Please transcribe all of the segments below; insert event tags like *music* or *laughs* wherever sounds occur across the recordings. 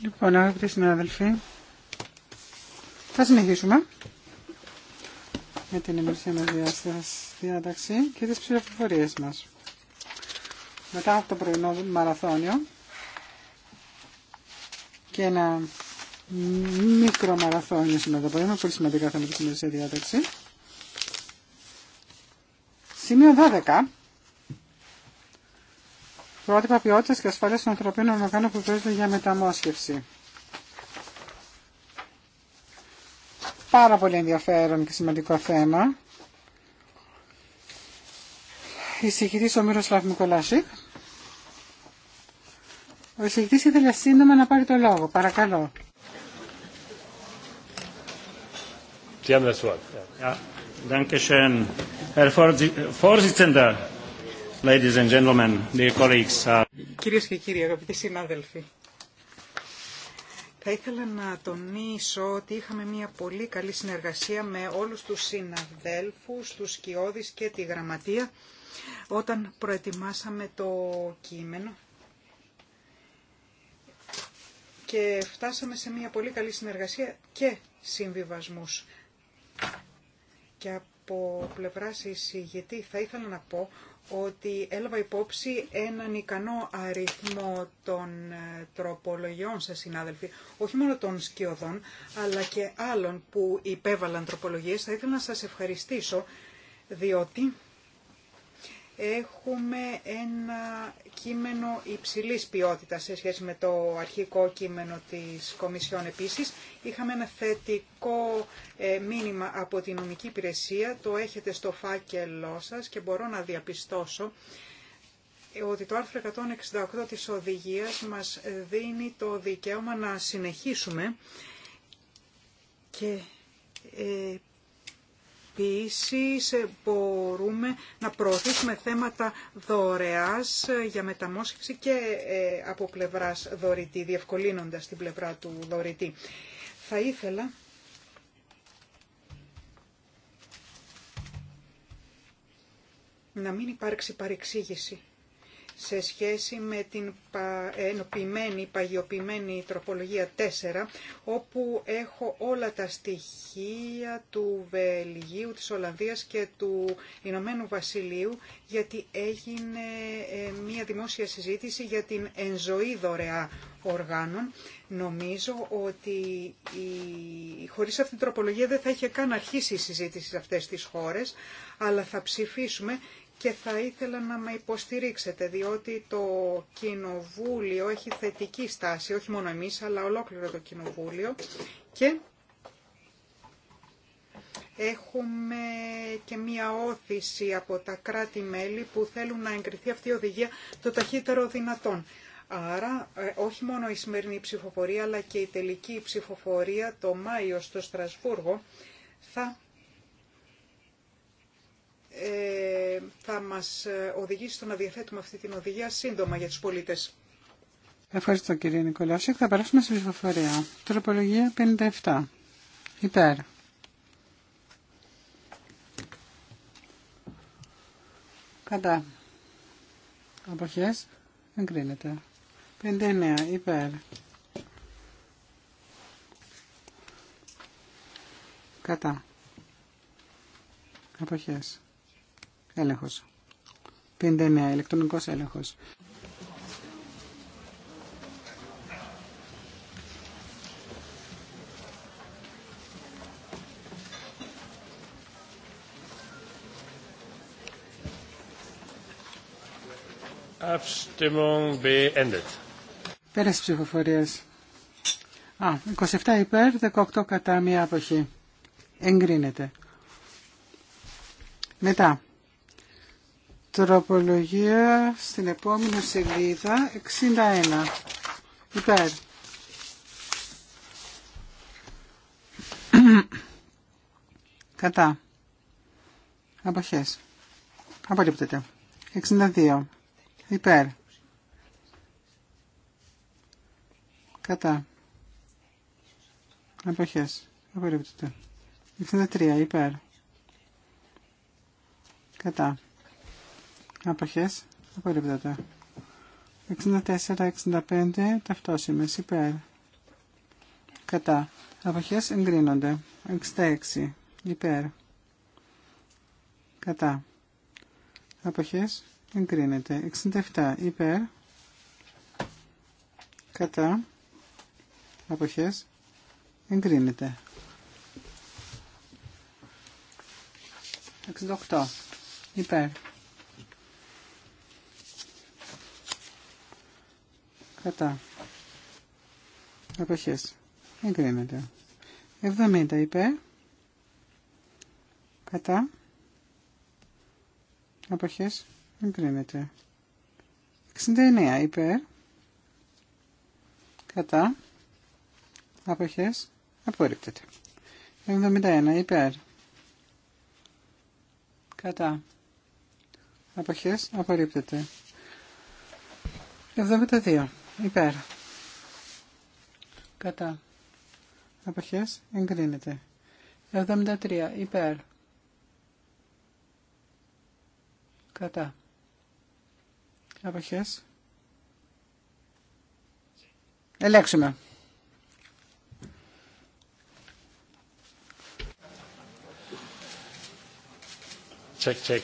Λοιπόν, αγαπητοί συνάδελφοι, θα συνεχίσουμε με την ημερησία μας διάταξη και τις ψηφοφορίες μας. Μετά από το πρωινό μαραθώνιο και ένα μικρό μαραθώνιο σήμερα το πρωί, πολύ σημαντικά θέματα στην ημερησία διάταξη. Σημείο 12 πρότυπα ποιότητα και ασφάλεια των ανθρωπίνων οργάνων που βρίσκονται για μεταμόσχευση. Πάρα πολύ ενδιαφέρον και σημαντικό θέμα. Εισηγητή ο Μύροσλαβ Μικολάσικ. Ο εισηγητή ήθελε σύντομα να πάρει το λόγο. Παρακαλώ. Sie haben das Wort. Ja. Dankeschön, Herr Vorsitzender. Ladies and gentlemen, dear colleagues. Uh, Κυρίες και κύριοι, αγαπητοί συνάδελφοι. Θα ήθελα να τονίσω ότι είχαμε μια πολύ καλή συνεργασία με όλους τους συναδέλφους, τους σκιώδεις και τη γραμματεία όταν προετοιμάσαμε το κείμενο και φτάσαμε σε μια πολύ καλή συνεργασία και συμβιβασμούς. Και από πλευράς εισηγητή θα ήθελα να πω ότι έλαβα υπόψη έναν ικανό αριθμό των ε, τροπολογιών σας, συνάδελφοι, όχι μόνο των σκιωδών, αλλά και άλλων που υπέβαλαν τροπολογίες. Θα ήθελα να σας ευχαριστήσω, διότι έχουμε ένα κείμενο υψηλής ποιότητας σε σχέση με το αρχικό κείμενο της Κομισιόν. Επίσης, είχαμε ένα θετικό ε, μήνυμα από την νομική υπηρεσία, το έχετε στο φάκελό σας και μπορώ να διαπιστώσω ότι το άρθρο 168 της οδηγίας μας δίνει το δικαίωμα να συνεχίσουμε και ε, Επίσης μπορούμε να προωθήσουμε θέματα δωρεάς για μεταμόσχευση και ε, από πλευράς δωρητή, διευκολύνοντας την πλευρά του δωρητή. Θα ήθελα να μην υπάρξει παρεξήγηση σε σχέση με την ενοποιημένη, παγιοποιημένη τροπολογία 4, όπου έχω όλα τα στοιχεία του Βελγίου, της Ολλανδίας και του Ηνωμένου Βασιλείου, γιατί έγινε ε, μία δημόσια συζήτηση για την ενζωή δωρεά οργάνων. Νομίζω ότι η... χωρίς αυτήν την τροπολογία δεν θα είχε καν αρχίσει η συζήτηση σε αυτές τις χώρες, αλλά θα ψηφίσουμε και θα ήθελα να με υποστηρίξετε, διότι το Κοινοβούλιο έχει θετική στάση, όχι μόνο εμείς, αλλά ολόκληρο το Κοινοβούλιο και έχουμε και μία όθηση από τα κράτη-μέλη που θέλουν να εγκριθεί αυτή η οδηγία το ταχύτερο δυνατόν. Άρα, ε, όχι μόνο η σημερινή ψηφοφορία, αλλά και η τελική ψηφοφορία το Μάιο στο Στρασβούργο θα ε, θα μας ε, οδηγήσει στο να διαθέτουμε αυτή την οδηγία σύντομα για τους πολίτες. Ευχαριστώ κύριε Νικολάουσικ. Θα περάσουμε στην ψηφοφορία. Τροπολογία 57. Υπέρ. Κατά. Αποχές. Εγκρίνεται. 59. Υπέρ. Κατά. Αποχές. Έλεγχος. 59. Ηλεκτρονικός έλεγχος. Abstimmung beendet. Πέρασε ψηφοφορία. Α, 27 υπέρ, 18 κατά μία αποχή. Εγκρίνεται. Μετά. Τροπολογία στην επόμενη σελίδα 61. Υπέρ. Κατά. Αποχές. Απορρίπτεται. 62. Υπέρ. Κατά. Αποχές. Απορρίπτεται. 63. Υπέρ. Κατά. Αποχές. Απορρίπτεται. 64-65 ταυτόσημες υπέρ. Κατά. Αποχές εγκρίνονται. 66 υπέρ. Κατά. Αποχές εγκρίνεται. 67 υπέρ. Κατά. Αποχές εγκρίνεται. 68 υπέρ. Κατά. εποχές Εγκρίνεται. 70 υπέρ. Κατά. εποχές Εγκρίνεται. 69 υπέρ. Κατά. εποχές Απορρίπτεται. 71 υπέρ. Κατά. εποχές Απορρίπτεται. 72 Υπέρ. Κατά. Αποχές. Εγκρίνεται. 73. Υπέρ. Κατά. Αποχές. Ελέξουμε. Check, check.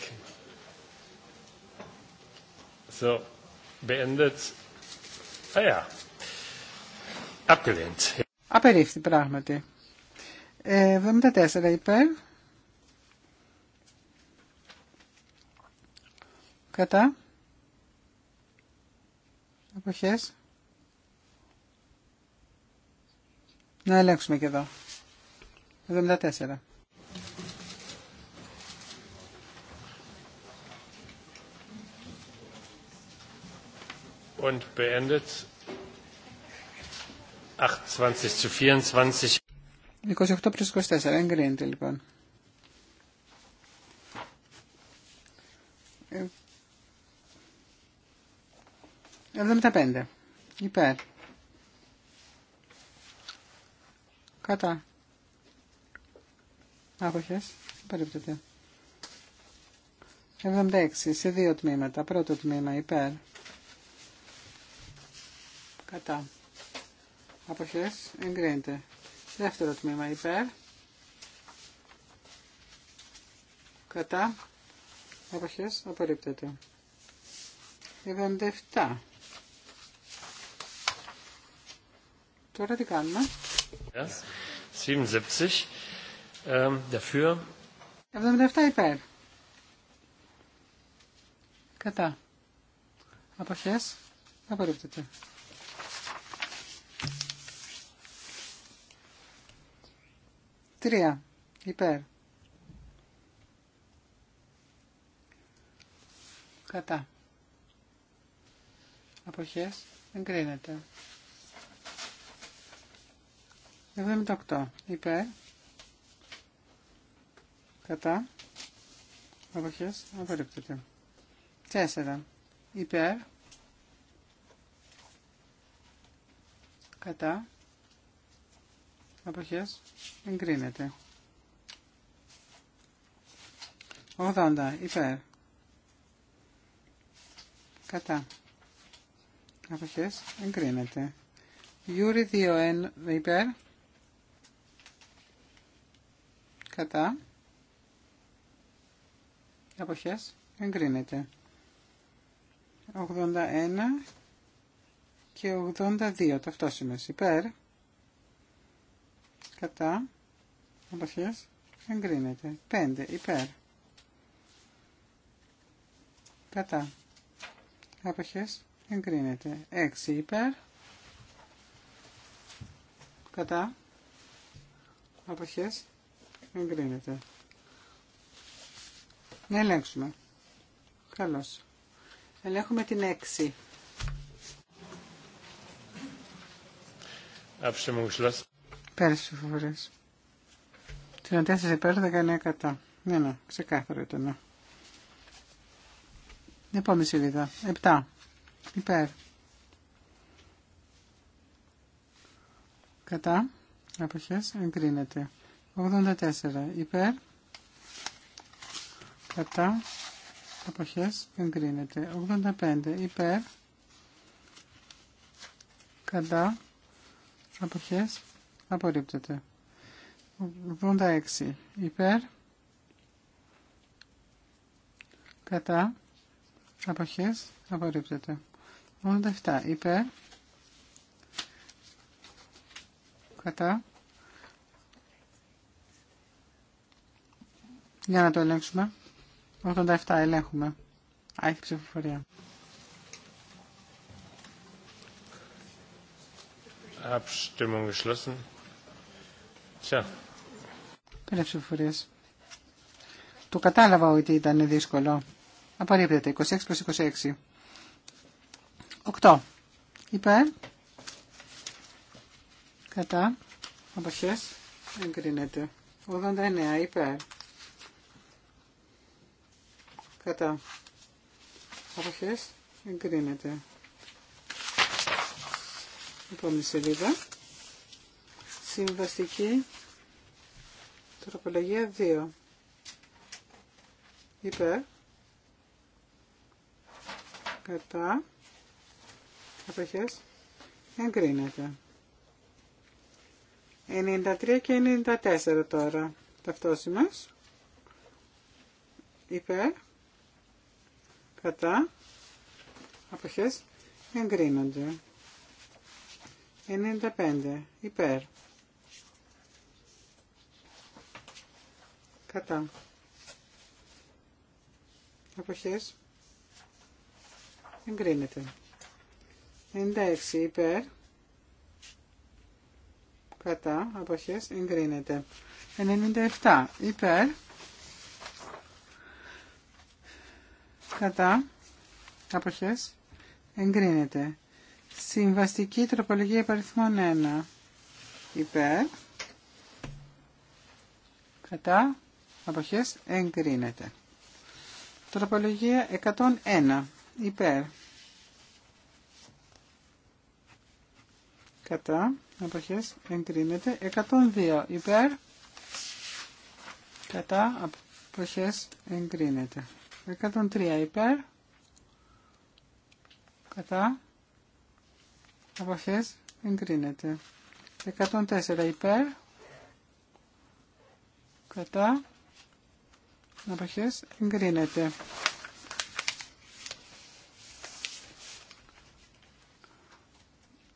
So, beendet. Ja, Απερίφθη πράγματι. 74 ε, υπέρ. Κατά. Αποχές. Να ελέγξουμε και εδώ. 74. und beendet. 28 zu 24. 28 προς 24, εγκρίνεται λοιπόν. Ε, 75, υπέρ. Κατά. Άποχες, παρέπτεται. 76, σε δύο τμήματα. Πρώτο τμήμα, υπέρ κατά αποχές εγκρίνεται δεύτερο τμήμα υπέρ κατά αποχές απορρίπτεται 77 Τώρα τι κάνουμε. 77 ähm, 77 υπέρ. Κατά. Αποχές απορρίπτεται. Τρία, Υπέρ. Κατά. Αποχές εγκρίνεται. 78. Υπέρ. Κατά. Αποχές απορρίπτεται. Τέσσερα, Υπέρ. Κατά αποχές εγκρίνεται 80 υπέρ κατά αποχές εγκρίνεται Γιούρι 2 υπέρ κατά αποχές εγκρίνεται 81 και 82 ταυτόσημες υπέρ κατά αποχές εγκρίνεται 5 υπέρ κατά αποχές εγκρίνεται 6 υπέρ κατά αποχές εγκρίνεται να ελέγξουμε καλώς ελέγχουμε την 6 Πέρασε φορέ. 34 υπέρ, 19 κατά. Ναι, ναι, ξεκάθαρο ήταν. Ναι. Επόμενη σελίδα. 7. Υπέρ. Κατά. Αποχές. Εγκρίνεται. 84. Υπέρ. Κατά. Αποχές. Εγκρίνεται. 85. Υπέρ. Κατά. Αποχές. Απορρίπτεται. 86 υπέρ. Κατά. Αποχές. Απορρίπτεται. 87 υπέρ. Κατά. Για να το ελέγξουμε. 87 ελέγχουμε. Α, έχει ψηφοφορία. Abstimmung geschlossen. Sure. Πέρα Το κατάλαβα ότι ήταν δύσκολο. Απορρίπτεται. 26 προς 26. 8. Υπέρ. Κατά. Αποχές. Εγκρίνεται. 89. Υπέρ. Κατά. Αποχές. Εγκρίνεται. Επόμενη σελίδα. Συμβαστική τροπολογία 2. Υπέρ. Κατά. Αποχές. Εγκρίνεται. 93 και 94 τώρα. μας Υπέρ. Κατά. Αποχές. Εγκρίνονται. 95. Υπέρ. κατά. Αποχές. Εγκρίνεται. 96 υπέρ. Κατά. Αποχές. Εγκρίνεται. 97 υπέρ. Κατά. Αποχές. Εγκρίνεται. Συμβαστική τροπολογία υπαριθμών 1. Υπέρ. Κατά αποχές εγκρίνεται. Τροπολογία 101 υπέρ κατά αποχές εγκρίνεται 102 υπέρ κατά αποχές εγκρίνεται 103 υπέρ κατά αποχές εγκρίνεται 104 υπέρ κατά αποχές εγκρίνεται.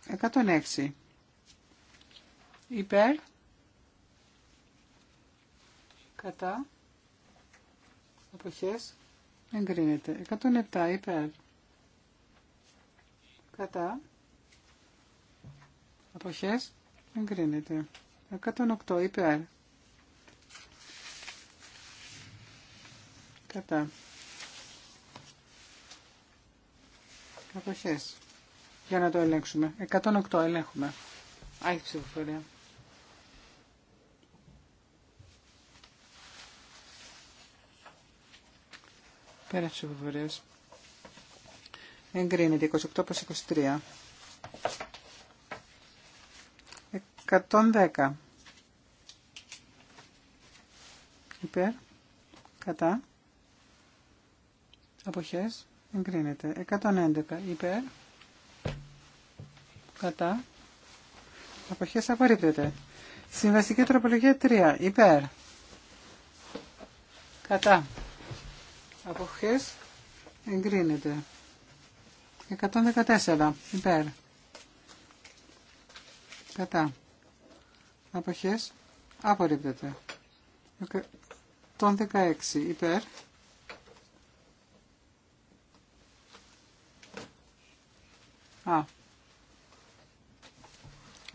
Εκατόν έξι. Υπέρ. Κατά. Αποχές εγκρίνεται. επτά. υπέρ. Κατά. Αποχές εγκρίνεται. οκτώ. υπέρ. Κατά. Αποχές. Για να το ελέγξουμε. 108 ελέγχουμε. Άχι ψηφοφορία. Πέρα ψηφοφορίες Εγκρίνεται 28 προς 23. 110. Υπέρ. Κατά αποχές εγκρίνεται 111 υπέρ κατά αποχές απορρίπτεται συμβαστική τροπολογία 3 υπέρ κατά αποχές εγκρίνεται 114 υπέρ κατά αποχές απορρίπτεται 116 υπέρ αν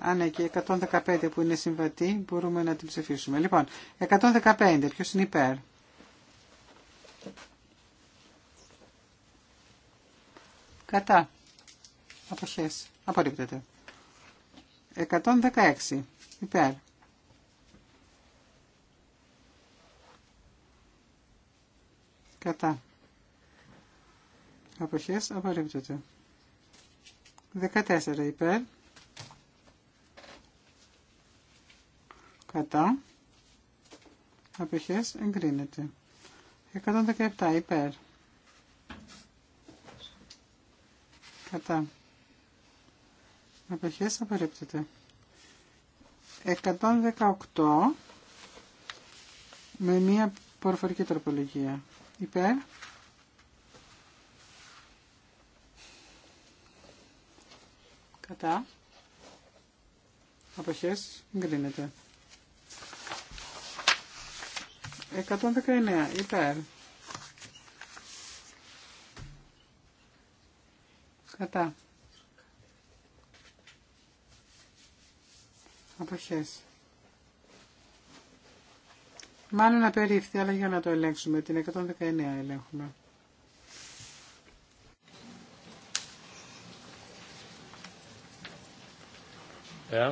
Α, ναι, και 115 που είναι συμβατή μπορούμε να την ψηφίσουμε. Λοιπόν, 115, ποιος είναι υπέρ. Κατά. Αποχές. Απορρίπτεται. 116. Υπέρ. Κατά. Αποχές. Απορρίπτεται. 14 υπέρ. Κατά. απεχές εγκρίνεται. 117 υπέρ. Κατά. απεχές απορρίπτεται. 118 με μία προφορική τροπολογία. Υπέρ. Κατά. Αποχές. Εγκρίνεται. 119. Υπέρ. Κατά. Αποχές. Μάλλον απερίφθη, αλλά για να το ελέγξουμε. Την 119 ελέγχουμε. Ε,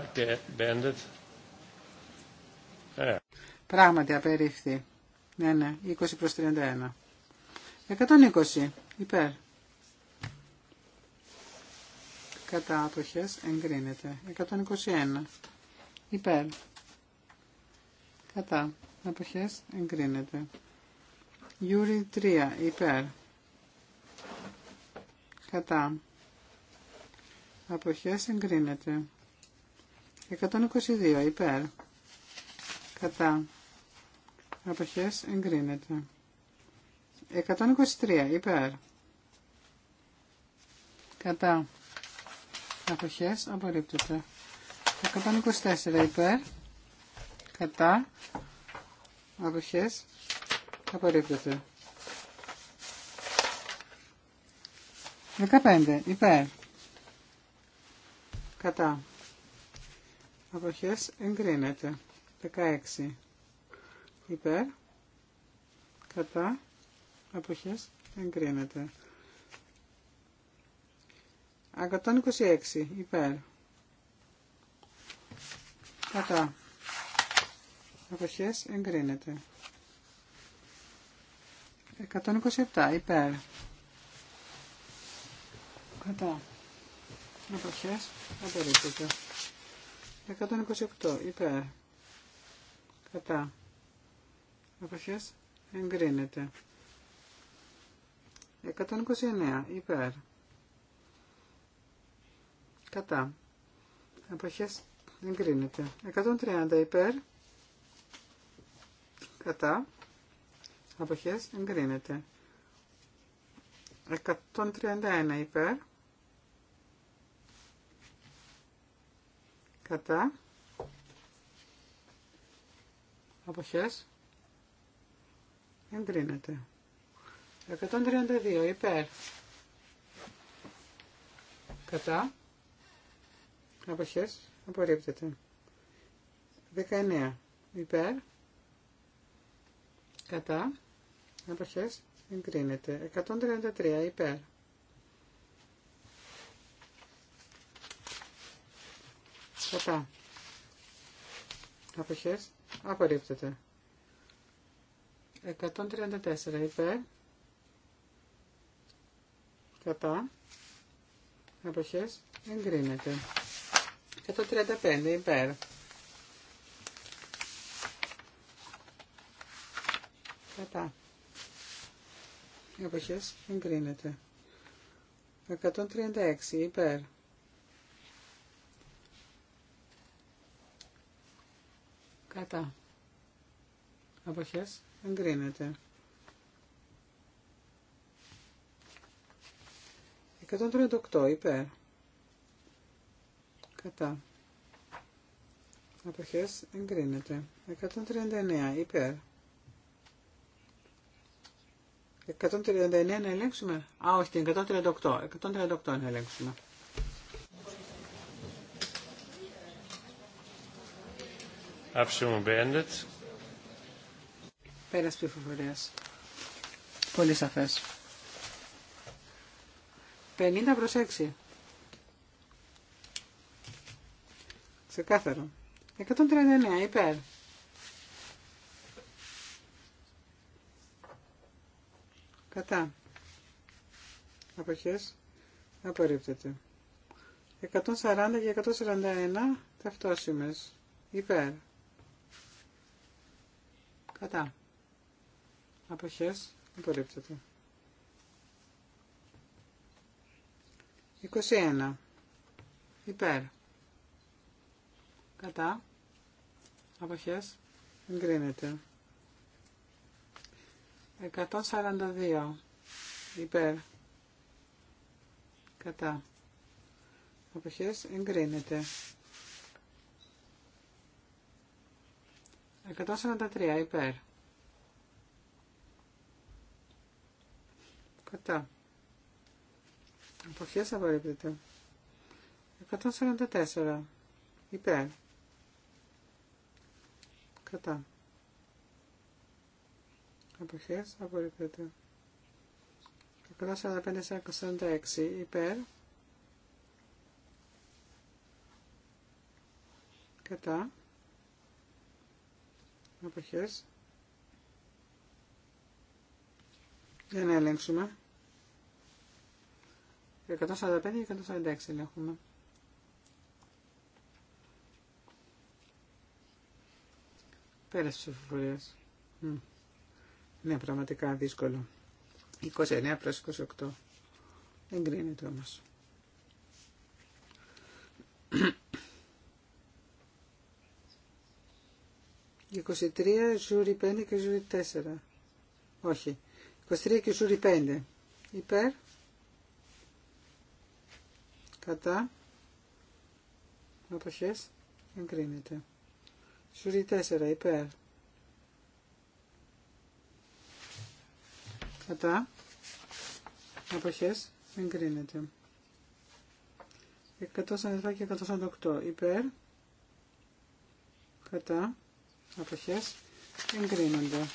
ε. Πράγματι απερίφθη. Ναι, ναι, 20 προς 31. 120, υπέρ. Κατά άτοχες εγκρίνεται. 121, υπέρ. Κατά άτοχες εγκρίνεται. Γιούρι 3, υπέρ. Κατά. Αποχές εγκρίνεται. 122 υπέρ. Κατά. Αποχές εγκρίνεται. 123 υπέρ. Κατά. Αποχές απορρίπτεται. 124 υπέρ. Κατά. Αποχές απορρίπτεται. 15 υπέρ. Κατά αποχές εγκρίνεται. 16 υπέρ, κατά, αποχές εγκρίνεται. 126 υπέρ, κατά, αποχές εγκρίνεται. 127 υπέρ, κατά, αποχές απορρίπτεται. 128 υπέρ. Κατά. Αποχές εγκρίνεται. 129 υπέρ. Κατά. Αποχές εγκρίνεται. 130 υπέρ. Κατά. Αποχές εγκρίνεται. 131 υπέρ. κατά αποχές εγκρίνεται 132 υπέρ κατά αποχές απορρίπτεται 19 υπέρ κατά αποχές εγκρίνεται 133 υπέρ Κατά. Αποχές. Απορρίπτεται. 134 υπέρ. Κατά. Αποχές. Εγκρίνεται. 135 υπέρ. Κατά. Αποχές. Εγκρίνεται. 136 υπέρ. Κατά. Αποχές. Εγκρίνεται. 138 υπέρ. Κατά. Αποχές εγκρίνεται. 139 υπέρ. 139 να ελέγξουμε. Α, όχι, την 138. 138 να ελέγξουμε. Abstimmung beendet. Πολύ σαφέ. 50 προ 6. Ξεκάθαρο. 139 υπέρ. Κατά. Αποχέ. Απορρίπτεται. 140 και 141 Ταυτόσιμε. Υπέρ. Κατά. Αποχές. Απορρίπτεται. 21. Υπέρ. Κατά. Αποχές. Εγκρίνεται. 142. Υπέρ. Κατά. Αποχές εγκρίνεται. 143 υπέρ. Κατά. Αποχές απορρίπτεται. 144 υπέρ. Κατά. Αποχές απορρίπτεται. 145-146 υπέρ. Κατά αποχές για να ελέγξουμε 145 146 ελέγχουμε πέρα ψηφοφορίας ψηφοφορίες ναι πραγματικά δύσκολο 29 προς 28 εγκρίνεται όμως 23, ζούρι 5 και ζούρι 4. Όχι. 23 και ζούρι 5. Υπέρ. Κατά. Αποχές. Εγκρίνεται. Ζούρι 4. Υπέρ. Κατά. Αποχές. Εγκρίνεται. 147 και 148. Υπέρ. Κατά αποχές εγκρίνονται.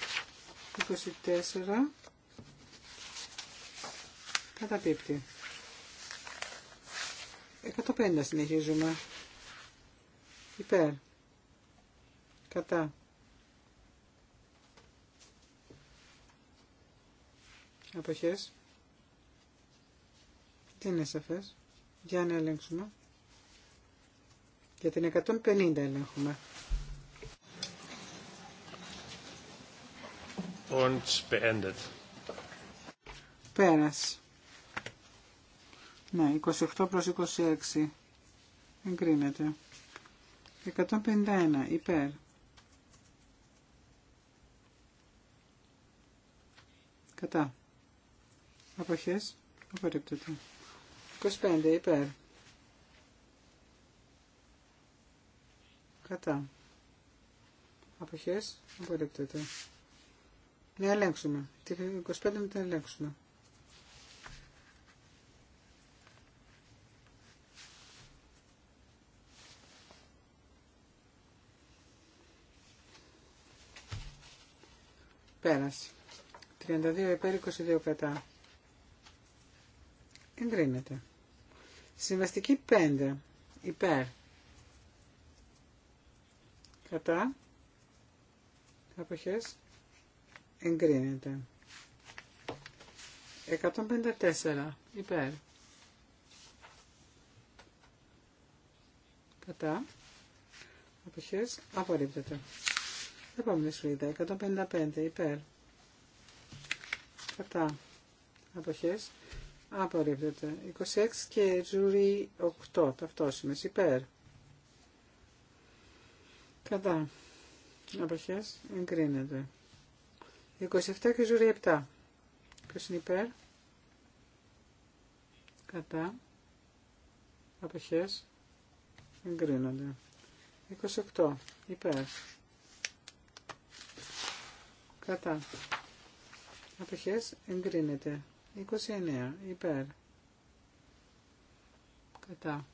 24 καταπίπτει. 150 συνεχίζουμε. Υπέρ. Κατά. Αποχές. Τι είναι σαφές. Για να ελέγξουμε. Για την 150 ελέγχουμε. und beendet. Πέρας. Ναι, 28 προς 26. Εγκρίνεται. 151 υπέρ. Κατά. Αποχές. Απορρίπτεται. 25 υπέρ. Κατά. Αποχές. Απορρίπτεται. Να ελέγξουμε. Τη 25 να τα ελέγξουμε. Πέρασε. 32 υπέρ 22 κατά. Εγκρίνεται. Συμβαστική 5 υπέρ. Κατά. Αποχές εγκρίνεται. 154 υπέρ. Κατά. Αποχές απορρίπτεται. Επόμενη σφίδα. 155 υπέρ. Κατά. Αποχές απορρίπτεται. 26 και ζούρι 8 ταυτόσιμες υπέρ. Κατά. Αποχές εγκρίνεται. 27 και ζούρι 7. Ποιος είναι υπέρ. Κατά. Αποχές. Εγκρίνονται. 28. Υπέρ. Κατά. Αποχές. Εγκρίνεται. 29. Υπέρ. Κατά.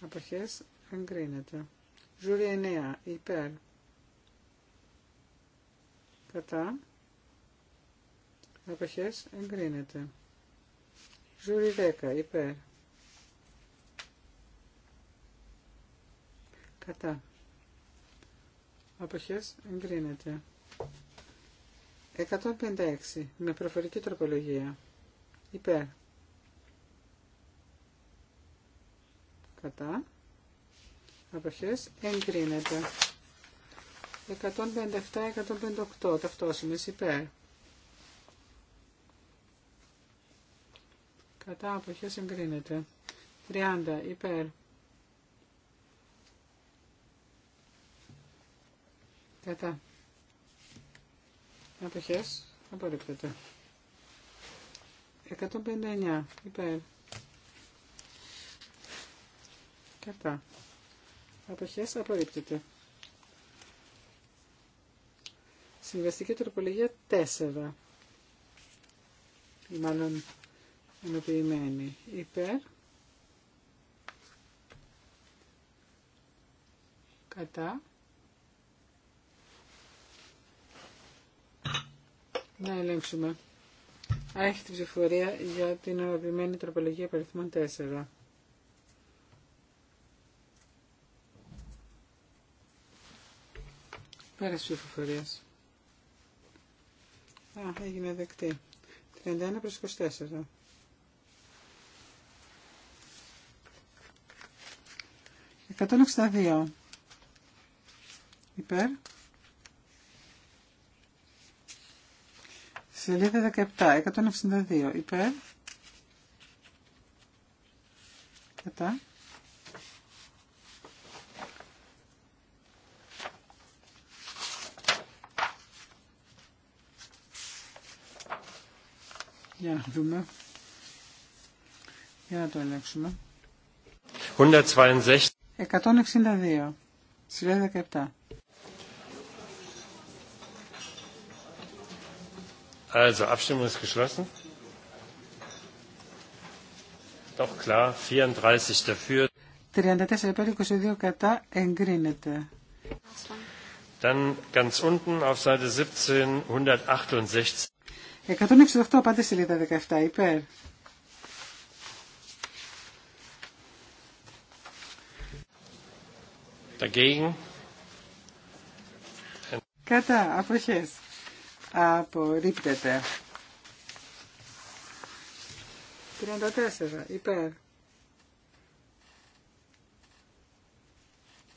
Αποχές. Εγκρίνεται. Ζούρι 9. Υπέρ κατά αποχές εγκρίνεται. Ζούρι 10 υπέρ κατά αποχές εγκρίνεται. 156 με προφορική τροπολογία υπέρ κατά αποχές εγκρίνεται. 157-158 ταυτόσημες υπέρ. Κατά αποχές συγκρίνεται. 30 υπέρ. Κατά. Αποχές απορρίπτεται. 159 υπέρ. Κατά. Αποχές απορρίπτεται. Συμβαστική τροπολογία 4. Μάλλον ενοποιημένη. Υπέρ. Κατά. Να ελέγξουμε. Έχει την ψηφορία για την ενοποιημένη τροπολογία περιθμών 4. Πέρας ψηφοφορία. Α, έγινε δεκτή. 31 προς 24. 162. Υπέρ. Σελίδα 17. 162. Υπέρ. Κατά. Για να δούμε. Για να το ελέγξουμε. 162. Σειρά 17. Also, Abstimmung ist geschlossen. Doch klar, 34 dafür. 34 kata, engrinete. κατά εγκρίνεται. Dann ganz unten auf Seite 17 168. 168 πάντα σελίδα 17 υπέρ. Dagegen. Κατά, αποχές. Απορρίπτεται. 34, υπέρ.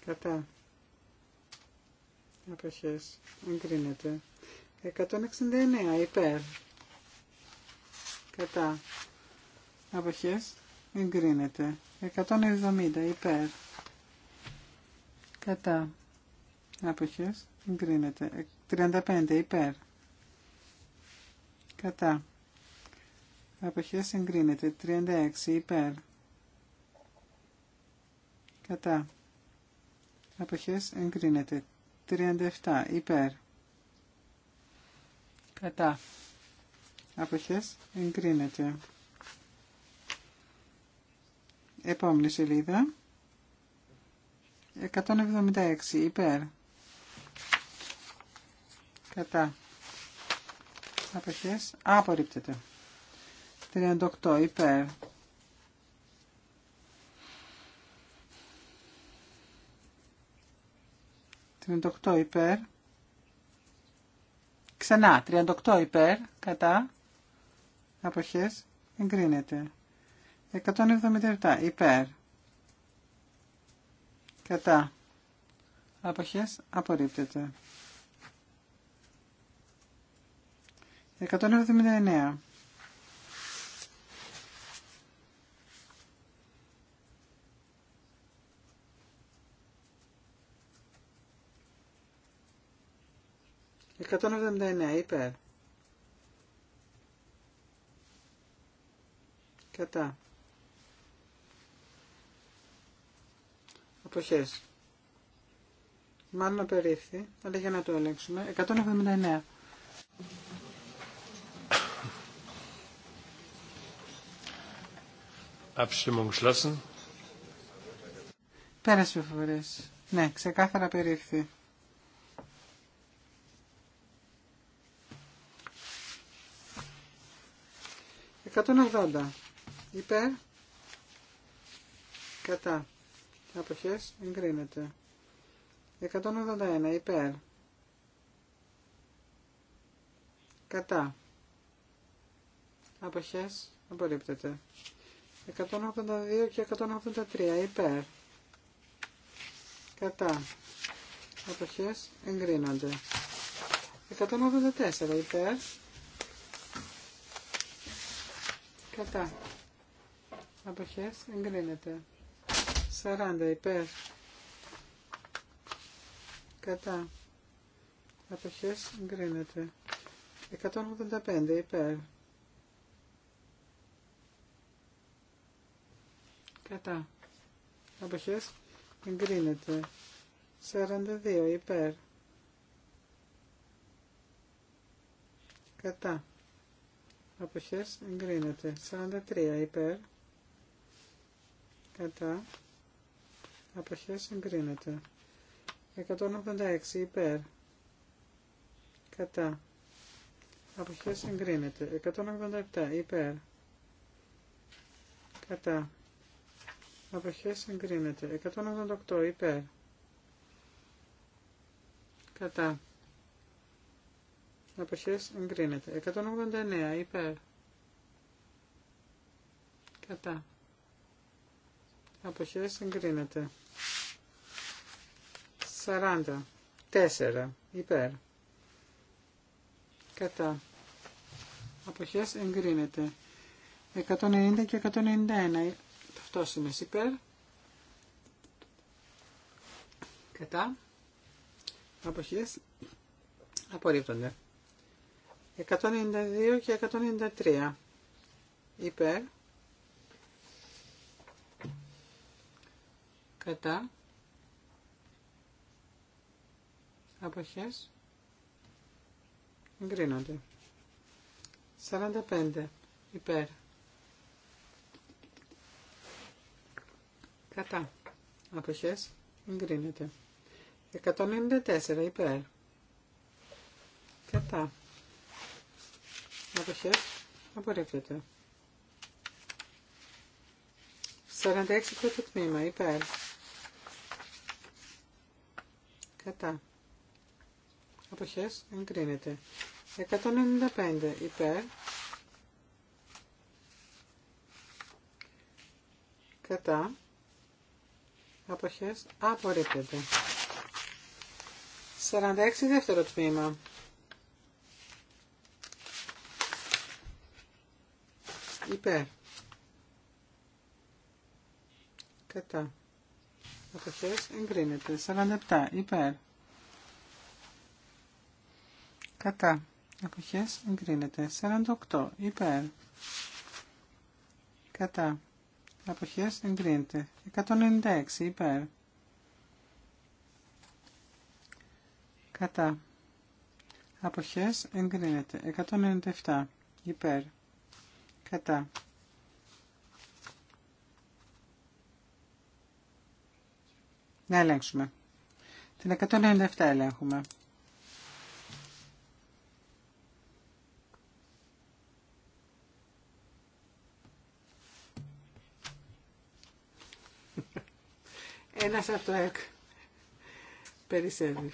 Κατά. Αποχές. Εγκρίνεται. 169 υπέρ. Κατά. Αποχές εγκρίνεται. 170 υπέρ. Κατά. Αποχές εγκρίνεται. 35 υπέρ. Κατά. Αποχές εγκρίνεται. 36 υπέρ. Κατά. Αποχές εγκρίνεται. 37 υπέρ. Κατά. Αποχές εγκρίνεται. Επόμενη σελίδα. 176 υπέρ. Κατά. Αποχές απορρίπτεται. 38 υπέρ. 38 8 υπέρ. Ξανά, 38 υπέρ, κατά, αποχές, εγκρίνεται. 177 υπέρ, κατά, αποχές, απορρίπτεται. 179 179 υπέρ. Κατά. Αποχές. Μάλλον απερίφθη, αλλά για να το ελέγξουμε. 179. Abstimmung geschlossen. Πέρασε Ναι, ξεκάθαρα περίφθη. 180 υπέρ κατά αποχές εγκρίνεται 181 υπέρ κατά αποχές απορρίπτεται 182 και 183 υπέρ κατά αποχές εγκρίνονται 184 υπέρ Κατά. Αποχές εγκρίνεται. 40 υπέρ. Κατά. Αποχές εγκρίνεται. 185 υπέρ. Κατά. Αποχές εγκρίνεται. 42 υπέρ. Κατά αποχές εγκρίνεται 43 υπέρ κατά αποχές εγκρίνεται 186 υπέρ κατά αποχές εγκρίνεται 187 υπέρ κατά αποχές εγκρίνεται 188 υπέρ κατά Αποχές εγκρίνεται. 189 υπέρ. Κατά. Αποχές εγκρίνεται. 40. 4 υπέρ. Κατά. Αποχές εγκρίνεται. 190 και 191 ε, ταυτόσημες υπέρ. Κατά. Αποχές απορρίπτονται. 192 και 193 υπέρ κατά αποχές εγκρίνονται 45 υπέρ κατά αποχές εγκρίνεται 194 υπέρ κατά αποχές απορρίπτεται. 46 πρώτο τμήμα υπέρ. Κατά. Αποχές εγκρίνεται. 195 υπέρ. Κατά. Αποχές απορρίπτεται. 46 δεύτερο τμήμα υπέρ. Κατά. Αποχές εγκρίνεται. 47 υπέρ. Κατά. Εποχές εγκρίνεται. 48 υπέρ. Κατά. Εποχές εγκρίνεται. 196 υπέρ. Κατά. Αποχές εγκρίνεται. 197 υπέρ. Κατά. Να ελέγξουμε. Την 197 ελέγχουμε. Ένα από το ΕΚ. Περισσεύει.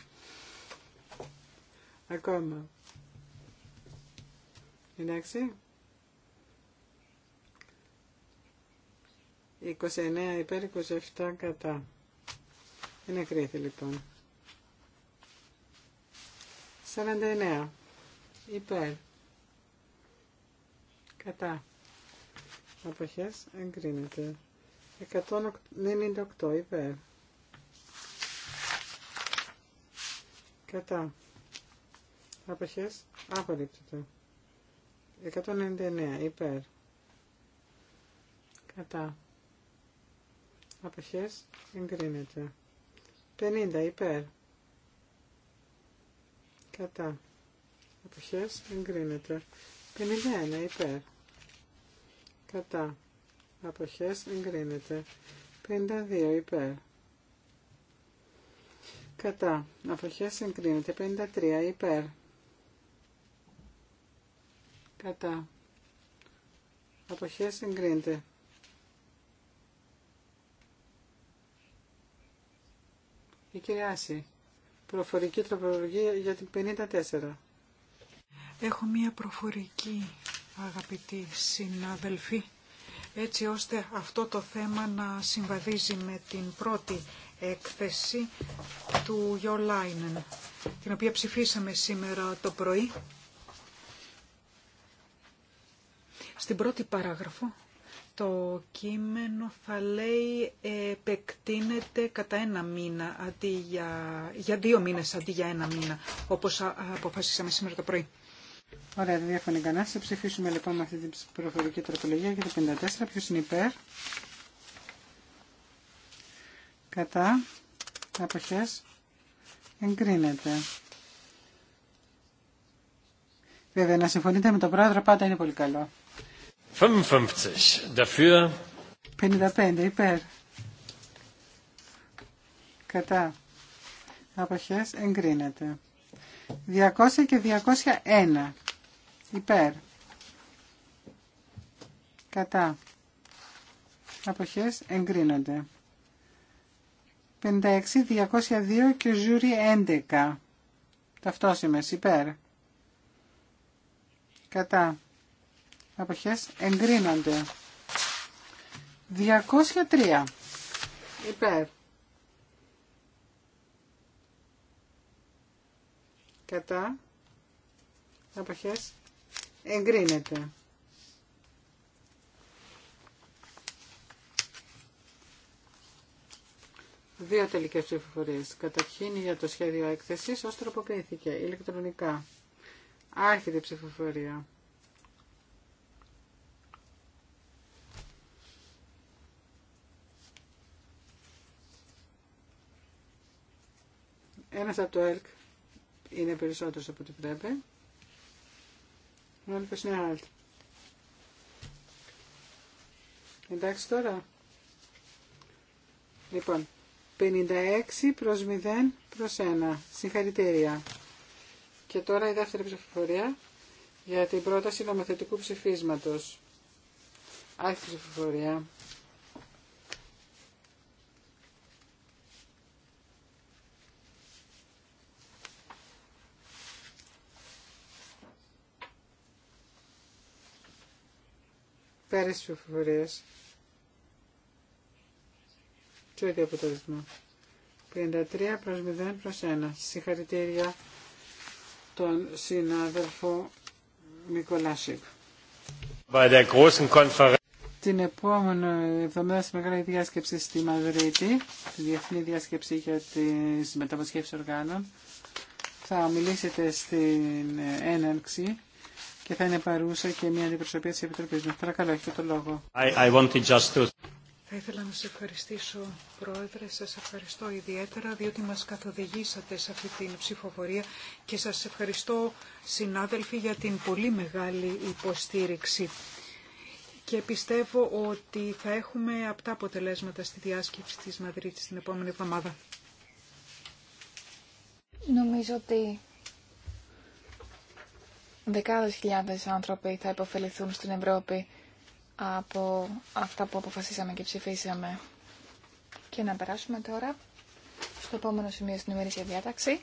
Ακόμα. Εντάξει. 29 υπέρ 27 κατά. Είναι κρίθη λοιπόν. 49 υπέρ κατά. Αποχές εγκρίνεται. 198 υπέρ. Κατά. Αποχές απορρίπτεται. 199 υπέρ. Κατά αποχές εγκρίνεται. 50 υπέρ κατά αποχές εγκρίνεται. 51 υπέρ κατά αποχές εγκρίνεται. 52 υπέρ κατά αποχές εγκρίνεται. 53 υπέρ κατά αποχές εγκρίνεται. Η κυρία Άση, προφορική τροπολογία για την 54. Έχω μία προφορική, αγαπητή συναδελφή έτσι ώστε αυτό το θέμα να συμβαδίζει με την πρώτη έκθεση του Γιολάινεν, την οποία ψηφίσαμε σήμερα το πρωί. Στην πρώτη παράγραφο το κείμενο θα λέει επεκτείνεται κατά ένα μήνα, αντί για, για δύο μήνες αντί για ένα μήνα, όπως αποφασίσαμε σήμερα το πρωί. Ωραία, δεν διαφωνεί κανένα. Θα ψηφίσουμε λοιπόν με αυτή την προφορική τροπολογία για το 54. Ποιο είναι υπέρ. Κατά. Αποχέ. Εγκρίνεται. Βέβαια, να συμφωνείτε με τον πρόεδρο πάντα είναι πολύ καλό. 55 dafür. υπέρ. Κατά. Αποχές εγκρίνεται. 200 και 201 υπέρ. Κατά. Αποχές εγκρίνονται. 56, 202 και ζούρι 11. Ταυτόσημες υπέρ. Κατά αποχές εγκρίνονται. 203 υπέρ. Κατά αποχές εγκρίνεται. Δύο τελικές ψηφοφορίες. Καταρχήν για το σχέδιο έκθεσης ως τροποποιήθηκε ηλεκτρονικά. Άρχεται ψηφοφορία. Ένας από το ΕΛΚ είναι περισσότερος από ό,τι πρέπει. Ο άλλος είναι Εντάξει τώρα. Λοιπόν, 56 προς 0 προς 1. Συγχαρητήρια. Και τώρα η δεύτερη ψηφοφορία για την πρόταση νομοθετικού ψηφίσματος. Άρχισε ψηφοφορία. Πέρας της ψηφοφορίας. Το ίδιο αποτέλεσμα. 53 προς 0 προς 1. Συγχαρητήρια τον συνάδελφο Μικολάσικ. Την επόμενη εβδομάδα στη μεγάλη διάσκεψη στη Μαδρίτη, τη Διεθνή Διάσκεψη για τις Μεταμοσχεύσεις Οργάνων, θα μιλήσετε στην έναρξη και θα είναι παρούσα και μια αντιπροσωπεία της Επιτροπής μας. Παρακαλώ, έχετε το λόγο. I, I just to... Θα ήθελα να σας ευχαριστήσω, Πρόεδρε. Σας ευχαριστώ ιδιαίτερα, διότι μας καθοδηγήσατε σε αυτή την ψηφοφορία και σας ευχαριστώ, συνάδελφοι, για την πολύ μεγάλη υποστήριξη. Και πιστεύω ότι θα έχουμε απτά αποτελέσματα στη διάσκεψη της Μαδρίτης την επόμενη εβδομάδα. Νομίζω ότι Δεκάδες χιλιάδες άνθρωποι θα υποφεληθούν στην Ευρώπη από αυτά που αποφασίσαμε και ψηφίσαμε. Και να περάσουμε τώρα στο επόμενο σημείο στην ημερήσια διάταξη.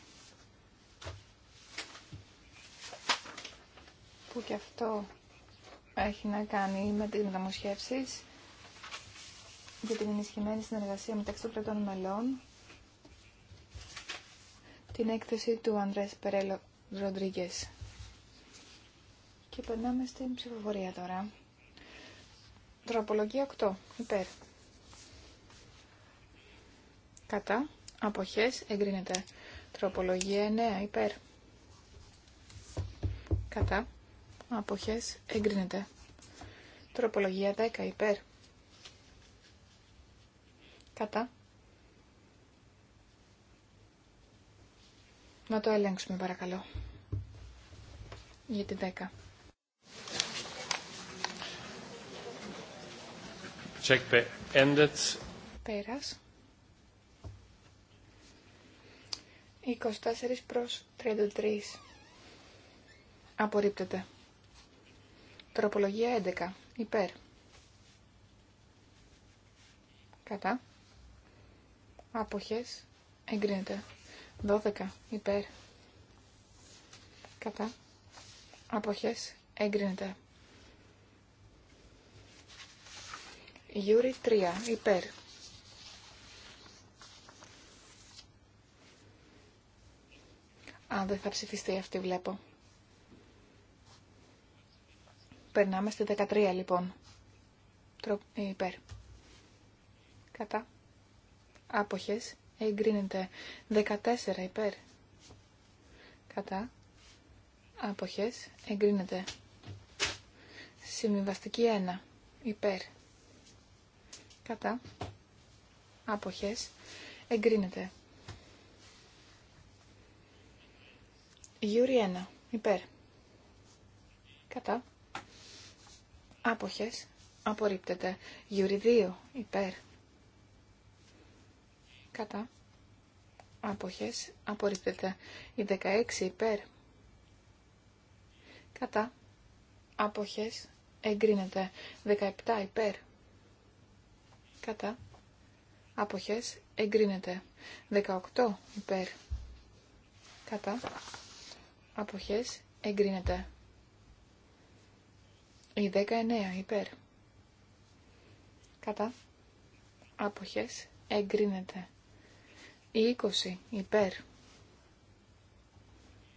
Που και αυτό έχει να κάνει με τις μεταμοσχεύσεις για την ενισχυμένη συνεργασία μεταξύ των κρατών μελών. Την έκθεση του Ανδρές Περέλο Ροντρίγκες. Και περνάμε στην ψηφοφορία τώρα. Τροπολογία 8. Υπέρ. Κατά. Αποχές. Εγκρίνεται. Τροπολογία 9. Υπέρ. Κατά. Αποχές. Εγκρίνεται. Τροπολογία 10. Υπέρ. Κατά. Να το ελέγξουμε παρακαλώ. Για την 10. Check Πέρας. 24 προς 33. Απορρίπτεται. Τροπολογία 11. Υπέρ. Κατά. Αποχές. Εγκρίνεται. 12. Υπέρ. Κατά. Αποχές. Εγκρίνεται. Γιούρι 3. Υπέρ. Αν δεν θα ψηφιστεί αυτή βλέπω. Περνάμε στη 13 λοιπόν. Τρο... Ε, υπέρ. Κατά. Άποχες. Εγκρίνεται 14 υπέρ. Κατά. Άποχες. Εγκρίνεται. Συμβιβαστική 1. Υπέρ κατά αποχές εγκρίνεται. Γιούρι 1 υπέρ κατά άποχες απορρίπτεται. Γιούρι 2 υπέρ κατά άποχες απορρίπτεται. Η 16 υπέρ κατά άποχες εγκρίνεται. 17 υπέρ κατά, αποχές, εγκρίνεται. 18 υπέρ, κατά, αποχές, εγκρίνεται. Η 19 υπέρ, κατά, αποχές, εγκρίνεται. Η 20 υπέρ,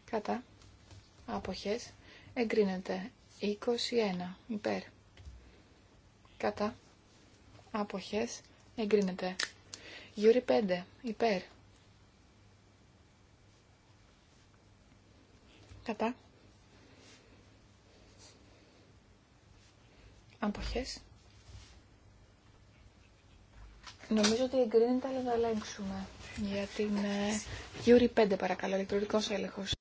κατά, αποχές, εγκρίνεται. 21 υπέρ, κατά, Αποχές. Εγκρίνεται. Γιούρι 5. Υπέρ. Κατά. Αποχές. Νομίζω ότι εγκρίνεται, αλλά θα ελέγξουμε. Για την ε, Γιούρι 5, παρακαλώ, ηλεκτρονικός έλεγχος.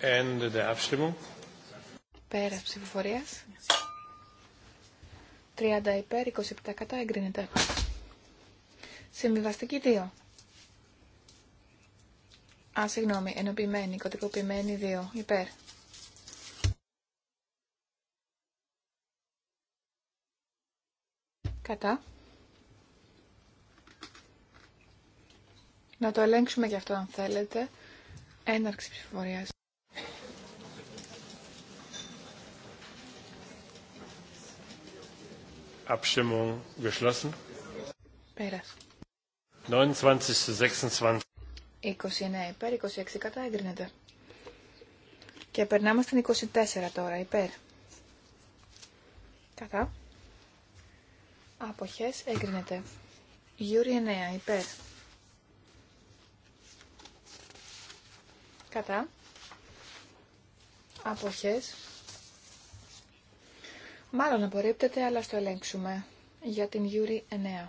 And the Πέρας ψηφοφορίας. 30 υπέρ, 27 κατά εγκρίνεται. Συμβιβαστική 2. Α, συγγνώμη, ενοποιημένη, κωδικοποιημένη 2 υπέρ. Κατά. Να το ελέγξουμε και αυτό αν θέλετε. Έναρξη ψηφοφορίας. Abstimmung geschlossen. Πέρας. 29 26. 29 υπέρ, 26 κατά εγκρίνεται. Και περνάμε στην 24 τώρα, υπέρ. Κατά. Αποχές εγκρίνεται. Γιούρι 9, υπέρ. Κατά. Αποχές Μάλλον απορρίπτεται, αλλά στο ελέγξουμε. Για την Γιούρι 9.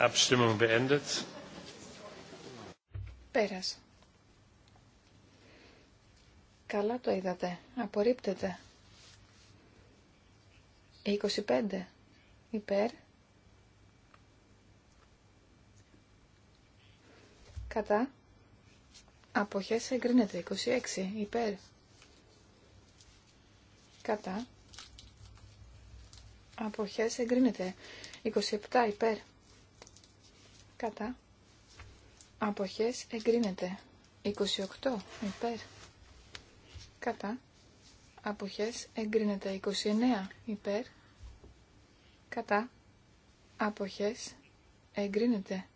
Abstimmung beendet. Πέρας. Καλά το είδατε. Απορρίπτεται. 25. Υπέρ. Κατά. Αποχές εγκρίνεται. 26. Υπέρ. Κατά. Αποχές εγκρίνεται. 27. Υπέρ. Κατά. Αποχές εγκρίνεται. 28. Υπέρ. Κατά. Αποχές εγκρίνεται. 29. Υπέρ. Κατά. Αποχές εγκρίνεται.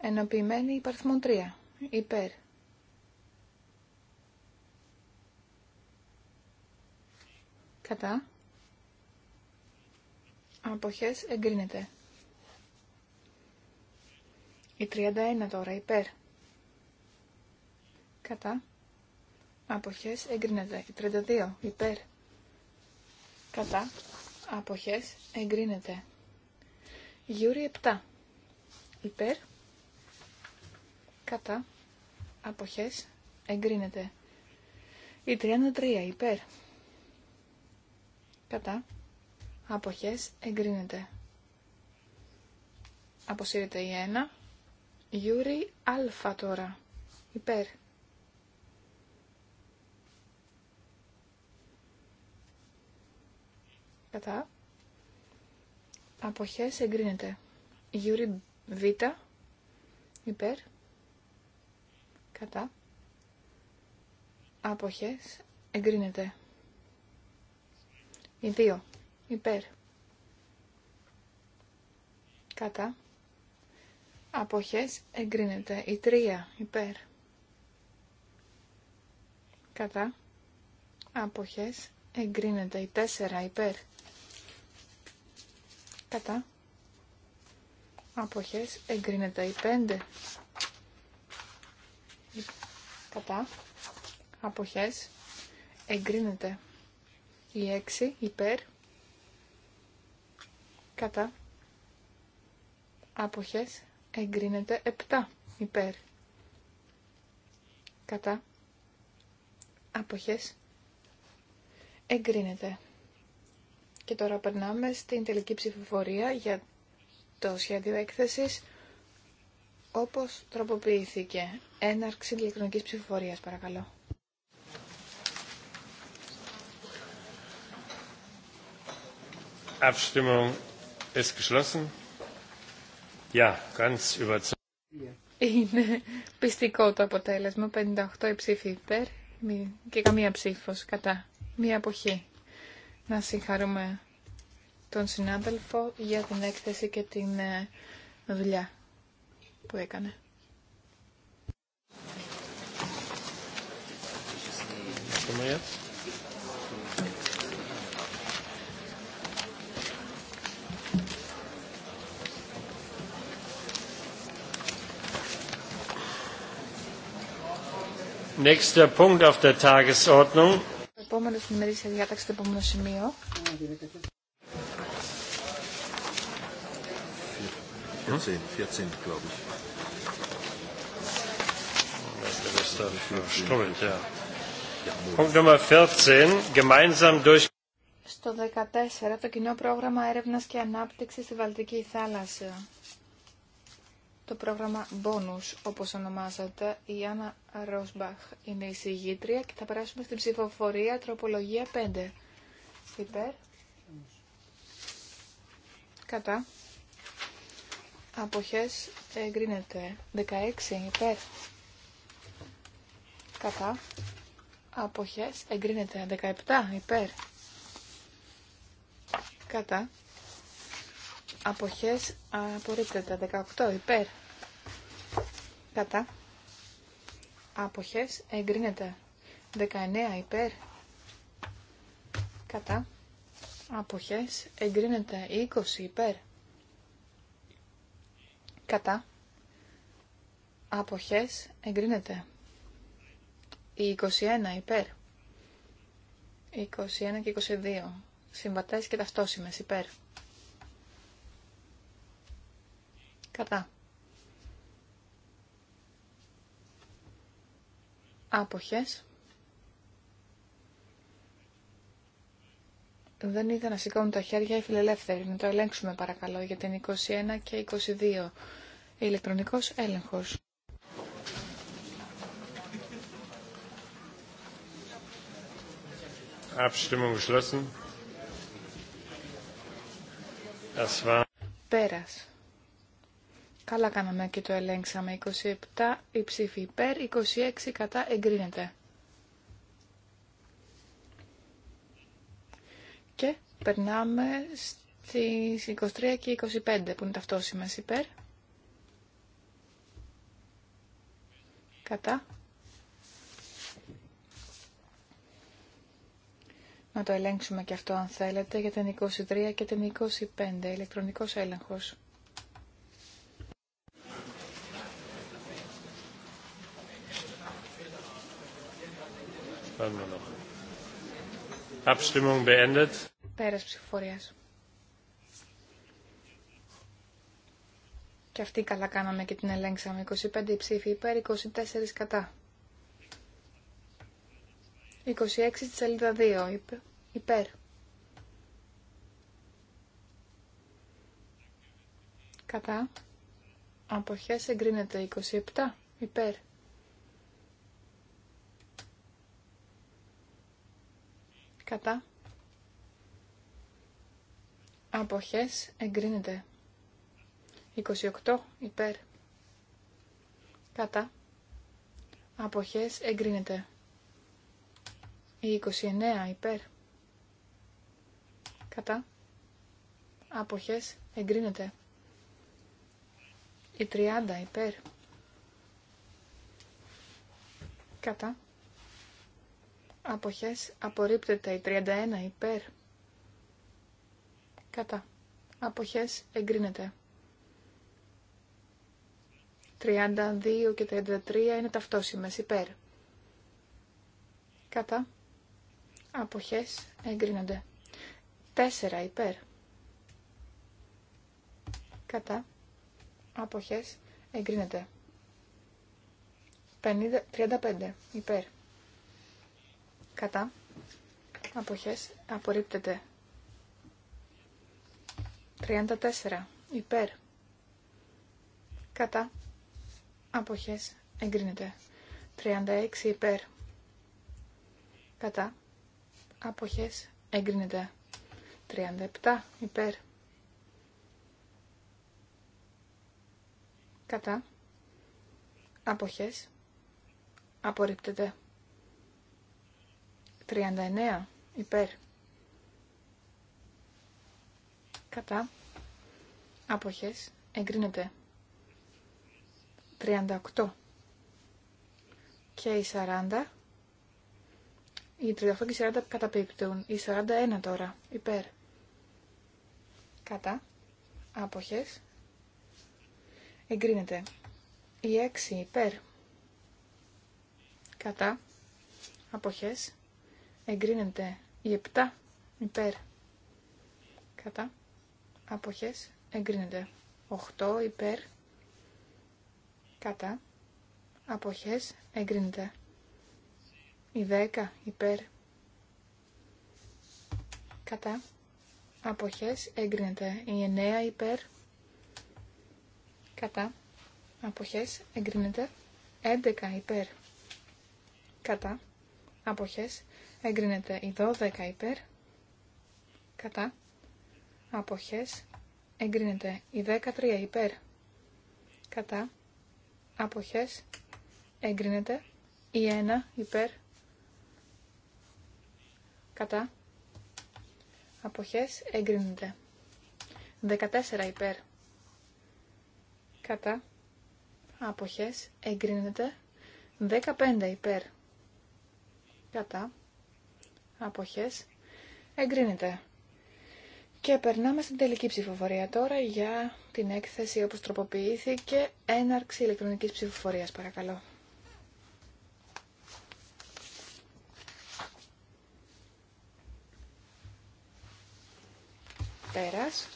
Ενοποιημένη υπαρθμό 3 υπέρ. Κατά. Αποχές εγκρίνεται. Η 31 τώρα υπέρ. Κατά. Αποχές εγκρίνεται. Η 32 υπέρ. Κατά. Αποχές εγκρίνεται. Γιούρι 7. Υπέρ κατά, αποχές, εγκρίνεται. Η 33 υπέρ, κατά, αποχές, εγκρίνεται. Αποσύρεται η 1, Γιούρι Α τώρα, υπέρ. Κατά, αποχές, εγκρίνεται. Γιούρι Β, υπέρ. Κατά. Αποχές. Εγκρίνεται. Οι δύο. Υπέρ. Κατά. Αποχές. Εγκρίνεται. Η τρία. Υπέρ. Κατά. Αποχές. Εγκρίνεται. Η τέσσερα. Υπέρ. Κατά. Αποχές. Εγκρίνεται. Η πέντε κατά, αποχές, εγκρίνεται. Η 6 υπέρ, κατά, αποχές, εγκρίνεται. 7 υπέρ, κατά, αποχές, εγκρίνεται. Και τώρα περνάμε στην τελική ψηφοφορία για το σχέδιο έκθεσης όπως τροποποιήθηκε. Έναρξη ηλεκτρονική ψηφοφορίας, παρακαλώ. Είναι πιστικό το αποτέλεσμα. 58 ψήφοι υπέρ και καμία ψήφος κατά. Μία αποχή. Να συγχαρούμε τον συνάδελφο για την έκθεση και την ε, δουλειά που έκανε. Nächster Punkt auf der Tagesordnung. Επόμενο στην ich. glaube ich. Punkt Nummer 14, gemeinsam durch στο 14 το κοινό πρόγραμμα Έρευνα και ανάπτυξη στη Βαλτική θάλασσα. Το πρόγραμμα Bonus, Όπω ονομάζεται, η Άννα Ροσμπαχ είναι η συγγήτρια και θα περάσουμε στην ψηφοφορία τροπολογία 5. Υπέρ. Κατά. Αποχές εγκρίνεται. 16. Υπέρ. Κατά αποχές εγκρίνεται 17 υπέρ κατά αποχές απορρίπτεται 18 υπέρ κατά αποχές εγκρίνεται 19 υπέρ κατά αποχές εγκρίνεται 20 υπέρ κατά αποχές εγκρίνεται η 21 υπέρ. 21 και 22. Συμβατές και ταυτόσημες υπέρ. Κατά. Άποχες. Δεν είδα να σηκώνουν τα χέρια οι φιλελεύθεροι. Να το ελέγξουμε παρακαλώ για την 21 και 22. Ηλεκτρονικός έλεγχος. Abstimmung geschlossen. Das war... Peras. Καλά κάναμε και το ελέγξαμε. 27 η ψήφη υπέρ, 26 κατά εγκρίνεται. Και περνάμε στις 23 και 25 που είναι ταυτόσημες υπέρ. Κατά Να το ελέγξουμε και αυτό αν θέλετε για την 23 και την 25 ηλεκτρονικός έλεγχος. Abstimmung beendet. Πέρας ψηφοφορίας. Και αυτή καλά κάναμε και την ελέγξαμε. 25 ψήφοι υπέρ, 24 κατά. 26 στη σελίδα 2, είπε υπέρ. Κατά. Αποχές εγκρίνεται 27 υπέρ. Κατά. Αποχές εγκρίνεται 28 υπέρ. Κατά. Αποχές εγκρίνεται. Η 29 υπέρ κατά αποχές εγκρίνεται. Η 30 υπέρ κατά αποχές απορρίπτεται. Η 31 υπέρ κατά αποχές εγκρίνεται. 32 και 33 είναι ταυτόσημες υπέρ. Κατά αποχές εγκρίνονται. 4 υπέρ. Κατά. Αποχές. Εγκρίνεται. 50, 35 υπέρ. Κατά. Αποχές. Απορρίπτεται. 34 υπέρ. Κατά. Αποχές. Εγκρίνεται. 36 υπέρ. Κατά. Αποχές. Εγκρίνεται. 37 υπέρ. Κατά. Αποχές. Απορρίπτεται. 39 υπέρ. Κατά. Αποχές. Εγκρίνεται. 38 και η 40. Οι 38 και 40 καταπίπτουν. Η 41 τώρα. Υπέρ. Κατά. Άποχες. Εγκρίνεται. Η 6 υπέρ. Κατά. Αποχές. Εγκρίνεται. Η 7 υπέρ. Κατά. Αποχές. Εγκρίνεται. 8 υπέρ. Κατά. Αποχές. Εγκρίνεται. Η 10 υπέρ. Κατά αποχές εγκρίνεται. Η 9 υπέρ κατά αποχές εγκρίνεται. 11 υπέρ κατά αποχές εγκρίνεται. Η 12 υπέρ κατά αποχές εγκρίνεται. Η 13 υπέρ κατά αποχές εγκρίνεται. Η 1 υπέρ κατά αποχές εγκρίνεται. 14 υπέρ κατά αποχές εγκρίνεται. 15 υπέρ κατά αποχές εγκρίνεται. Και περνάμε στην τελική ψηφοφορία τώρα για την έκθεση όπως τροποποιήθηκε έναρξη ηλεκτρονικής ψηφοφορίας παρακαλώ. Πέρας.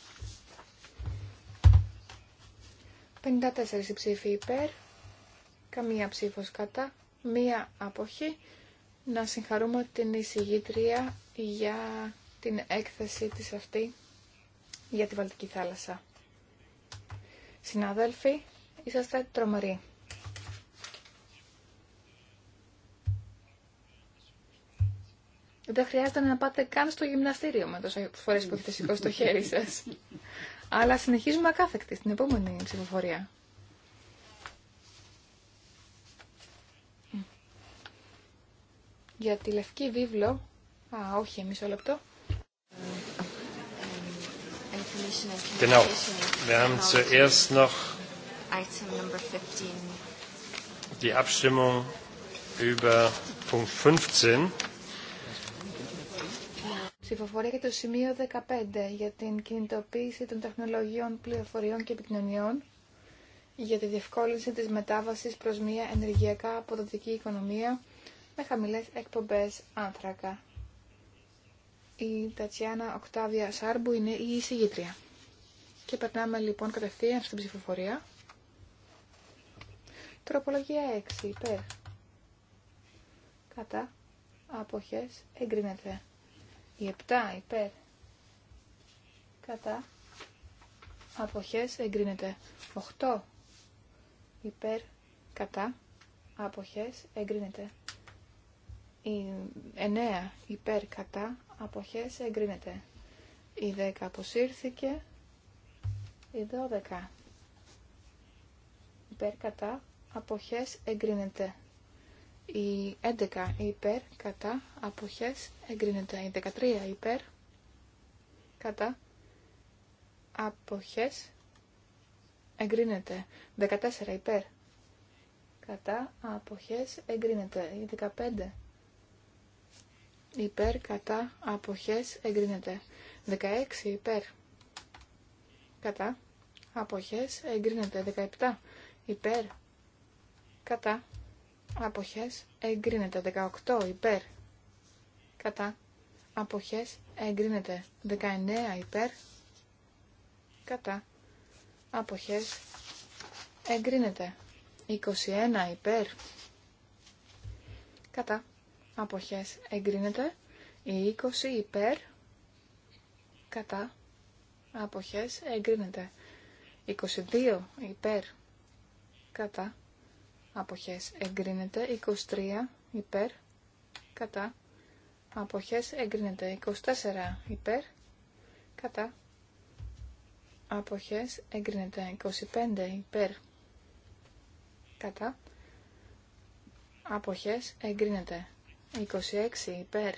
54 ψήφοι υπέρ, καμία ψήφος κατά, μία αποχή. Να συγχαρούμε την εισηγήτρια για την έκθεση της αυτή για τη Βαλτική θάλασσα. Συνάδελφοι, είσαστε τρομεροί. Δεν χρειάζεται να πάτε καν στο γυμναστήριο με τόσε φορέ που έχετε σηκώσει το χέρι σα. Αλλά συνεχίζουμε ακάθεκτη στην επόμενη ψηφοφορία. Για τη λευκή βίβλο. Α, όχι, μισό λεπτό. Genau. Wir haben zuerst noch die Abstimmung über Punkt 15. Ψηφοφορία για το σημείο 15 για την κινητοποίηση των τεχνολογιών πληροφοριών και επικοινωνιών για τη διευκόλυνση της μετάβασης προς μια ενεργειακά αποδοτική οικονομία με χαμηλές εκπομπές άνθρακα. Η Τατσιάνα Οκτάβια Σάρμπου είναι η εισηγήτρια. Και περνάμε λοιπόν κατευθείαν στην ψηφοφορία. Τροπολογία 6. Υπέρ. Κατά. Αποχές. Εγκρίνεται. Η 7 υπέρ κατά αποχές εγκρίνεται. 8 υπέρ κατά αποχές εγκρίνεται. Η 9 υπέρ κατά αποχές εγκρίνεται. Η 10 αποσύρθηκε. Η 12 υπέρ κατά αποχές εγκρίνεται. Η 11 υπέρ κατά αποχές εγκρίνεται. Η 13 υπέρ κατά αποχές εγκρίνεται. 14 υπέρ κατά αποχές εγκρίνεται. Η 15 υπέρ κατά αποχές εγκρίνεται. 16 υπέρ κατά αποχές εγκρίνεται. 17 υπέρ κατά αποχές εγκρίνεται 18 υπέρ κατά αποχές εγκρίνεται 19 υπέρ κατά αποχές εγκρίνεται 21 υπέρ κατά αποχές εγκρίνεται 20 υπέρ κατά αποχές εγκρίνεται 22 υπέρ κατά αποχές εγκρίνεται 23 υπέρ κατά αποχές εγκρίνεται 24 υπέρ κατά αποχές εγκρίνεται 25 υπέρ κατά αποχές εγκρίνεται 26 υπέρ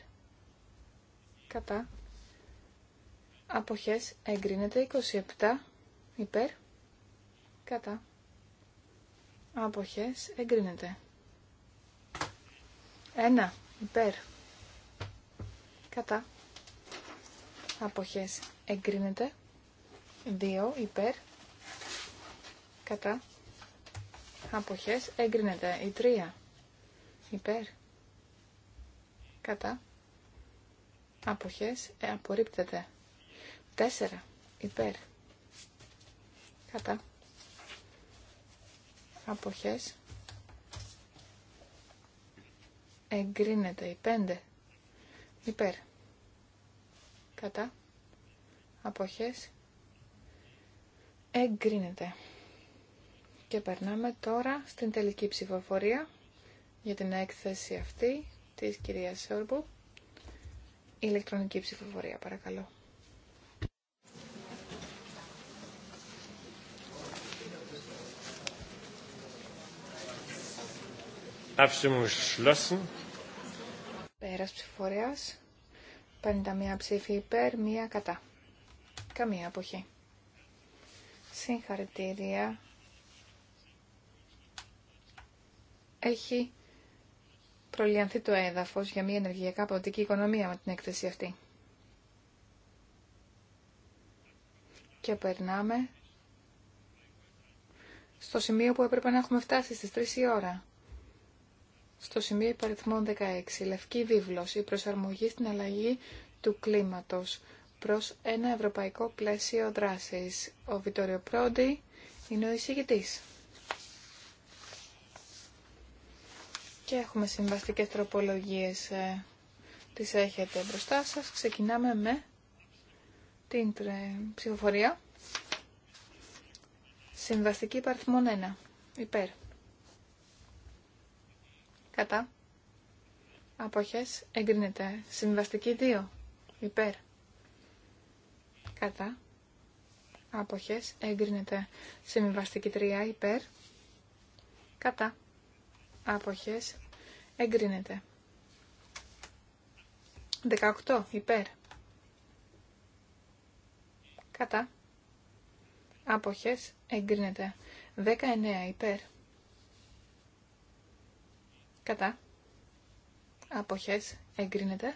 κατά αποχές εγκρίνεται 27 υπέρ κατά Αποχές εγκρίνεται. 1 υπέρ. Κατά. Αποχές εγκρίνεται. 2 υπέρ. Κατά. Αποχές εγκρίνεται. Η 3 υπέρ. Κατά. Αποχές ε, απορρίπτεται. 4 υπέρ. Κατά αποχές εγκρίνεται η πέντε υπέρ κατά αποχές εγκρίνεται και περνάμε τώρα στην τελική ψηφοφορία για την έκθεση αυτή της κυρίας Σόρμπου ηλεκτρονική ψηφοφορία παρακαλώ Abstimmung geschlossen. Πέρας 51 ψήφοι υπέρ, 1 κατά. Καμία αποχή. Συγχαρητήρια. Έχει προλιανθεί το έδαφος για μια ενεργειακά πολιτική οικονομία με την έκθεση αυτή. Και περνάμε στο σημείο που έπρεπε να έχουμε φτάσει στις 3 η ώρα στο σημείο υπαριθμών 16, λευκή βίβλος, η προσαρμογή στην αλλαγή του κλίματος προς ένα ευρωπαϊκό πλαίσιο δράσης. Ο Βιτόριο Πρόντι είναι ο εισηγητής. Και έχουμε συμβαστικές τροπολογίες, ε, τις έχετε μπροστά σας. Ξεκινάμε με την ψηφοφορία. Συμβαστική υπαριθμών 1, υπέρ. Κατά. Αποχές εγκρίνεται. Συμβαστική 2. Υπέρ. Κατά. Αποχές εγκρίνεται. Συμβαστική 3. Υπέρ. Κατά. Αποχές εγκρίνεται. 18. Υπέρ. Κατά. Αποχές εγκρίνεται. 19. Υπέρ. Κατά. Αποχές εγκρίνεται.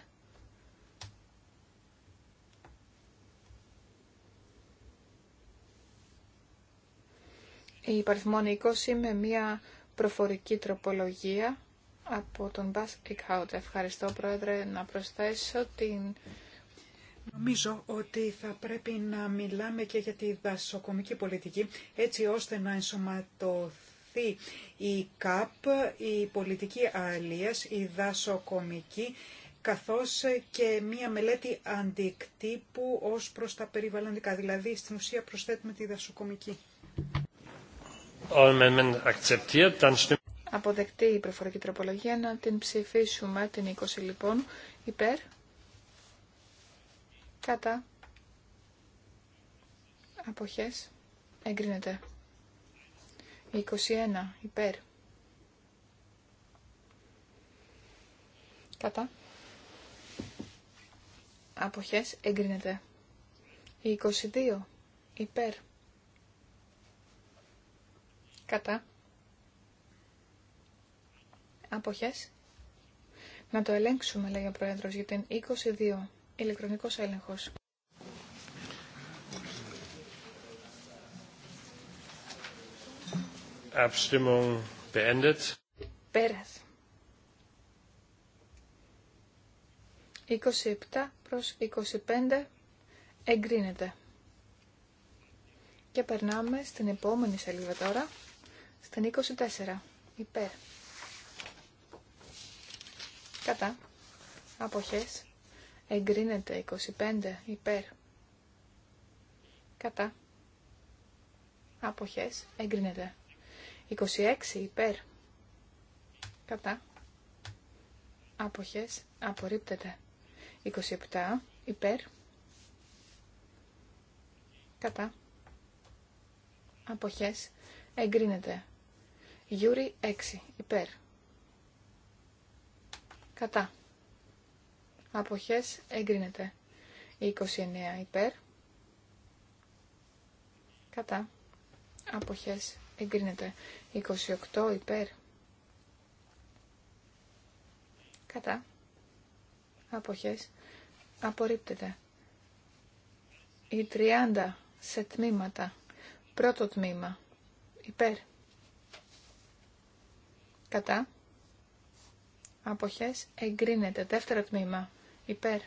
Η υπαριθμόν 20 με μια προφορική τροπολογία από τον Μπάς Ικχάουτ. Ευχαριστώ Πρόεδρε να προσθέσω την... Νομίζω ότι θα πρέπει να μιλάμε και για τη δασοκομική πολιτική έτσι ώστε να ενσωματωθεί η ΚΑΠ, η πολιτική αλίας, η δασοκομική, καθώς και μία μελέτη αντικτύπου ως προς τα περιβαλλοντικά. Δηλαδή, στην ουσία προσθέτουμε τη δασοκομική. Αποδεκτή η προφορική τροπολογία, να την ψηφίσουμε την 20 λοιπόν, υπέρ, κατά, αποχές, εγκρίνεται. 21 υπέρ. Κατά. Αποχές εγκρίνεται. 22 υπέρ. Κατά. Αποχές. Να το ελέγξουμε, λέει ο Πρόεδρος, για την 22. Ηλεκτρονικός έλεγχος. Abstimmung beendet. Πέρας. 27 προς 25 εγκρίνεται. Και περνάμε στην επόμενη σελίδα τώρα, στην 24, υπέρ. Κατά, αποχές, εγκρίνεται 25, υπέρ. Κατά, αποχές, εγκρίνεται 26 υπέρ. Κατά. Αποχές. Απορρίπτεται. 27 υπέρ. Κατά. Αποχές. Εγκρίνεται. Γιούρι 6 υπέρ. Κατά. Αποχές. Εγκρίνεται. 29 υπέρ. Κατά. Αποχές εγκρίνεται. 28 υπέρ. Κατά. Αποχές. Απορρίπτεται. Η 30 σε τμήματα. Πρώτο τμήμα. Υπέρ. Κατά. Αποχές. Εγκρίνεται. Δεύτερο τμήμα. Υπέρ.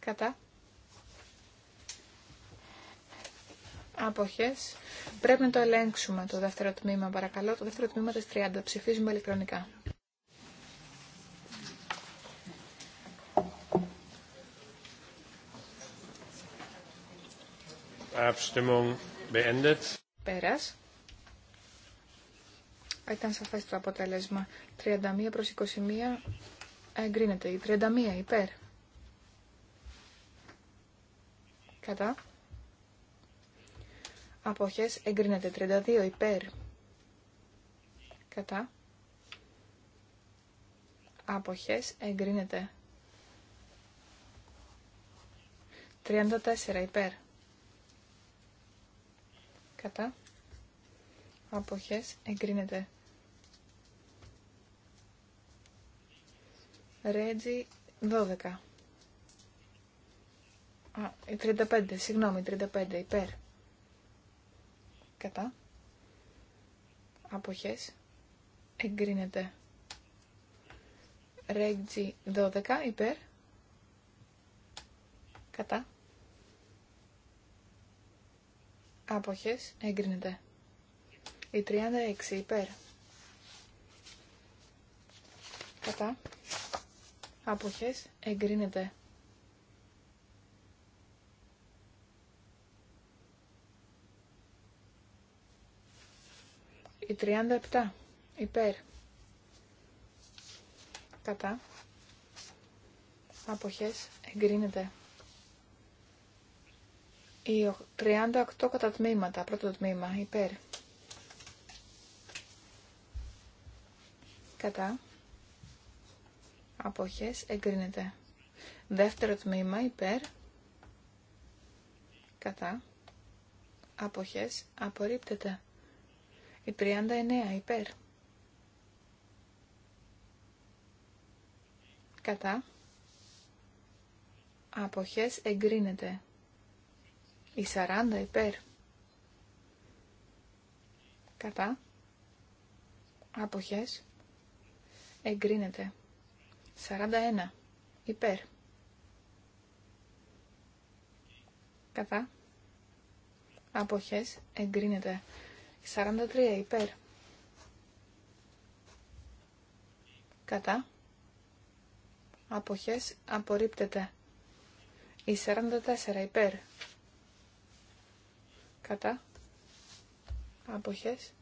Κατά. Αποχές. Πρέπει να το ελέγξουμε το δεύτερο τμήμα, παρακαλώ. Το δεύτερο τμήμα της 30. Ψηφίζουμε ηλεκτρονικά. Abstimmung beendet. Πέρας. Ήταν σαφές το αποτέλεσμα. 31 προς 21 εγκρίνεται. Η 31 υπέρ. Κατά αποχές εγκρίνεται 32 υπέρ κατά αποχές εγκρίνεται 34 υπέρ κατά αποχές εγκρίνεται Ρέτζι 12 Α, 35, ε, συγγνώμη, 35 υπέρ κατά αποχές εγκρίνεται Ρέγγι 12 υπέρ κατά αποχές εγκρίνεται η 36 υπέρ κατά αποχές εγκρίνεται Η 37 υπέρ κατά αποχές εγκρίνεται. Η 38 κατά τμήματα, πρώτο τμήμα υπέρ κατά αποχές εγκρίνεται. Δεύτερο τμήμα υπέρ κατά αποχές απορρίπτεται. Η 39 υπέρ. Κατά. Αποχές εγκρίνεται. Η 40 υπέρ. Κατά. Αποχές εγκρίνεται. 41 υπέρ. Κατά. Αποχές εγκρίνεται. 43 υπέρ. Κατά. Αποχές απορρίπτεται. Η 44 υπέρ. Κατά. Αποχές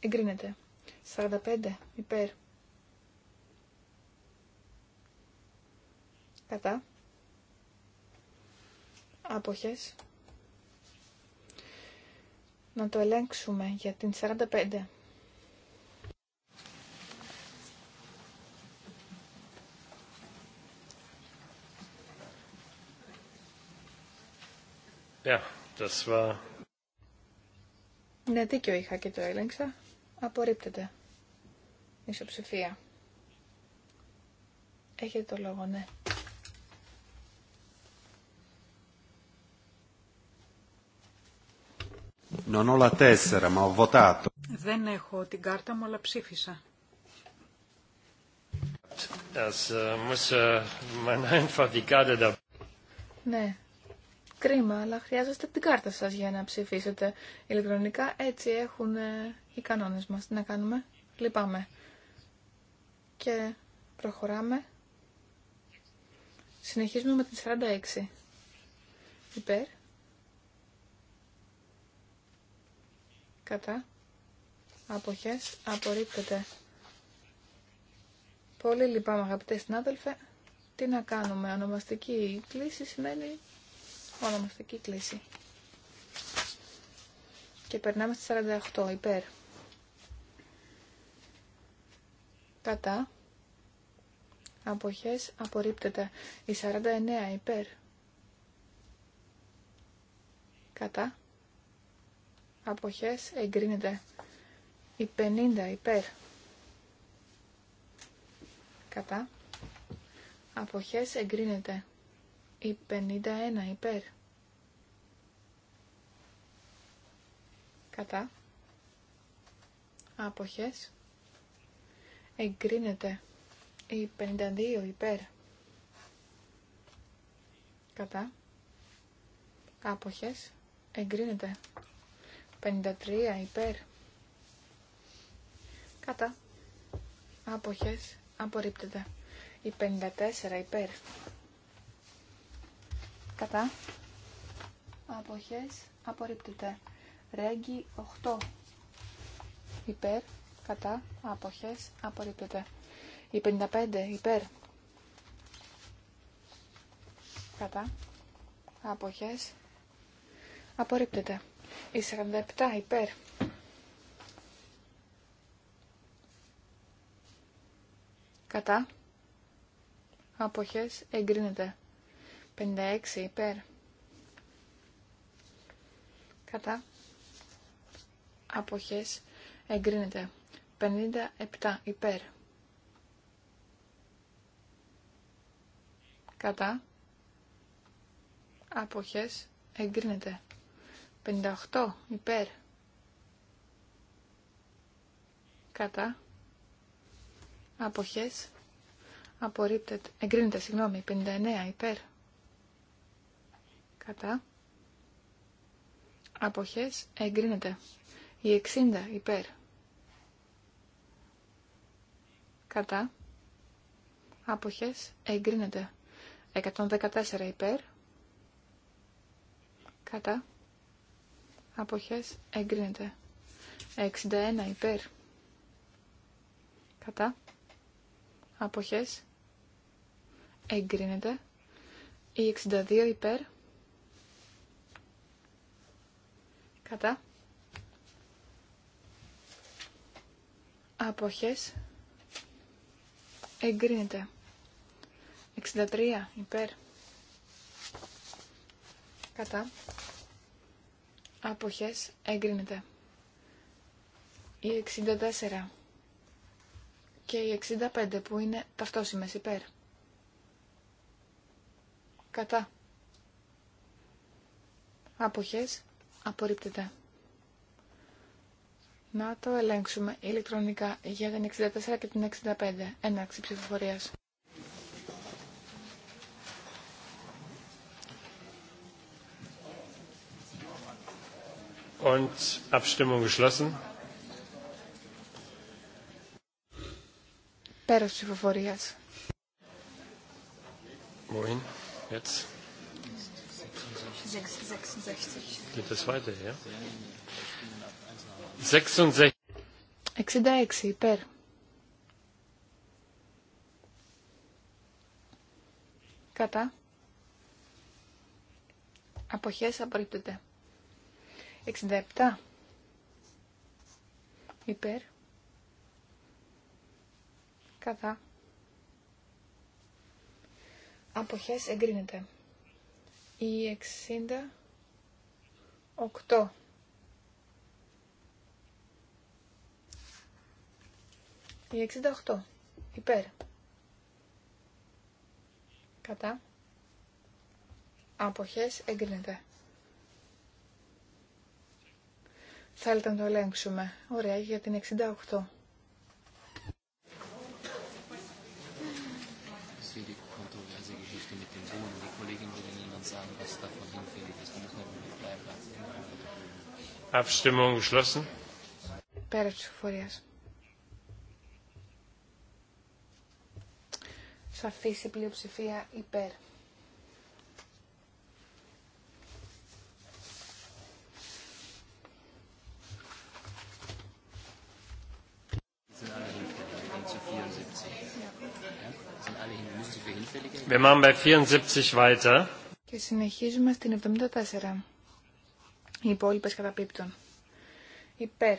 εγκρίνεται. 45 υπέρ. Κατά. Αποχές να το ελέγξουμε για την 45. Ja, das war... Ναι, δίκιο είχα και το έλεγξα. Απορρίπτεται. Ισοψηφία. Έχετε το λόγο, ναι. Δεν έχω την κάρτα μου, αλλά ψήφισα. Äh, äh, *laughs* ναι, κρίμα, αλλά χρειάζεστε την κάρτα σας για να ψηφίσετε ηλεκτρονικά. Έτσι έχουν ε, οι κανόνες μας. Τι να κάνουμε, λυπάμαι. Και προχωράμε. Συνεχίζουμε με την 46. Υπέρ. κατά αποχές απορρίπτεται. Πολύ λυπάμαι αγαπητέ συνάδελφε. Τι να κάνουμε, ονομαστική κλίση σημαίνει ονομαστική κλίση. Και περνάμε στη 48, υπέρ. Κατά. Αποχές απορρίπτεται. Η 49, υπέρ. Κατά αποχές εγκρίνεται η 50 υπέρ κατά αποχές εγκρίνεται η 51 υπέρ κατά αποχές εγκρίνεται η 52 υπέρ κατά άποχες εγκρίνεται 53 υπέρ. Κατά. Άποχες. Απορρίπτεται. Η 54 υπέρ. Κατά. Αποχές. Απορρίπτεται. Ρέγγι 8. Υπέρ. Κατά. Αποχές. Απορρίπτεται. Η 55 υπέρ. Κατά. Αποχές. Απορρίπτεται. Η 47 υπέρ. Κατά. Αποχές εγκρίνεται. 56 υπέρ. Κατά. Αποχές εγκρίνεται. 57 υπέρ. Κατά. Αποχές εγκρίνεται. 58 υπέρ. Κατά. Αποχές. Απορρίπτεται. Εγκρίνεται, συγγνώμη. 59 υπέρ. Κατά. Αποχές. Εγκρίνεται. Η 60 υπέρ. Κατά. Άποχες. Εγκρίνεται. 114 υπέρ. Κατά αποχές εγκρίνεται. 61 υπέρ κατά αποχές εγκρίνεται. Η 62 υπέρ κατά αποχές εγκρίνεται. 63 υπέρ κατά Αποχές εγκρίνεται. Η 64 και η 65 που είναι ταυτόσιμες υπέρ. Κατά. Αποχές απορρίπτεται. Να το ελέγξουμε ηλεκτρονικά για την 64 και την 65. Έναρξη ψηφοφορίας. und Abstimmung geschlossen. Wohin? Jetzt? 66. Geht das weiter, ja? 66. 66 per. Κατά. Αποχές απορρίπτεται. 67 υπέρ κατά αποχές εγκρίνεται η 68 η 68 υπέρ κατά αποχές εγκρίνεται Θέλετε να το ελέγξουμε. Ωραία, για την 68. Abstimmung geschlossen. Πέρα Σαφή η πλειοψηφία υπέρ. Και συνεχίζουμε στην 74. Οι υπόλοιπε καταπίπτουν. Υπέρ.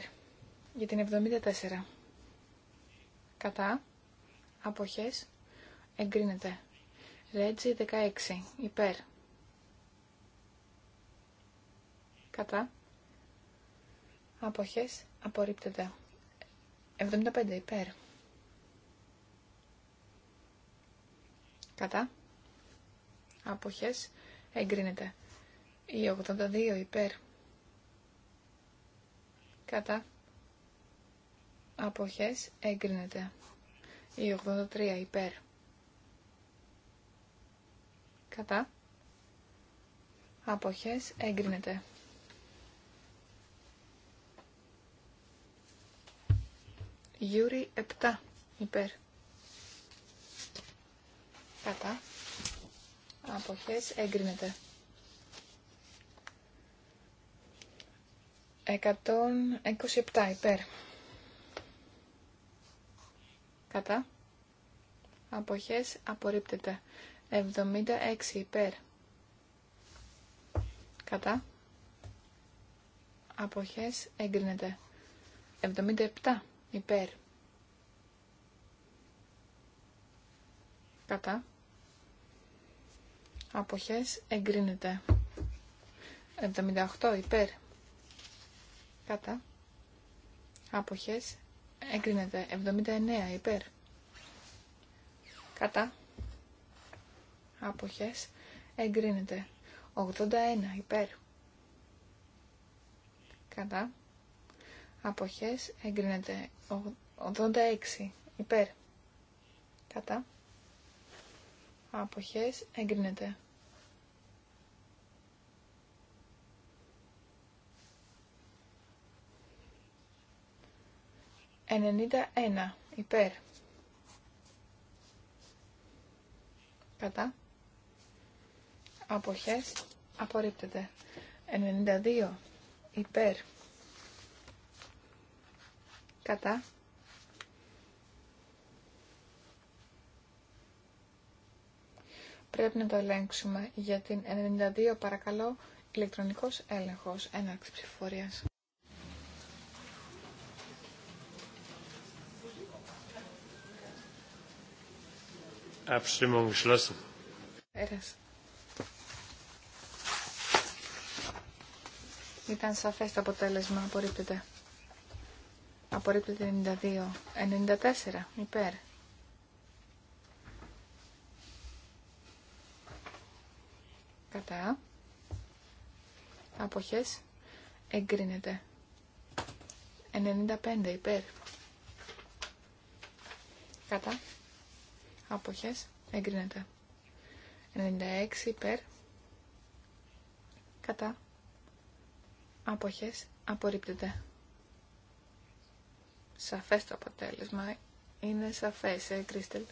Για την 74. Κατά. Αποχές. Εγκρίνεται. Ρέτζι 16. Υπέρ. Κατά. Αποχές. Απορρίπτεται. 75. Υπέρ. Κατά. Αποχές. Εγκρίνεται. Η 82 υπέρ. Κατά. Αποχές. Εγκρίνεται. Η 83 υπέρ. Κατά. Αποχές. Εγκρίνεται. Γιούρι 7 υπέρ. Κατά. Αποχές εγκρίνεται. 127 υπέρ. Κατά. Αποχές απορρίπτεται. 76 υπέρ. Κατά. Αποχές εγκρίνεται. 77 υπέρ. Κατά αποχές εγκρίνεται. 78 υπέρ κατά αποχές εγκρίνεται. 79 υπέρ κατά αποχές εγκρίνεται. 81 υπέρ κατά αποχές εγκρίνεται. 86 υπέρ κατά αποχές εγκρίνεται. 91 υπέρ. Κατά. Αποχές απορρίπτεται. 92 υπέρ. Κατά. Πρέπει να το ελέγξουμε για την 92 παρακαλώ ηλεκτρονικός έλεγχος έναρξη ψηφοφορίας. Abstimmung geschlossen. Ήταν σαφές το αποτέλεσμα. Απορρίπτεται. Απορρίπτεται 92. 94. Υπέρ. Κατά. Αποχές. Εγκρίνεται. 95. Υπέρ. Κατά αποχές εγκρίνεται. 96 υπέρ κατά αποχές απορρίπτεται. Σαφές το αποτέλεσμα. Είναι σαφές, ε, Κρίστελ.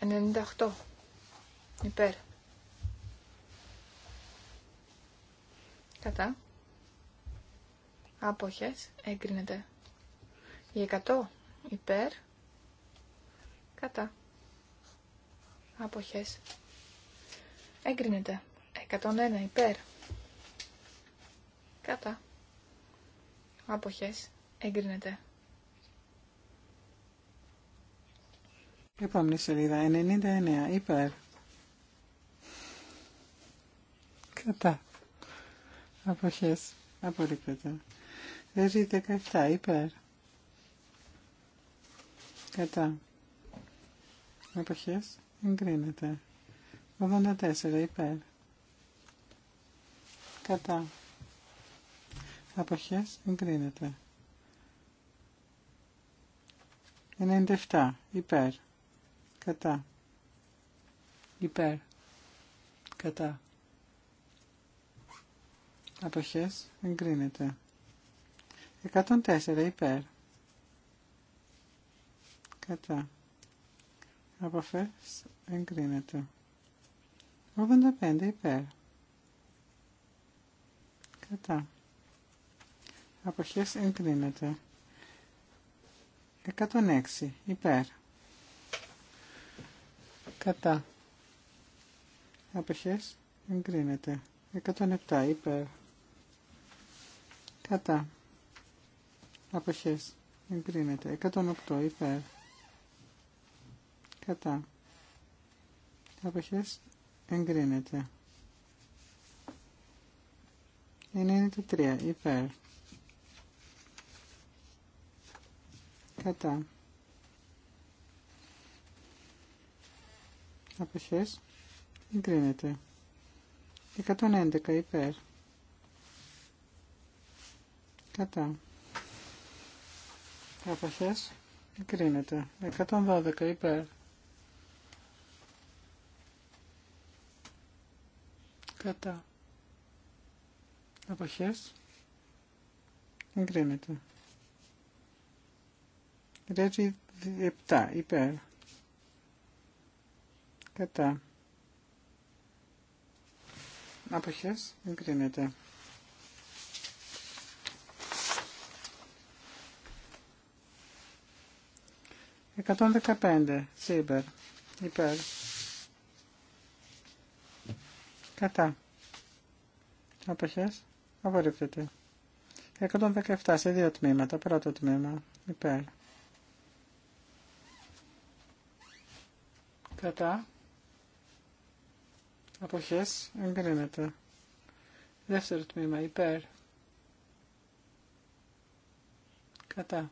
98 υπέρ κατά άποχες εγκρίνεται. Η 100 υπέρ κατά αποχές εγκρίνεται 101 υπέρ κατά αποχές εγκρίνεται Επόμενη σελίδα 99 υπέρ κατά αποχές απορρίπτεται Ρέζι 17 υπέρ κατά αποχές Εγκρίνεται. 84 υπέρ. Κατά. Αποχές εγκρίνεται. 97 υπέρ. Κατά. Υπέρ. Κατά. Αποχές εγκρίνεται. 104 υπέρ. Κατά. Αποχέ εγκρίνεται. 85 υπέρ. Κατά. Αποχές εγκρίνεται. 106 υπέρ. Κατά. Αποχές εγκρίνεται. 107 υπέρ. Κατά. Αποχές εγκρίνεται. 108 υπέρ κατά. Αποχές εγκρίνεται. 93 υπέρ. Κατά. Αποχές εγκρίνεται. 111 υπέρ. Κατά. Αποχές εγκρίνεται. 112 υπέρ. κατά αποχές εγκρίνεται. Ρέτζι 7 υπέρ κατά αποχές εγκρίνεται. Εκατόν δεκαπέντε, Σίμπερ, υπέρ. Κατά. Αποχές. Απορρίπτεται. 117 σε δύο τμήματα. Πρώτο τμήμα. Υπέρ. Κατά. Αποχές. Εγκρίνεται. Δεύτερο τμήμα. Υπέρ. Κατά.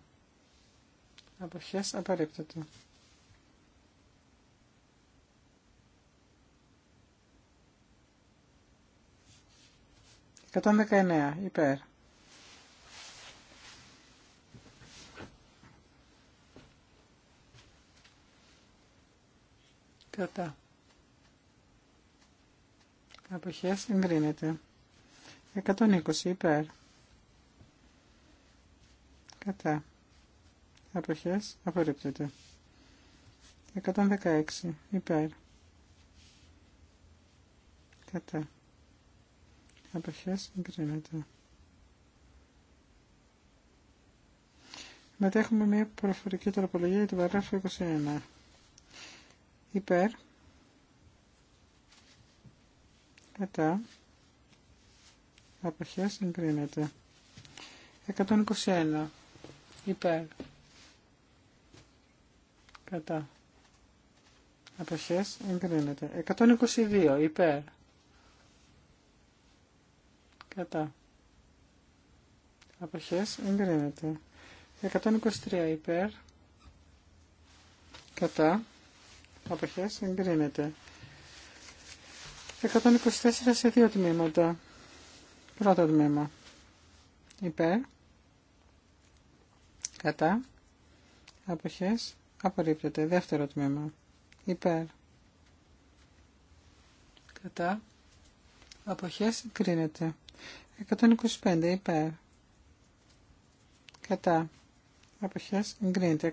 Αποχές. Απορρίπτεται. 119 υπέρ. Κατά. Αποχές εγκρίνεται. 120 υπέρ. Κατά. Αποχές απορρίπτεται. 116 υπέρ. Κατά αποχές εγκρίνεται. Μετά έχουμε μια προφορική τροπολογία για την παράγραφο 21. Υπέρ. Κατά. Αποχές εγκρίνεται. 121. Υπέρ. Κατά. Αποχές εγκρίνεται. 122. Υπέρ. Κατά. Αποχές εγκρίνεται. 123 υπέρ. Κατά. Αποχές εγκρίνεται. 124 σε δύο τμήματα. Πρώτο τμήμα. Υπέρ. Κατά. Αποχές. Απορρίπτεται. Δεύτερο τμήμα. Υπέρ. Κατά. Αποχές κρίνεται. 125 υπέρ. Κατά. Αποχές εγκρίνεται.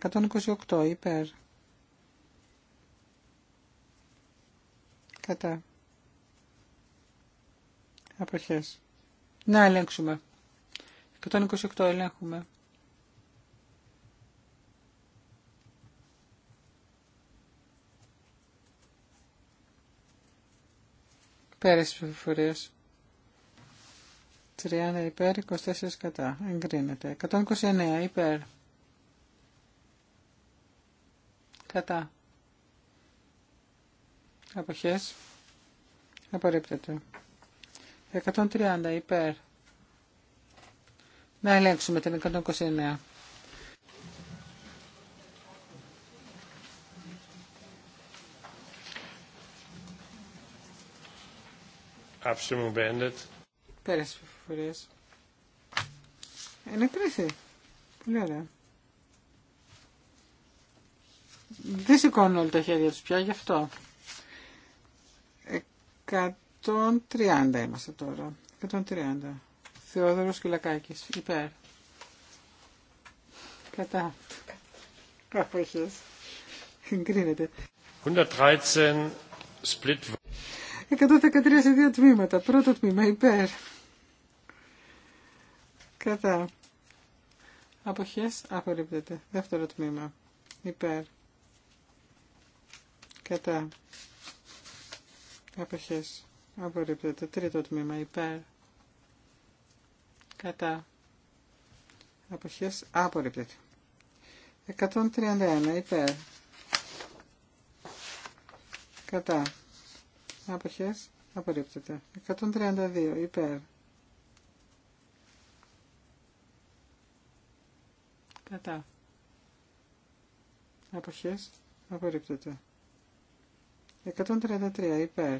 128 υπέρ. Κατά. Αποχές. Να ελέγξουμε. 128 ελέγχουμε. Πέρασε ψηφοφορίας. 30 υπέρ, 24 κατά. Εγκρίνεται. 129 υπέρ. Κατά. Αποχές. Απορρίπτεται. 130 υπέρ. Να ελέγξουμε την 129. Abstimmung ένα Ενεκρίθη. Πολύ ωραία. Δεν σηκώνουν όλοι τα χέρια του πια γι' αυτό. 130 είμαστε τώρα. 130. Θεόδωρο Κυλακάκη. Υπέρ. Κατά. Αποχές. Εγκρίνεται. 113 split 113 σε δύο τμήματα. Πρώτο τμήμα υπέρ. Κατά. Αποχές απορρίπτεται. Δεύτερο τμήμα. Υπέρ. Κατά. Αποχές απορρίπτεται. Τρίτο τμήμα. Υπέρ. Κατά. Αποχές απορρίπτεται. 131. Υπέρ. Κατά. Αποχές απορρίπτεται. 132. Υπέρ. Κατά. Αποχές. Απορρίπτεται. 133. Υπέρ.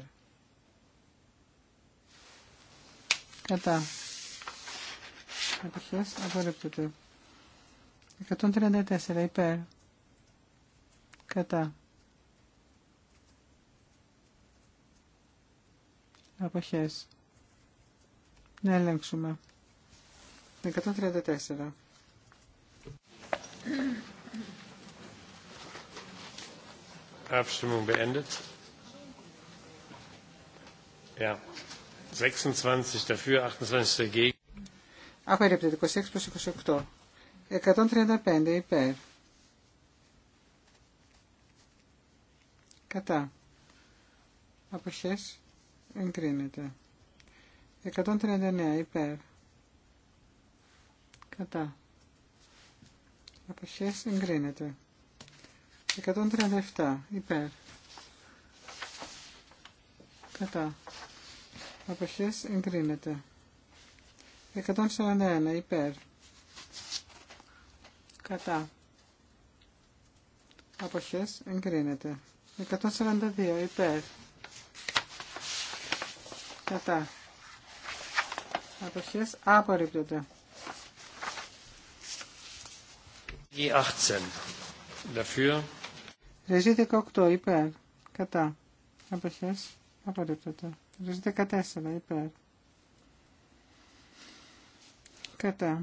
Κατά. Αποχές. Απορρίπτεται. 134. Υπέρ. Κατά. Αποχές. Να ελέγξουμε. 134. Abstimmung beendet. Ja. 26 dafür, 28 dagegen. Απορρίπτεται 26 προς 28. 135 υπέρ. Κατά. Αποχές εγκρίνεται. 139 υπέρ. Κατά αποχές εγκρίνεται. 137 υπέρ κατά αποχές εγκρίνεται. 141 υπέρ κατά αποχές εγκρίνεται. 142 υπέρ κατά αποχές απορρίπτεται. 18. Dafür. Ρεζί 18 υπέρ. Κατά. Αποχές. Απορρίπτεται. Ρεζί 14 υπέρ. Κατά.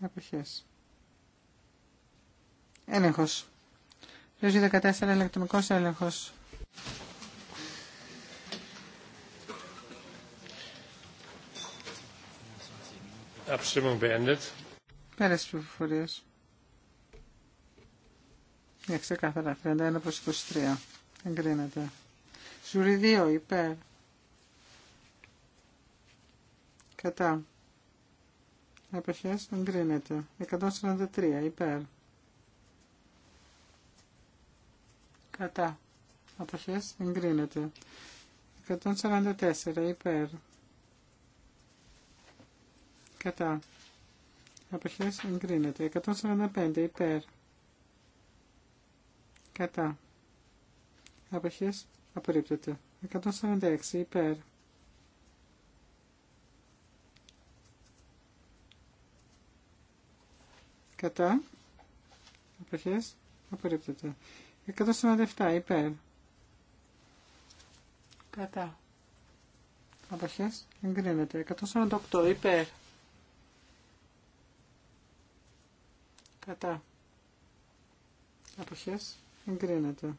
Αποχές. Έλεγχος. Ρεζί 14 ηλεκτρονικός έλεγχος. Abstimmung beendet. Πέρασε πληροφορίε. πληροφορίες. Για ναι, ξεκάθαρα, 31 προς 23. Εγκρίνεται. Σουρι 2, υπέρ. Κατά. Εποχές, εγκρίνεται. 143, υπέρ. Κατά. Αποχές, εγκρίνεται. 144, υπέρ. Κατά. Απεχές εγκρίνεται. 145 υπέρ. Κατά. Αποχές απορρίπτεται. 146 υπέρ. Κατά. Αποχές απορρίπτεται. 147 υπέρ. Κατά. Αποχές εγκρίνεται. 148 υπέρ. Κατά. Αποχές. Εγκρίνεται.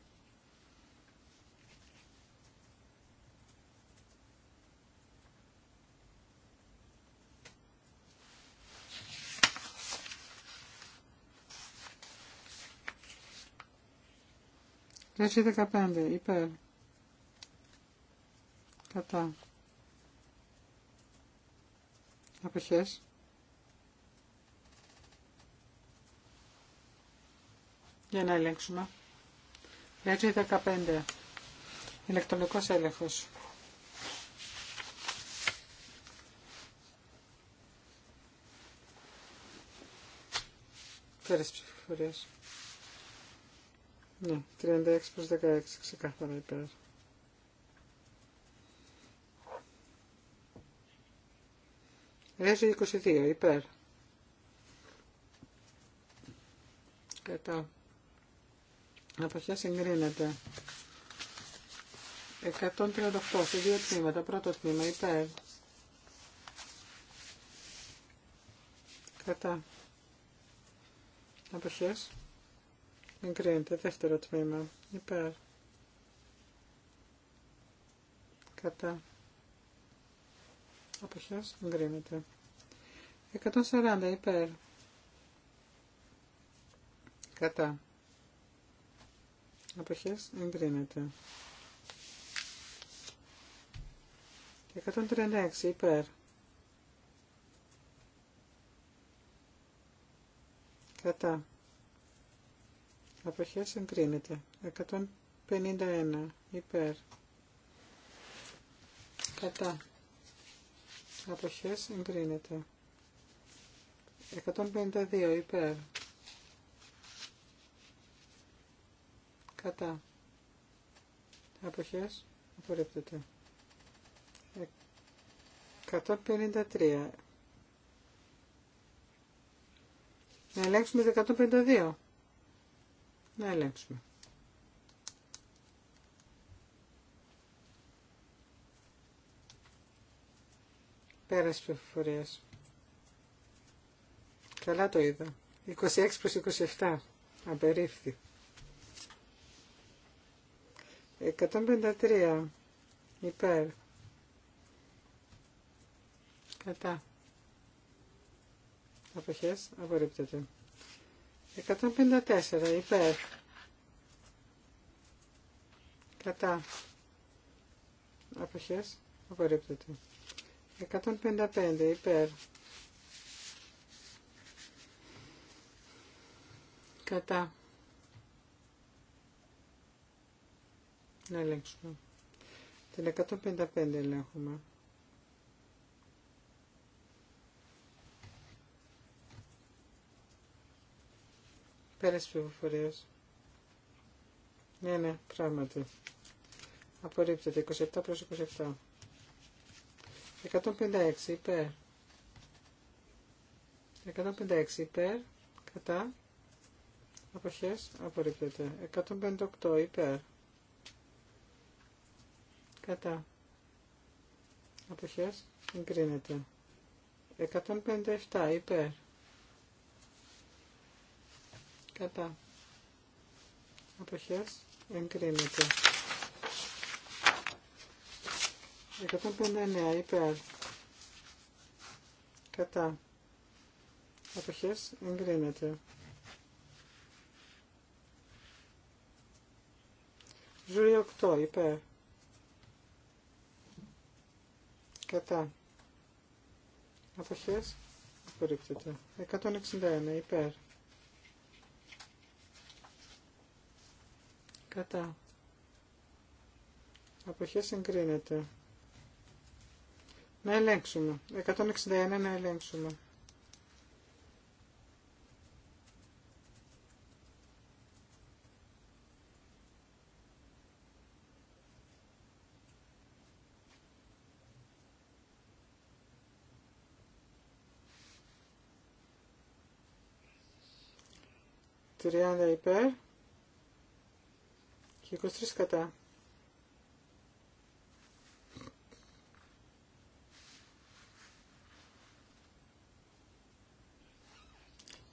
Ρέτζι 15. Υπέρ. Κατά. Αποχές. Για να ελέγξουμε. Ρέτζι 15. Ηλεκτρονικός έλεγχος. Πέρας ψηφοφορίες. Ναι, 36 προς 16 ξεκάθαρα υπέρ. Ρέζο 22 υπέρ. Κατά. Αποχές εγκρίνεται. 138 σε δύο τμήματα. Πρώτο τμήμα υπέρ. Κατά. Αποχές. Εγκρίνεται. Δεύτερο τμήμα. Υπέρ. Κατά. Αποχές. Εγκρίνεται. 140 υπέρ. Κατά. Αποχές εγκρίνεται. 136 υπέρ. Κατά. Αποχές εγκρίνεται. 151 υπέρ. Κατά. Αποχές εγκρίνεται. 152 υπέρ. κατά αποχές απορρίπτεται 153 ε, να ελέγξουμε 152 να ελέγξουμε πέρας πληροφορίας καλά το είδα 26 προς 27 απερίφθη 153 υπέρ κατά αποχές απορρίπτεται 154 υπέρ κατά αποχές απορρίπτεται 155 υπέρ κατά Να ελέγξουμε. Την 155 ελέγχουμε. Πέρασε πληροφορίες. Ναι, ναι, πράγματι. Απορρίπτεται 27 προς 27. 156 υπέρ. 156 υπέρ. Κατά. Αποχές. Απορρίπτεται. 158 υπέρ κατά αποχές εγκρίνεται 157 υπέρ κατά αποχές εγκρίνεται 159 υπέρ κατά αποχές εγκρίνεται Ζούρι 8 υπέρ κατά αποχές απορρίπτεται 161 υπέρ κατά αποχές εγκρίνεται να ελέγξουμε 161 να ελέγξουμε 30 υπέρ και 23 κατά.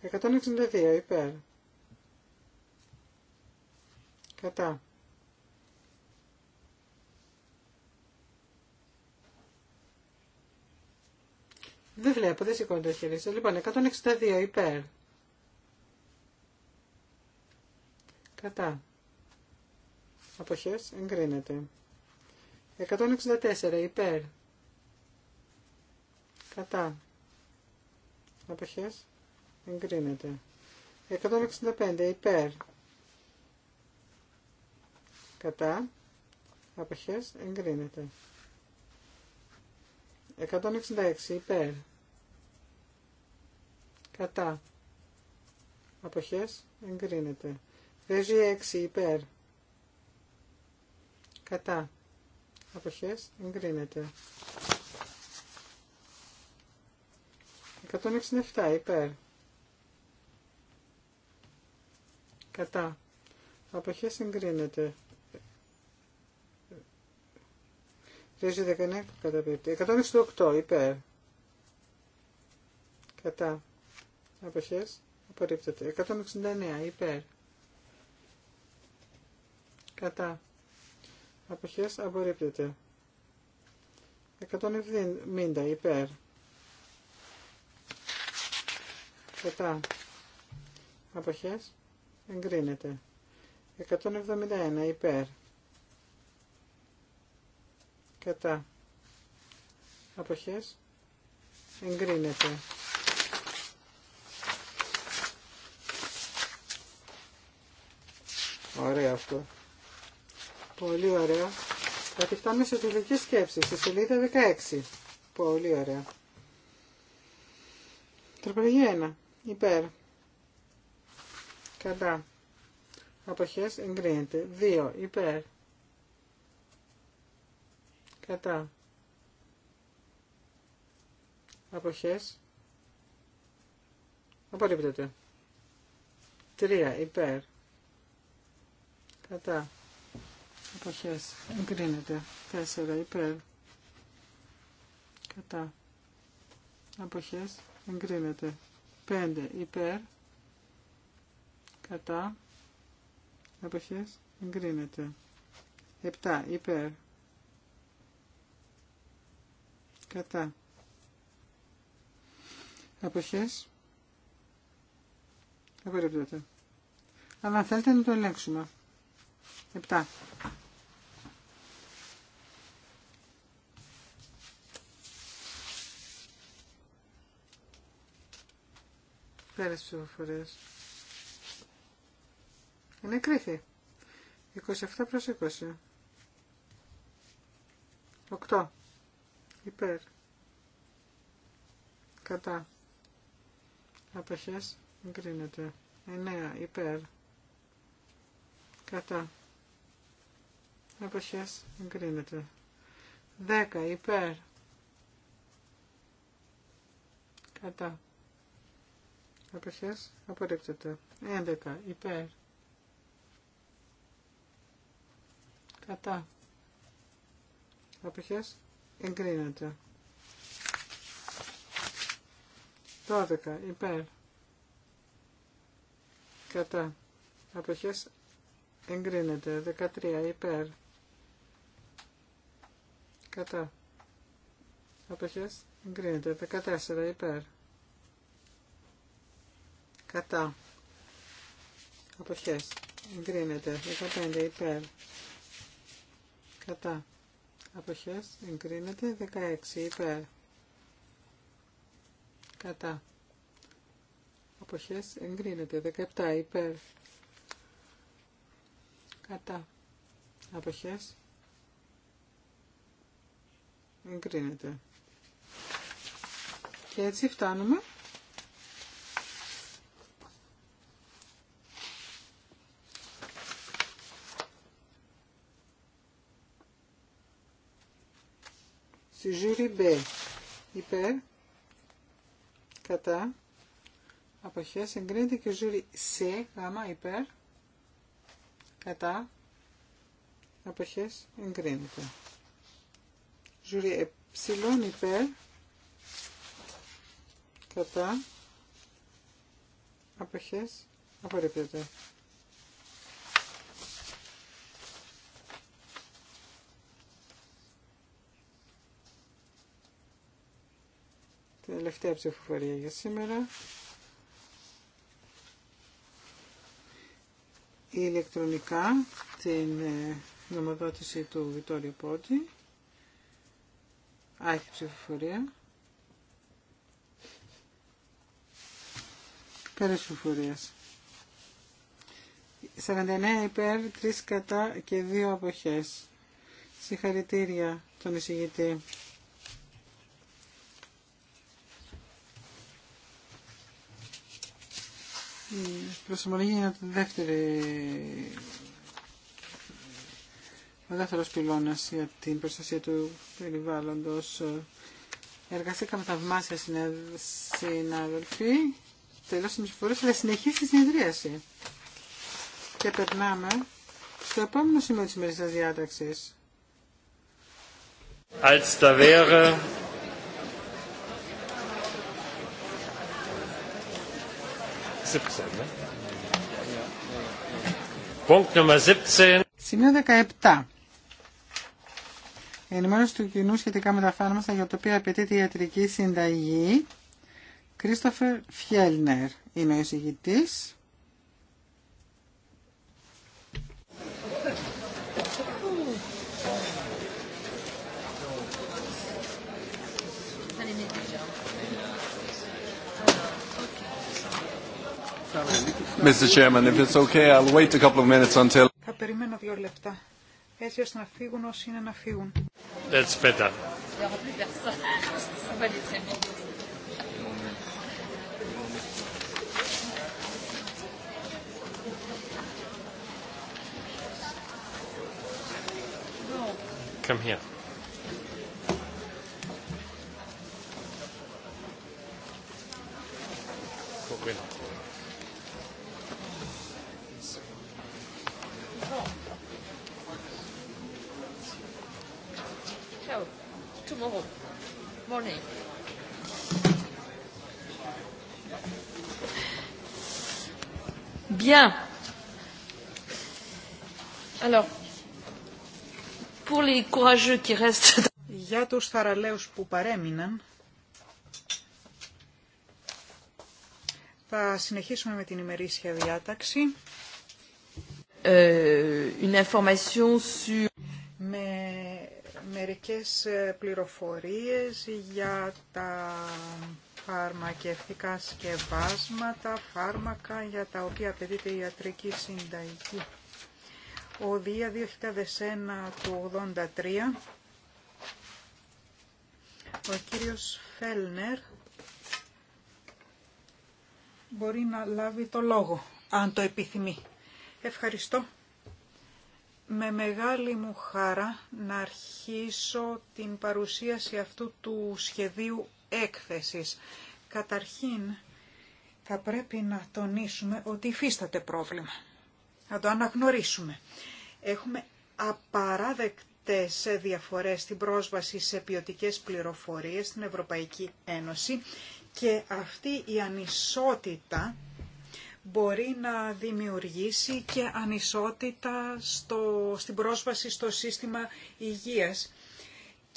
Εκατόν υπέρ. Κατά. Δεν βλέπω, δεν σηκώνει το χέρι Λοιπόν, 162 υπέρ. Κατά. Αποχές εγκρίνεται. 164 υπέρ. Κατά. Αποχές εγκρίνεται. 165 υπέρ. Κατά. Αποχές εγκρίνεται. 166 υπέρ. Κατά. Αποχές εγκρίνεται. Ρέζι 6 υπέρ. Κατά. Αποχές εγκρίνεται. 167 υπέρ. Κατά. Αποχές εγκρίνεται. Ρέζι 19 καταπίπτει. 168 υπέρ. Κατά. Αποχές απορρίπτεται. 169 υπέρ κατά αποχές απορρίπτεται 170 υπέρ κατά αποχές εγκρίνεται 171 υπέρ κατά αποχές εγκρίνεται αυτό Πολύ ωραία. Γιατί φτάνουμε σε τελική σκέψη, στη σελίδα 16. Πολύ ωραία. Τροπολογία 1. Υπέρ. Κατά. Αποχές εγκρίνεται. 2. Υπέρ. Κατά. Αποχές. Απορρίπτεται. 3. Υπέρ. Κατά. Αποχές. Εγκρίνεται. 4 υπέρ. Κατά. Αποχές. Εγκρίνεται. 5 υπέρ. Κατά. Αποχές. Εγκρίνεται. 7 υπέρ. Κατά. Αποχές. Απορρίπτεται. Αλλά αν θέλετε να το ελέγξουμε. 7. Πέρας ψηφοφορίας. Είναι κρίθη. 27 προς 20. 8. Υπέρ. Κατά. Αποχές. Εγκρίνεται. 9. Υπέρ. Κατά. Αποχές. Εγκρίνεται. 10. Υπέρ. Κατά. Απευθείας απορρίπτεται. 11. Υπέρ. Κατά. Απευθείας εγκρίνεται. 12. Υπέρ. Κατά. Αποχέ εγκρίνεται. 13. Υπέρ. Κατά. Απευθείας εγκρίνεται. 14. Υπέρ κατά αποχές εγκρίνεται 15 υπέρ κατά αποχές εγκρίνεται 16 υπέρ κατά αποχές εγκρίνεται 17 υπέρ κατά αποχές εγκρίνεται και έτσι φτάνουμε Ζούρι B. Υπέρ. Κατά. αποχέ, εγκρίνεται και ζούρι C. Γάμα. Υπέρ. Κατά. αποχέ, εγκρίνεται. Ζούρι ε. Υπέρ. Κατά. Αποχές απορρίπτεται. Τελευταία ψηφοφορία για σήμερα. Η ηλεκτρονικά την ε, νομοδότηση του Βιτόριο Πόντι. Άχι ψηφοφορία. Πέρα ψηφοφορίας. 49 υπέρ, 3 κατά και 2 αποχές. Συγχαρητήρια τον εισηγητή. προσωμολογία είναι το δεύτερη ο δεύτερο πυλώνα για την προστασία του περιβάλλοντο. Εργαστήκαμε θαυμάσια συνάδελφοι. Τελώ την ψηφορία, αλλά συνεχίσει η συνεδρίαση. Και περνάμε στο επόμενο σημείο τη ημερήσια διάταξη. Als da wäre Σημείο 17. ενημέρωση του κοινού σχετικά με τα φάρμακα για το οποία απαιτείται η ιατρική συνταγή. Κρίστοφερ Φιέλνερ είναι ο εισηγητής. Mr. Chairman, if it's okay, I'll wait a couple of minutes until... Θα περιμένω δύο λεπτά, έτσι ώστε να φύγουν όσοι είναι να φύγουν. That's better. Come here. Bien. Alors, pour les courageux qui restent... Για τους θαραλέους που παρέμειναν, θα συνεχίσουμε με την ημερήσια διάταξη. Ε, une information sur... Με μερικές ε, πληροφορίες για τα φαρμακευτικά σκευάσματα, φάρμακα για τα οποία απαιτείται η ιατρική συνταγή. Δία, 2001 του 83, ο κύριος Φέλνερ μπορεί να λάβει το λόγο, αν το επιθυμεί. Ευχαριστώ. Με μεγάλη μου χαρά να αρχίσω την παρουσίαση αυτού του σχεδίου έκθεσης. Καταρχήν, θα πρέπει να τονίσουμε ότι υφίσταται πρόβλημα. Να το αναγνωρίσουμε. Έχουμε απαράδεκτες διαφορές στην πρόσβαση σε ποιοτικές πληροφορίες στην Ευρωπαϊκή Ένωση και αυτή η ανισότητα μπορεί να δημιουργήσει και ανισότητα στο, στην πρόσβαση στο σύστημα υγείας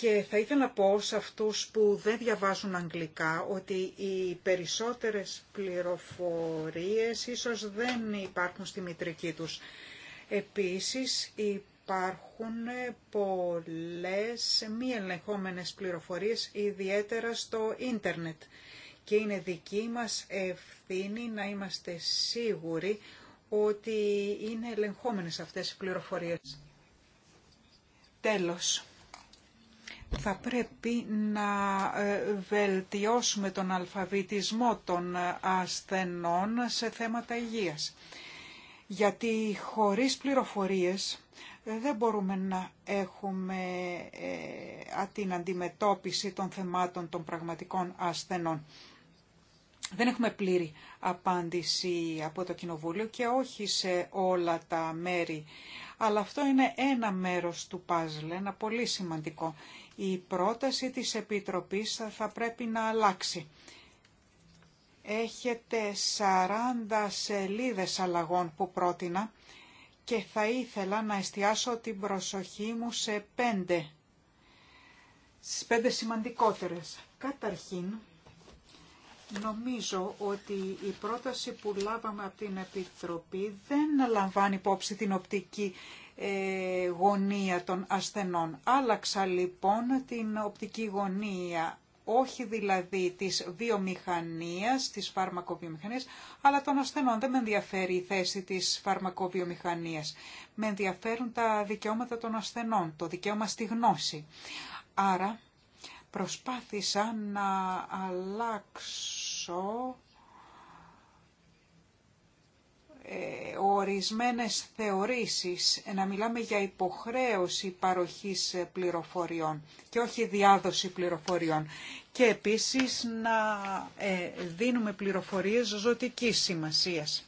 και θα ήθελα να πω σε αυτούς που δεν διαβάζουν αγγλικά ότι οι περισσότερες πληροφορίες ίσως δεν υπάρχουν στη μητρική τους. Επίσης υπάρχουν πολλές μη ελεγχόμενες πληροφορίες ιδιαίτερα στο ίντερνετ και είναι δική μας ευθύνη να είμαστε σίγουροι ότι είναι ελεγχόμενες αυτές οι πληροφορίες. Τέλος θα πρέπει να ε, βελτιώσουμε τον αλφαβητισμό των ε, ασθενών σε θέματα υγείας. Γιατί χωρίς πληροφορίες ε, δεν μπορούμε να έχουμε την αντιμετώπιση των θεμάτων των πραγματικών ασθενών. Δεν έχουμε πλήρη απάντηση από το Κοινοβούλιο και όχι σε όλα τα μέρη. Αλλά αυτό είναι ένα μέρος του παζλ, ένα πολύ σημαντικό η πρόταση της Επιτροπής θα πρέπει να αλλάξει. Έχετε 40 σελίδες αλλαγών που πρότεινα και θα ήθελα να εστιάσω την προσοχή μου σε πέντε, στις πέντε σημαντικότερες. Καταρχήν, νομίζω ότι η πρόταση που λάβαμε από την Επιτροπή δεν λαμβάνει υπόψη την οπτική ε, γωνία των ασθενών. Άλλαξα λοιπόν την οπτική γωνία, όχι δηλαδή της βιομηχανίας, της φαρμακοβιομηχανίας, αλλά των ασθενών. Δεν με ενδιαφέρει η θέση της φαρμακοβιομηχανίας. Με ενδιαφέρουν τα δικαιώματα των ασθενών, το δικαίωμα στη γνώση. Άρα προσπάθησα να αλλάξω ε, ορισμένες θεωρήσεις, ε, να μιλάμε για υποχρέωση παροχής ε, πληροφοριών και όχι διάδοση πληροφοριών. Και επίσης να δίνουμε πληροφορίες ζωτικής σημασίας.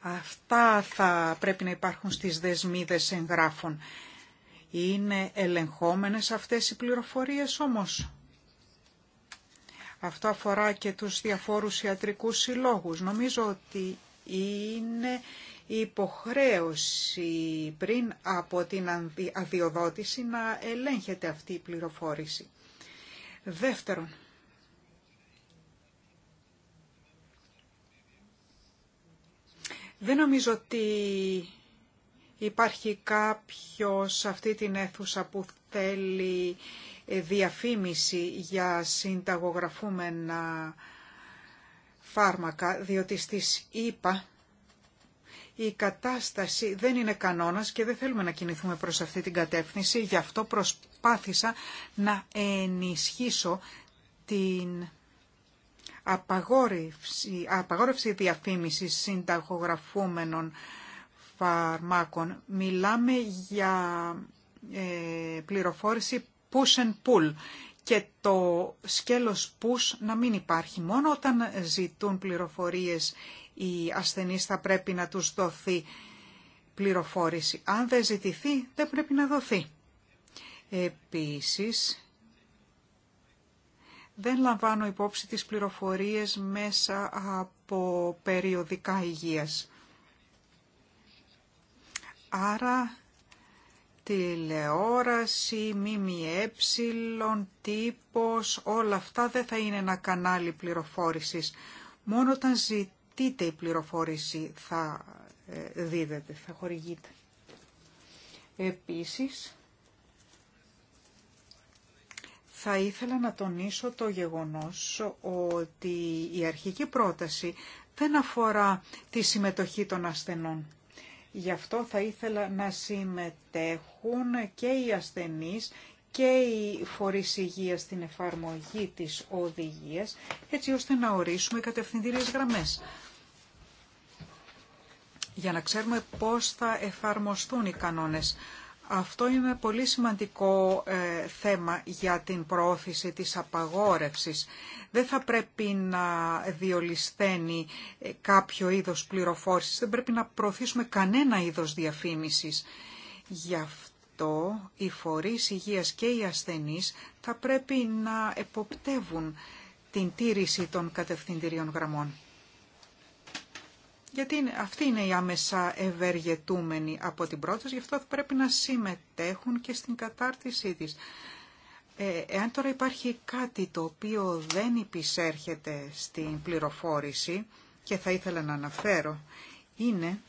Αυτά θα πρέπει να υπάρχουν στις δεσμίδες εγγράφων. Είναι ελεγχόμενες αυτές οι πληροφορίες όμως. Αυτό αφορά και τους διαφόρους ιατρικούς συλλόγους. Νομίζω ότι είναι υποχρέωση πριν από την αδειοδότηση να ελέγχεται αυτή η πληροφόρηση. Δεύτερον, δεν νομίζω ότι υπάρχει κάποιος σε αυτή την αίθουσα που θέλει διαφήμιση για συνταγογραφούμενα φάρμακα, διότι στις ΗΠΑ η κατάσταση δεν είναι κανόνας και δεν θέλουμε να κινηθούμε προς αυτή την κατεύθυνση. Γι' αυτό προσπάθησα να ενισχύσω την απαγόρευση, απαγόρευση διαφήμισης συνταγογραφούμενων φαρμάκων. Μιλάμε για ε, πληροφόρηση push and pull και το σκέλος push να μην υπάρχει. Μόνο όταν ζητούν πληροφορίες οι ασθενείς θα πρέπει να τους δοθεί πληροφόρηση. Αν δεν ζητηθεί δεν πρέπει να δοθεί. Επίσης, δεν λαμβάνω υπόψη τις πληροφορίες μέσα από περιοδικά υγείας. Άρα τηλεόραση, ΜΜΕ, τύπος, όλα αυτά δεν θα είναι ένα κανάλι πληροφόρησης. Μόνο όταν ζητείτε η πληροφόρηση θα ε, δίδεται, θα χορηγείται. Επίσης, θα ήθελα να τονίσω το γεγονός ότι η αρχική πρόταση δεν αφορά τη συμμετοχή των ασθενών. Γι' αυτό θα ήθελα να συμμετέχουν και οι ασθενείς και οι φορείς Υγεία στην εφαρμογή της οδηγίας, έτσι ώστε να ορίσουμε κατευθυντήριες γραμμές. Για να ξέρουμε πώς θα εφαρμοστούν οι κανόνες αυτό είναι πολύ σημαντικό ε, θέμα για την προώθηση της απαγόρευσης. Δεν θα πρέπει να διολυσθένει ε, κάποιο είδος πληροφόρησης, δεν πρέπει να προωθήσουμε κανένα είδος διαφήμισης. Γι' αυτό οι φορείς υγείας και οι ασθενείς θα πρέπει να εποπτεύουν την τήρηση των κατευθυντηρίων γραμμών γιατί είναι, αυτοί είναι οι άμεσα ευεργετούμενοι από την πρόταση, γι' αυτό πρέπει να συμμετέχουν και στην κατάρτισή της. Ε, εάν τώρα υπάρχει κάτι το οποίο δεν υπησέρχεται στην πληροφόρηση και θα ήθελα να αναφέρω, είναι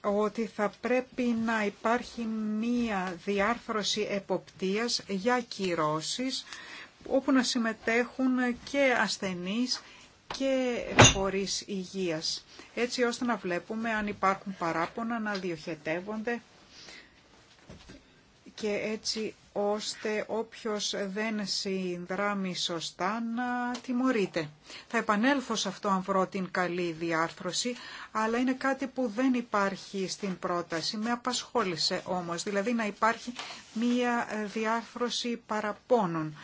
ότι θα πρέπει να υπάρχει μία διάρθρωση εποπτείας για κυρώσεις όπου να συμμετέχουν και ασθενείς και χωρίς υγείας, έτσι ώστε να βλέπουμε αν υπάρχουν παράπονα, να διοχετεύονται και έτσι ώστε όποιος δεν συνδράμει σωστά να τιμωρείται. Θα επανέλθω σε αυτό αν βρω την καλή διάρθρωση, αλλά είναι κάτι που δεν υπάρχει στην πρόταση. Με απασχόλησε όμως, δηλαδή να υπάρχει μία διάρθρωση παραπόνων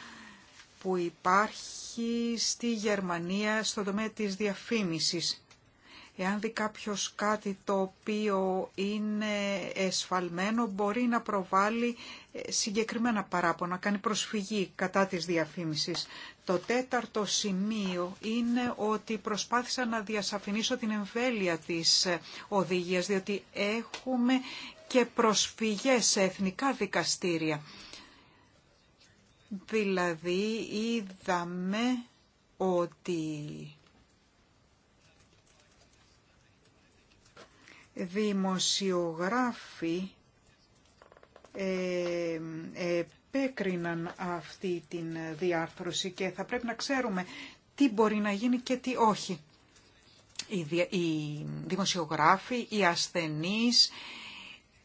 που υπάρχει στη Γερμανία στον τομέα της διαφήμισης. Εάν δει κάποιος κάτι το οποίο είναι εσφαλμένο, μπορεί να προβάλλει ε, συγκεκριμένα παράπονα, κάνει προσφυγή κατά της διαφήμισης. Το τέταρτο σημείο είναι ότι προσπάθησα να διασαφηνίσω την εμβέλεια της ε, οδηγίας, διότι έχουμε και προσφυγές σε εθνικά δικαστήρια Δηλαδή είδαμε ότι δημοσιογράφοι ε, επέκριναν αυτή την διάρθρωση και θα πρέπει να ξέρουμε τι μπορεί να γίνει και τι όχι. Οι δημοσιογράφοι, οι ασθενείς,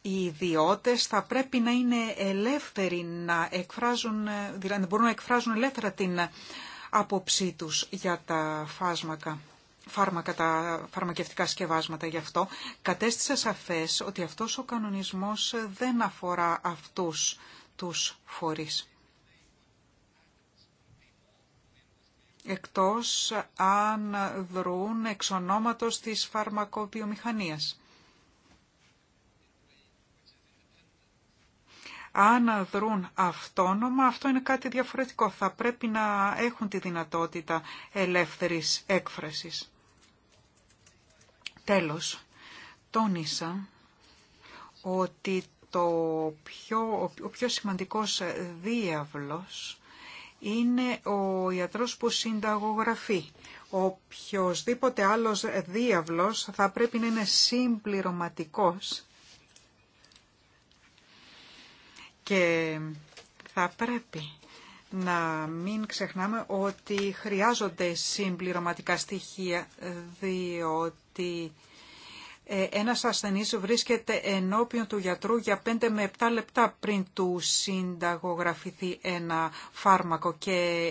οι ιδιώτες θα πρέπει να είναι ελεύθεροι να εκφράζουν, δηλαδή να μπορούν να εκφράζουν ελεύθερα την άποψή τους για τα φάσμακα. Φάρμακα, τα φαρμακευτικά σκευάσματα γι' αυτό, κατέστησα σαφές ότι αυτός ο κανονισμός δεν αφορά αυτούς τους φορείς. εκτός αν δρούν εξ ονόματος της φαρμακοβιομηχανίας. Αν δρούν αυτόνομα, αυτό είναι κάτι διαφορετικό. Θα πρέπει να έχουν τη δυνατότητα ελεύθερης έκφρασης. Τέλος, τόνισα ότι το πιο, ο πιο σημαντικός διάβλος είναι ο ιατρός που συνταγογραφεί. Οποιοδήποτε άλλος διάβλος θα πρέπει να είναι συμπληρωματικός Και θα πρέπει να μην ξεχνάμε ότι χρειάζονται συμπληρωματικά στοιχεία, διότι ε, ένας ασθενής βρίσκεται ενώπιον του γιατρού για 5 με 7 λεπτά πριν του συνταγογραφηθεί ένα φάρμακο και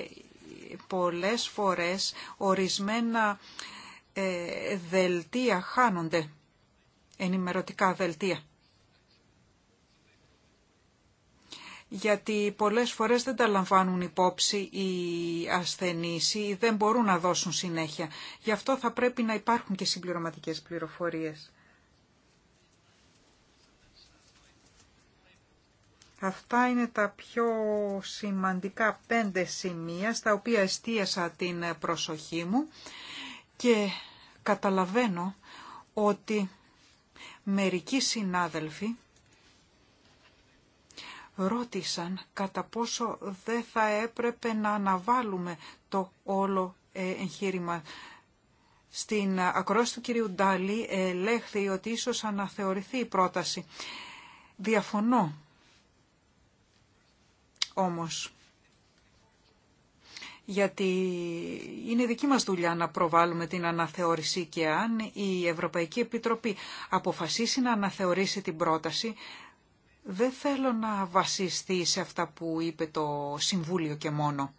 πολλές φορές ορισμένα ε, δελτία χάνονται, ενημερωτικά δελτία. γιατί πολλές φορές δεν τα λαμβάνουν υπόψη οι ασθενείς ή δεν μπορούν να δώσουν συνέχεια. Γι' αυτό θα πρέπει να υπάρχουν και συμπληρωματικές πληροφορίες. Αυτά είναι τα πιο σημαντικά πέντε σημεία στα οποία εστίασα την προσοχή μου και καταλαβαίνω ότι μερικοί συνάδελφοι ρώτησαν κατά πόσο δεν θα έπρεπε να αναβάλουμε το όλο ε, εγχείρημα. Στην ακρόαση του κυρίου Ντάλι ελέγχθη ότι ίσως αναθεωρηθεί η πρόταση. Διαφωνώ όμως, γιατί είναι δική μας δουλειά να προβάλλουμε την αναθεώρηση και αν η Ευρωπαϊκή Επιτροπή αποφασίσει να αναθεωρήσει την πρόταση, δεν θέλω να βασιστεί σε αυτά που είπε το Συμβούλιο και μόνο.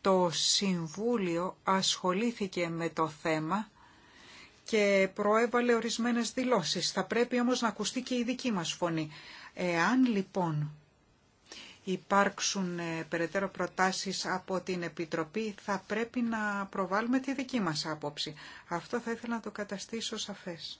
Το Συμβούλιο ασχολήθηκε με το θέμα και προέβαλε ορισμένες δηλώσεις. Θα πρέπει όμως να ακουστεί και η δική μας φωνή. Εάν λοιπόν υπάρξουν ε, περαιτέρω προτάσεις από την Επιτροπή, θα πρέπει να προβάλλουμε τη δική μας άποψη. Αυτό θα ήθελα να το καταστήσω σαφές.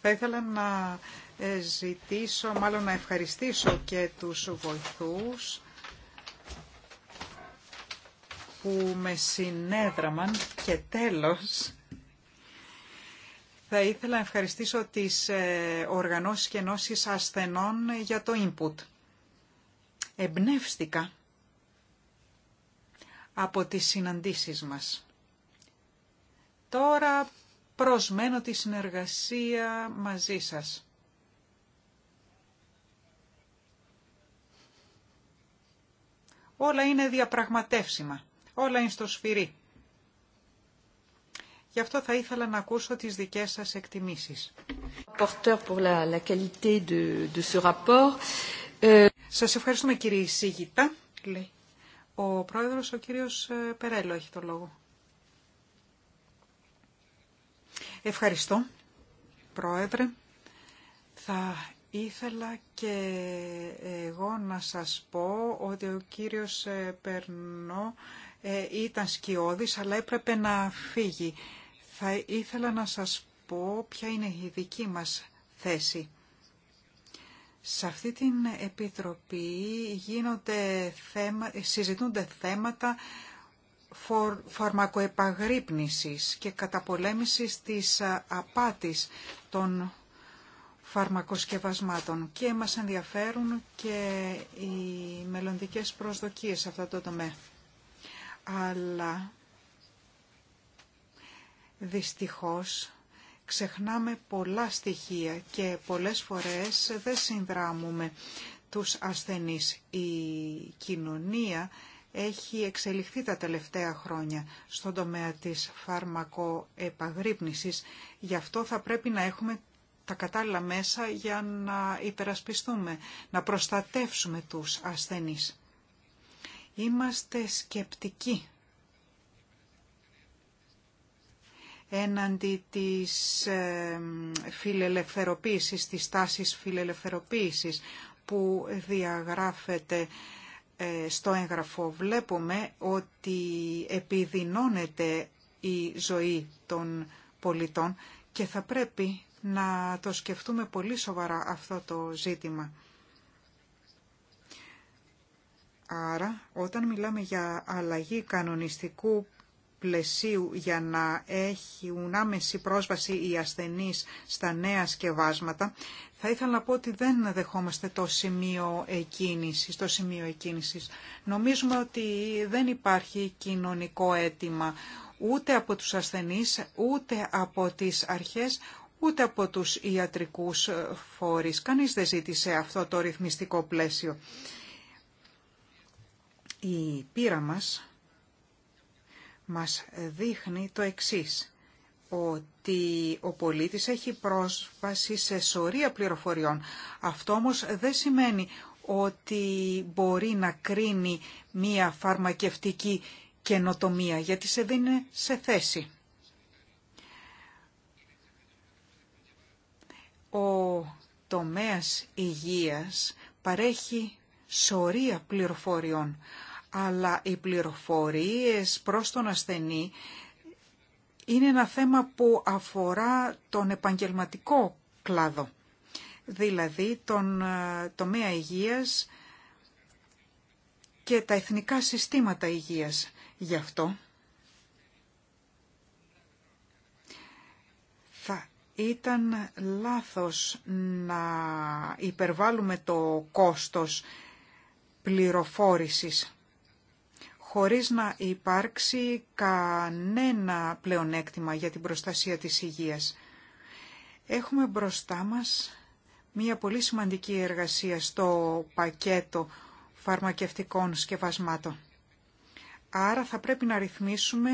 Θα ήθελα να ε, ζητήσω, μάλλον να ευχαριστήσω και τους βοηθούς που με συνέδραμαν και τέλος θα ήθελα να ευχαριστήσω τις ε, οργανώσεις και ενώσεις ασθενών για το input. Εμπνεύστηκα από τις συναντήσεις μας. Τώρα προσμένω τη συνεργασία μαζί σας. Όλα είναι διαπραγματεύσιμα. Όλα είναι στο σφυρί. Γι' αυτό θα ήθελα να ακούσω τις δικές σας εκτιμήσεις. Euh, σας ευχαριστούμε κύριε Σίγητα. Ο πρόεδρος, ο κύριος ε, Περέλο, έχει το λόγο. Ευχαριστώ, Πρόεδρε. Θα ήθελα και εγώ να σας πω ότι ο κύριος ε, Περνό ε, ήταν σκιώδης, αλλά έπρεπε να φύγει. Θα ήθελα να σας πω ποια είναι η δική μας θέση. Σε αυτή την Επιτροπή γίνονται θέμα συζητούνται θέματα φαρμακοεπαγρύπνησης και καταπολέμησης της ε, απάτης των φαρμακοσκευασμάτων και μας ενδιαφέρουν και οι μελλοντικές προσδοκίες σε αυτό το τομέα. Αλλά δυστυχώς ξεχνάμε πολλά στοιχεία και πολλές φορές δεν συνδράμουμε τους ασθενείς. Η κοινωνία έχει εξελιχθεί τα τελευταία χρόνια στον τομέα της φαρμακοεπαγρύπνησης. Γι' αυτό θα πρέπει να έχουμε τα κατάλληλα μέσα για να υπερασπιστούμε, να προστατεύσουμε τους ασθενείς. Είμαστε σκεπτικοί έναντι της φιλελευθεροποίησης, της τάσης φιλελευθεροποίησης που διαγράφεται ε, στο έγγραφο βλέπουμε ότι επιδεινώνεται η ζωή των πολιτών και θα πρέπει να το σκεφτούμε πολύ σοβαρά αυτό το ζήτημα. Άρα, όταν μιλάμε για αλλαγή κανονιστικού πλαισίου για να έχουν άμεση πρόσβαση οι ασθενείς στα νέα σκευάσματα, θα ήθελα να πω ότι δεν δεχόμαστε το σημείο εκκίνησης. Το σημείο εκκίνησης. Νομίζουμε ότι δεν υπάρχει κοινωνικό αίτημα ούτε από τους ασθενείς, ούτε από τις αρχές, ούτε από τους ιατρικούς φορείς. Κανείς δεν ζήτησε αυτό το ρυθμιστικό πλαίσιο. Η πείρα μας μας δείχνει το εξής, ότι ο πολίτης έχει πρόσβαση σε σωρία πληροφοριών. Αυτό όμως δεν σημαίνει ότι μπορεί να κρίνει μία φαρμακευτική καινοτομία, γιατί σε δίνει σε θέση. Ο τομέας υγείας παρέχει σωρία πληροφοριών αλλά οι πληροφορίες προς τον ασθενή είναι ένα θέμα που αφορά τον επαγγελματικό κλάδο, δηλαδή τον ε, τομέα υγείας και τα εθνικά συστήματα υγείας. Γι' αυτό θα ήταν λάθος να υπερβάλλουμε το κόστος πληροφόρησης χωρίς να υπάρξει κανένα πλεονέκτημα για την προστασία της υγείας. Έχουμε μπροστά μας μία πολύ σημαντική εργασία στο πακέτο φαρμακευτικών σκευασμάτων. Άρα θα πρέπει να ρυθμίσουμε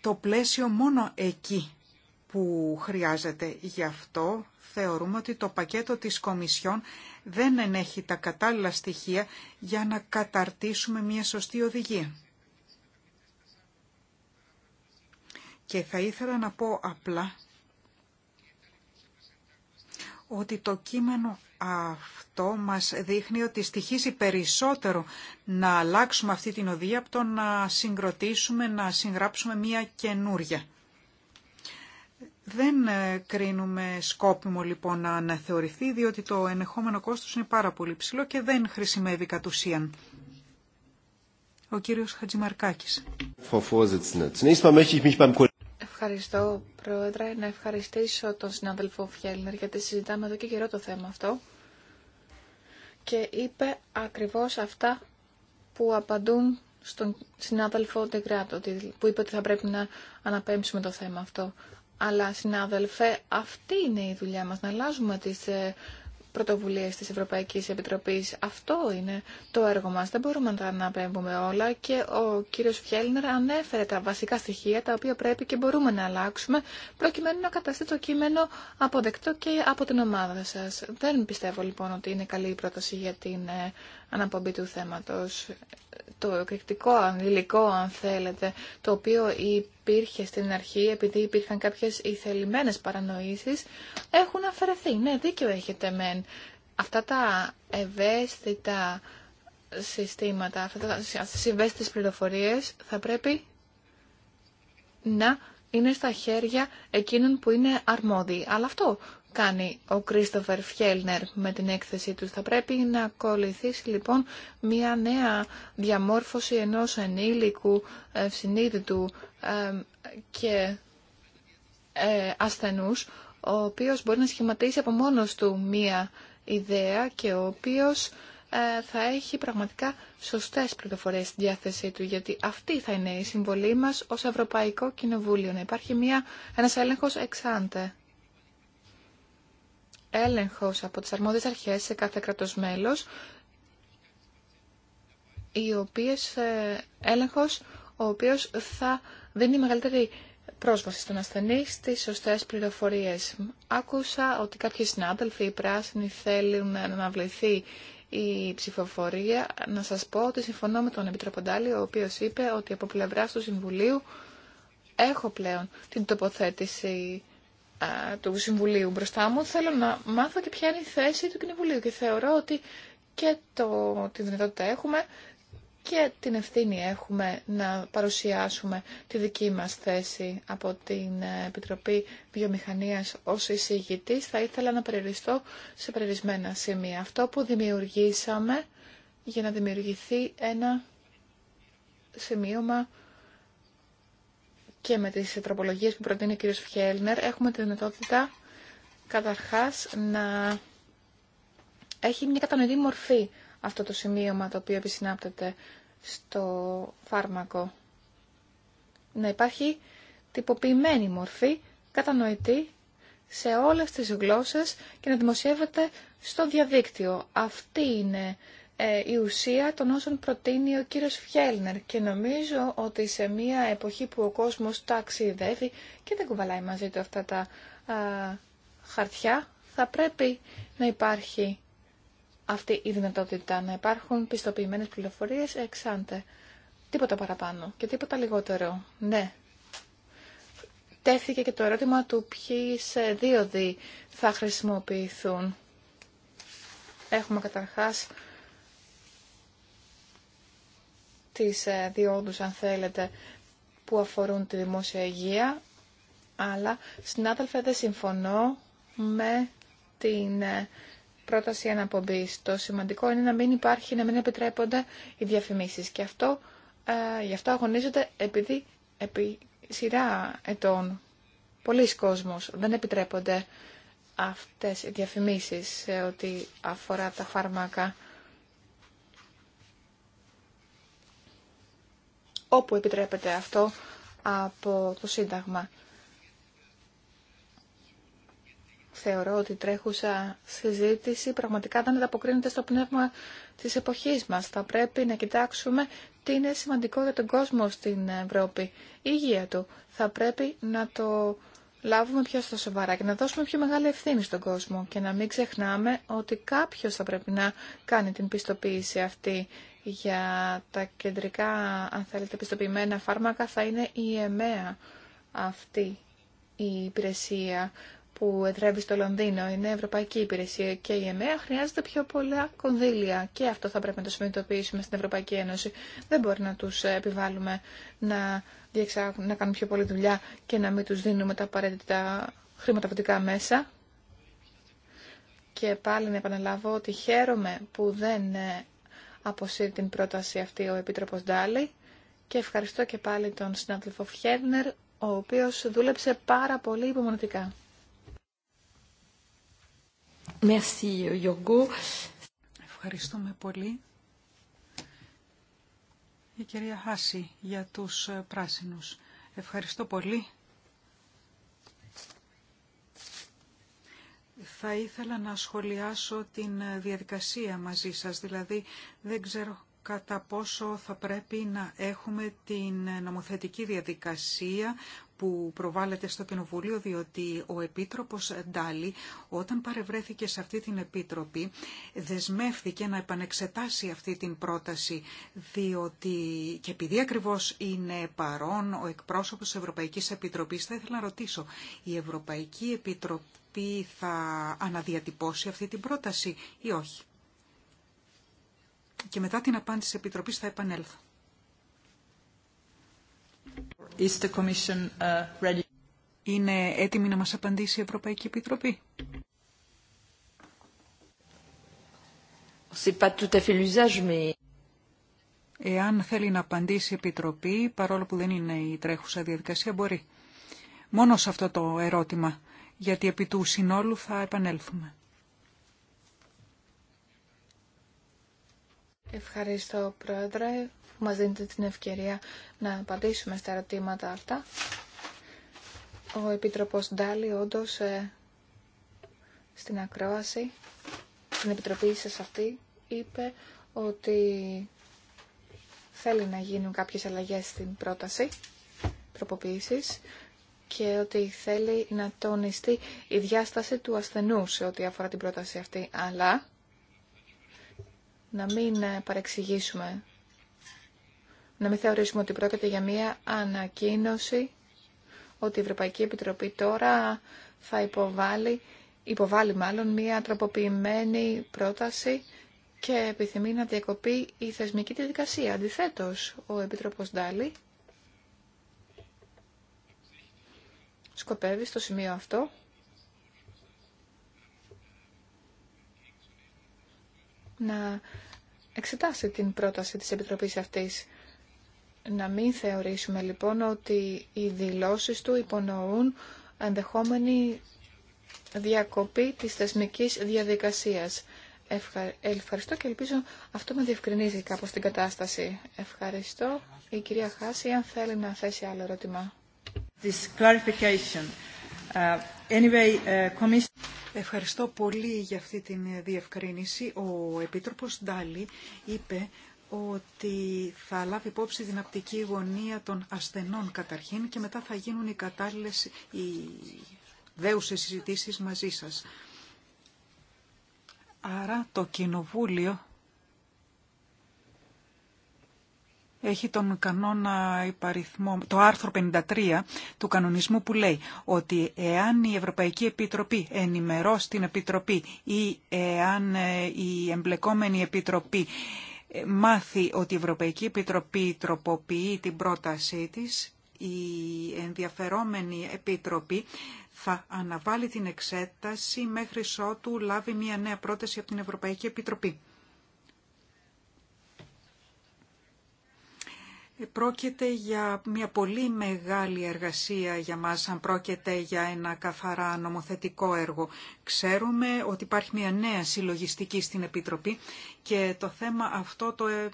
το πλαίσιο μόνο εκεί που χρειάζεται. Γι' αυτό θεωρούμε ότι το πακέτο της Κομισιόν δεν ενέχει τα κατάλληλα στοιχεία για να καταρτήσουμε μια σωστή οδηγία. Και θα ήθελα να πω απλά ότι το κείμενο αυτό μας δείχνει ότι στοιχίζει περισσότερο να αλλάξουμε αυτή την οδηγία από το να συγκροτήσουμε, να συγγράψουμε μία καινούρια. Δεν ε, κρίνουμε σκόπιμο λοιπόν να αναθεωρηθεί, διότι το ενεχόμενο κόστος είναι πάρα πολύ ψηλό και δεν χρησιμεύει κατ' ουσίαν. Ο κύριος Χατζημαρκάκης. Ευχαριστώ, Πρόεδρε. Να ευχαριστήσω τον συνάδελφο Φιέλνερ, γιατί συζητάμε εδώ και καιρό το θέμα αυτό. Και είπε ακριβώς αυτά που απαντούν στον συνάδελφο Ντεγκράτο που είπε ότι θα πρέπει να αναπέμψουμε το θέμα αυτό. Αλλά, συνάδελφε, αυτή είναι η δουλειά μας, να αλλάζουμε τις ε, πρωτοβουλίες της Ευρωπαϊκής Επιτροπής. Αυτό είναι το έργο μας. Δεν μπορούμε να τα αναπέμπουμε όλα και ο κύριος Φιέλνερ ανέφερε τα βασικά στοιχεία τα οποία πρέπει και μπορούμε να αλλάξουμε προκειμένου να καταστεί το κείμενο αποδεκτό και από την ομάδα σας. Δεν πιστεύω λοιπόν ότι είναι καλή η πρόταση για την ε, αναπομπή του θέματος. Το εκρηκτικό υλικό, αν θέλετε, το οποίο υπήρχε στην αρχή, επειδή υπήρχαν κάποιες ηθελημένες παρανοήσεις, έχουν αφαιρεθεί. Ναι, δίκιο έχετε μεν. Αυτά τα ευαίσθητα συστήματα, αυτές οι ευαίσθητες πληροφορίες θα πρέπει να είναι στα χέρια εκείνων που είναι αρμόδιοι. Αλλά αυτό κάνει ο Κρίστοφερ Φιέλνερ με την έκθεσή του. Θα πρέπει να ακολουθήσει λοιπόν μια νέα διαμόρφωση ενός ενήλικου ε, ευσυνείδητου ε, και ε, ασθενούς, ο οποίος μπορεί να σχηματίσει από μόνος του μια ιδέα και ο οποίος θα έχει πραγματικά σωστές πληροφορίες στη διάθεσή του, γιατί αυτή θα είναι η συμβολή μας ως Ευρωπαϊκό Κοινοβούλιο, να υπάρχει μια, ένας έλεγχος εξάντε έλεγχος από τις αρμόδιες αρχές σε κάθε κρατος μέλος, οι οποίες, ε, έλεγχος ο οποίος θα δίνει μεγαλύτερη πρόσβαση στον ασθενή στις σωστές πληροφορίες. Άκουσα ότι κάποιοι συνάδελφοι, οι πράσινοι, θέλουν να αναβληθεί η ψηφοφορία. Να σας πω ότι συμφωνώ με τον Επιτροποντάλη, ο οποίος είπε ότι από πλευρά του Συμβουλίου έχω πλέον την τοποθέτηση του Συμβουλίου μπροστά μου, θέλω να μάθω και ποια είναι η θέση του Κοινοβουλίου και θεωρώ ότι και το, τη δυνατότητα έχουμε και την ευθύνη έχουμε να παρουσιάσουμε τη δική μας θέση από την ε, Επιτροπή Βιομηχανίας ως εισηγητής. Θα ήθελα να περιοριστώ σε περιορισμένα σημεία. Αυτό που δημιουργήσαμε για να δημιουργηθεί ένα σημείωμα και με τις τροπολογίες που προτείνει ο κ. Φιέλνερ έχουμε τη δυνατότητα καταρχάς να έχει μια κατανοητή μορφή αυτό το σημείωμα το οποίο επισυνάπτεται στο φάρμακο. Να υπάρχει τυποποιημένη μορφή, κατανοητή σε όλες τις γλώσσες και να δημοσιεύεται στο διαδίκτυο. Αυτή είναι ε, η ουσία των όσων προτείνει ο κύριος Φιέλνερ και νομίζω ότι σε μια εποχή που ο κόσμος ταξιδεύει και δεν κουβαλάει μαζί του αυτά τα χαρτιά θα πρέπει να υπάρχει αυτή η δυνατότητα να υπάρχουν πιστοποιημένες πληροφορίες εξάντε. Τίποτα παραπάνω και τίποτα λιγότερο. Ναι. Τέθηκε και το ερώτημα του ποιοι σε δι θα χρησιμοποιηθούν. Έχουμε καταρχάς τις ε, διόδους, αν θέλετε, που αφορούν τη δημόσια υγεία, αλλά, συνάδελφε, δεν συμφωνώ με την ε, πρόταση αναπομπής. Το σημαντικό είναι να μην υπάρχει, να μην επιτρέπονται οι διαφημίσεις. Και αυτό, ε, γι' αυτό αγωνίζονται επειδή επί σειρά ετών πολλοί κόσμος δεν επιτρέπονται αυτές οι διαφημίσεις σε ό,τι αφορά τα φάρμακα. όπου επιτρέπεται αυτό από το Σύνταγμα. Θεωρώ ότι τρέχουσα συζήτηση πραγματικά δεν ανταποκρίνεται στο πνεύμα της εποχής μας. Θα πρέπει να κοιτάξουμε τι είναι σημαντικό για τον κόσμο στην Ευρώπη. Η υγεία του. Θα πρέπει να το λάβουμε πιο στα σοβαρά και να δώσουμε πιο μεγάλη ευθύνη στον κόσμο και να μην ξεχνάμε ότι κάποιος θα πρέπει να κάνει την πιστοποίηση αυτή για τα κεντρικά, αν θέλετε, επιστοποιημένα φάρμακα θα είναι η ΕΜΕΑ αυτή η υπηρεσία που εδρεύει στο Λονδίνο. Είναι ευρωπαϊκή υπηρεσία και η ΕΜΕΑ χρειάζεται πιο πολλά κονδύλια και αυτό θα πρέπει να το συνειδητοποιήσουμε στην Ευρωπαϊκή Ένωση. Δεν μπορεί να τους επιβάλλουμε να, να κάνουν πιο πολλή δουλειά και να μην τους δίνουμε τα απαραίτητα χρηματοδοτικά μέσα. Και πάλι να επαναλάβω ότι χαίρομαι που δεν αποσύρει την πρόταση αυτή ο Επίτροπος Ντάλι και ευχαριστώ και πάλι τον συνάδελφο Φιέρνερ, ο οποίος δούλεψε πάρα πολύ υπομονετικά. Merci, Ευχαριστούμε πολύ. Η κυρία Χάση για τους πράσινους. Ευχαριστώ πολύ. Θα ήθελα να σχολιάσω την διαδικασία μαζί σας, δηλαδή δεν ξέρω κατά πόσο θα πρέπει να έχουμε την νομοθετική διαδικασία που προβάλλεται στο Κοινοβούλιο, διότι ο Επίτροπος Ντάλι, όταν παρευρέθηκε σε αυτή την Επίτροπη, δεσμεύθηκε να επανεξετάσει αυτή την πρόταση, διότι και επειδή ακριβώς είναι παρόν ο εκπρόσωπος της Ευρωπαϊκής Επιτροπής, θα ήθελα να ρωτήσω, η Ευρωπαϊκή Επιτροπή θα αναδιατυπώσει αυτή την πρόταση ή όχι. Και μετά την απάντηση της Επιτροπής θα επανέλθω. Uh, είναι έτοιμη να μας απαντήσει η Ευρωπαϊκή Επιτροπή. Εάν θέλει να απαντήσει η Επιτροπή, παρόλο που δεν είναι η τρέχουσα διαδικασία, μπορεί. Μόνο σε αυτό το ερώτημα, γιατί επί του συνόλου θα επανέλθουμε. Ευχαριστώ, Πρόεδρε που μας δίνετε την ευκαιρία να απαντήσουμε στα ερωτήματα αυτά. Ο Επίτροπος Ντάλι όντως ε, στην ακρόαση, στην Επιτροπή σας αυτή, είπε ότι θέλει να γίνουν κάποιες αλλαγές στην πρόταση τροποποίησης και ότι θέλει να τονιστεί η διάσταση του ασθενού σε ό,τι αφορά την πρόταση αυτή, αλλά να μην παρεξηγήσουμε να μην θεωρήσουμε ότι πρόκειται για μία ανακοίνωση ότι η Ευρωπαϊκή Επιτροπή τώρα θα υποβάλει, υποβάλει μάλλον μία τροποποιημένη πρόταση και επιθυμεί να διακοπεί η θεσμική διαδικασία. Αντιθέτως, ο Επιτροπός Ντάλι σκοπεύει στο σημείο αυτό να εξετάσει την πρόταση της Επιτροπής αυτής να μην θεωρήσουμε λοιπόν ότι οι δηλώσεις του υπονοούν ενδεχόμενη διακοπή της θεσμικής διαδικασίας. Ευχαριστώ και ελπίζω αυτό με διευκρινίζει κάπως την κατάσταση. Ευχαριστώ. Η κυρία Χάση, αν θέλει να θέσει άλλο ερώτημα. This clarification. Uh, anyway, uh, Ευχαριστώ πολύ για αυτή την διευκρίνηση. Ο Επίτροπος Ντάλι είπε ότι θα λάβει υπόψη την απτική γωνία των ασθενών καταρχήν και μετά θα γίνουν οι κατάλληλες, οι δέουσες συζητήσεις μαζί σας. Άρα το Κοινοβούλιο έχει τον κανόνα υπαριθμό, το άρθρο 53 του κανονισμού που λέει ότι εάν η Ευρωπαϊκή Επιτροπή ενημερώσει την Επιτροπή ή εάν ε, η εμπλεκόμενη Επιτροπή μάθει ότι η Ευρωπαϊκή Επιτροπή τροποποιεί την πρότασή της, η ενδιαφερόμενη Επιτροπή θα αναβάλει την εξέταση μέχρι ότου λάβει μια νέα πρόταση από την Ευρωπαϊκή Επιτροπή. Πρόκειται για μια πολύ μεγάλη εργασία για μας, αν πρόκειται για ένα καθαρά νομοθετικό έργο. Ξέρουμε ότι υπάρχει μια νέα συλλογιστική στην Επιτροπή και το θέμα αυτό το, ε,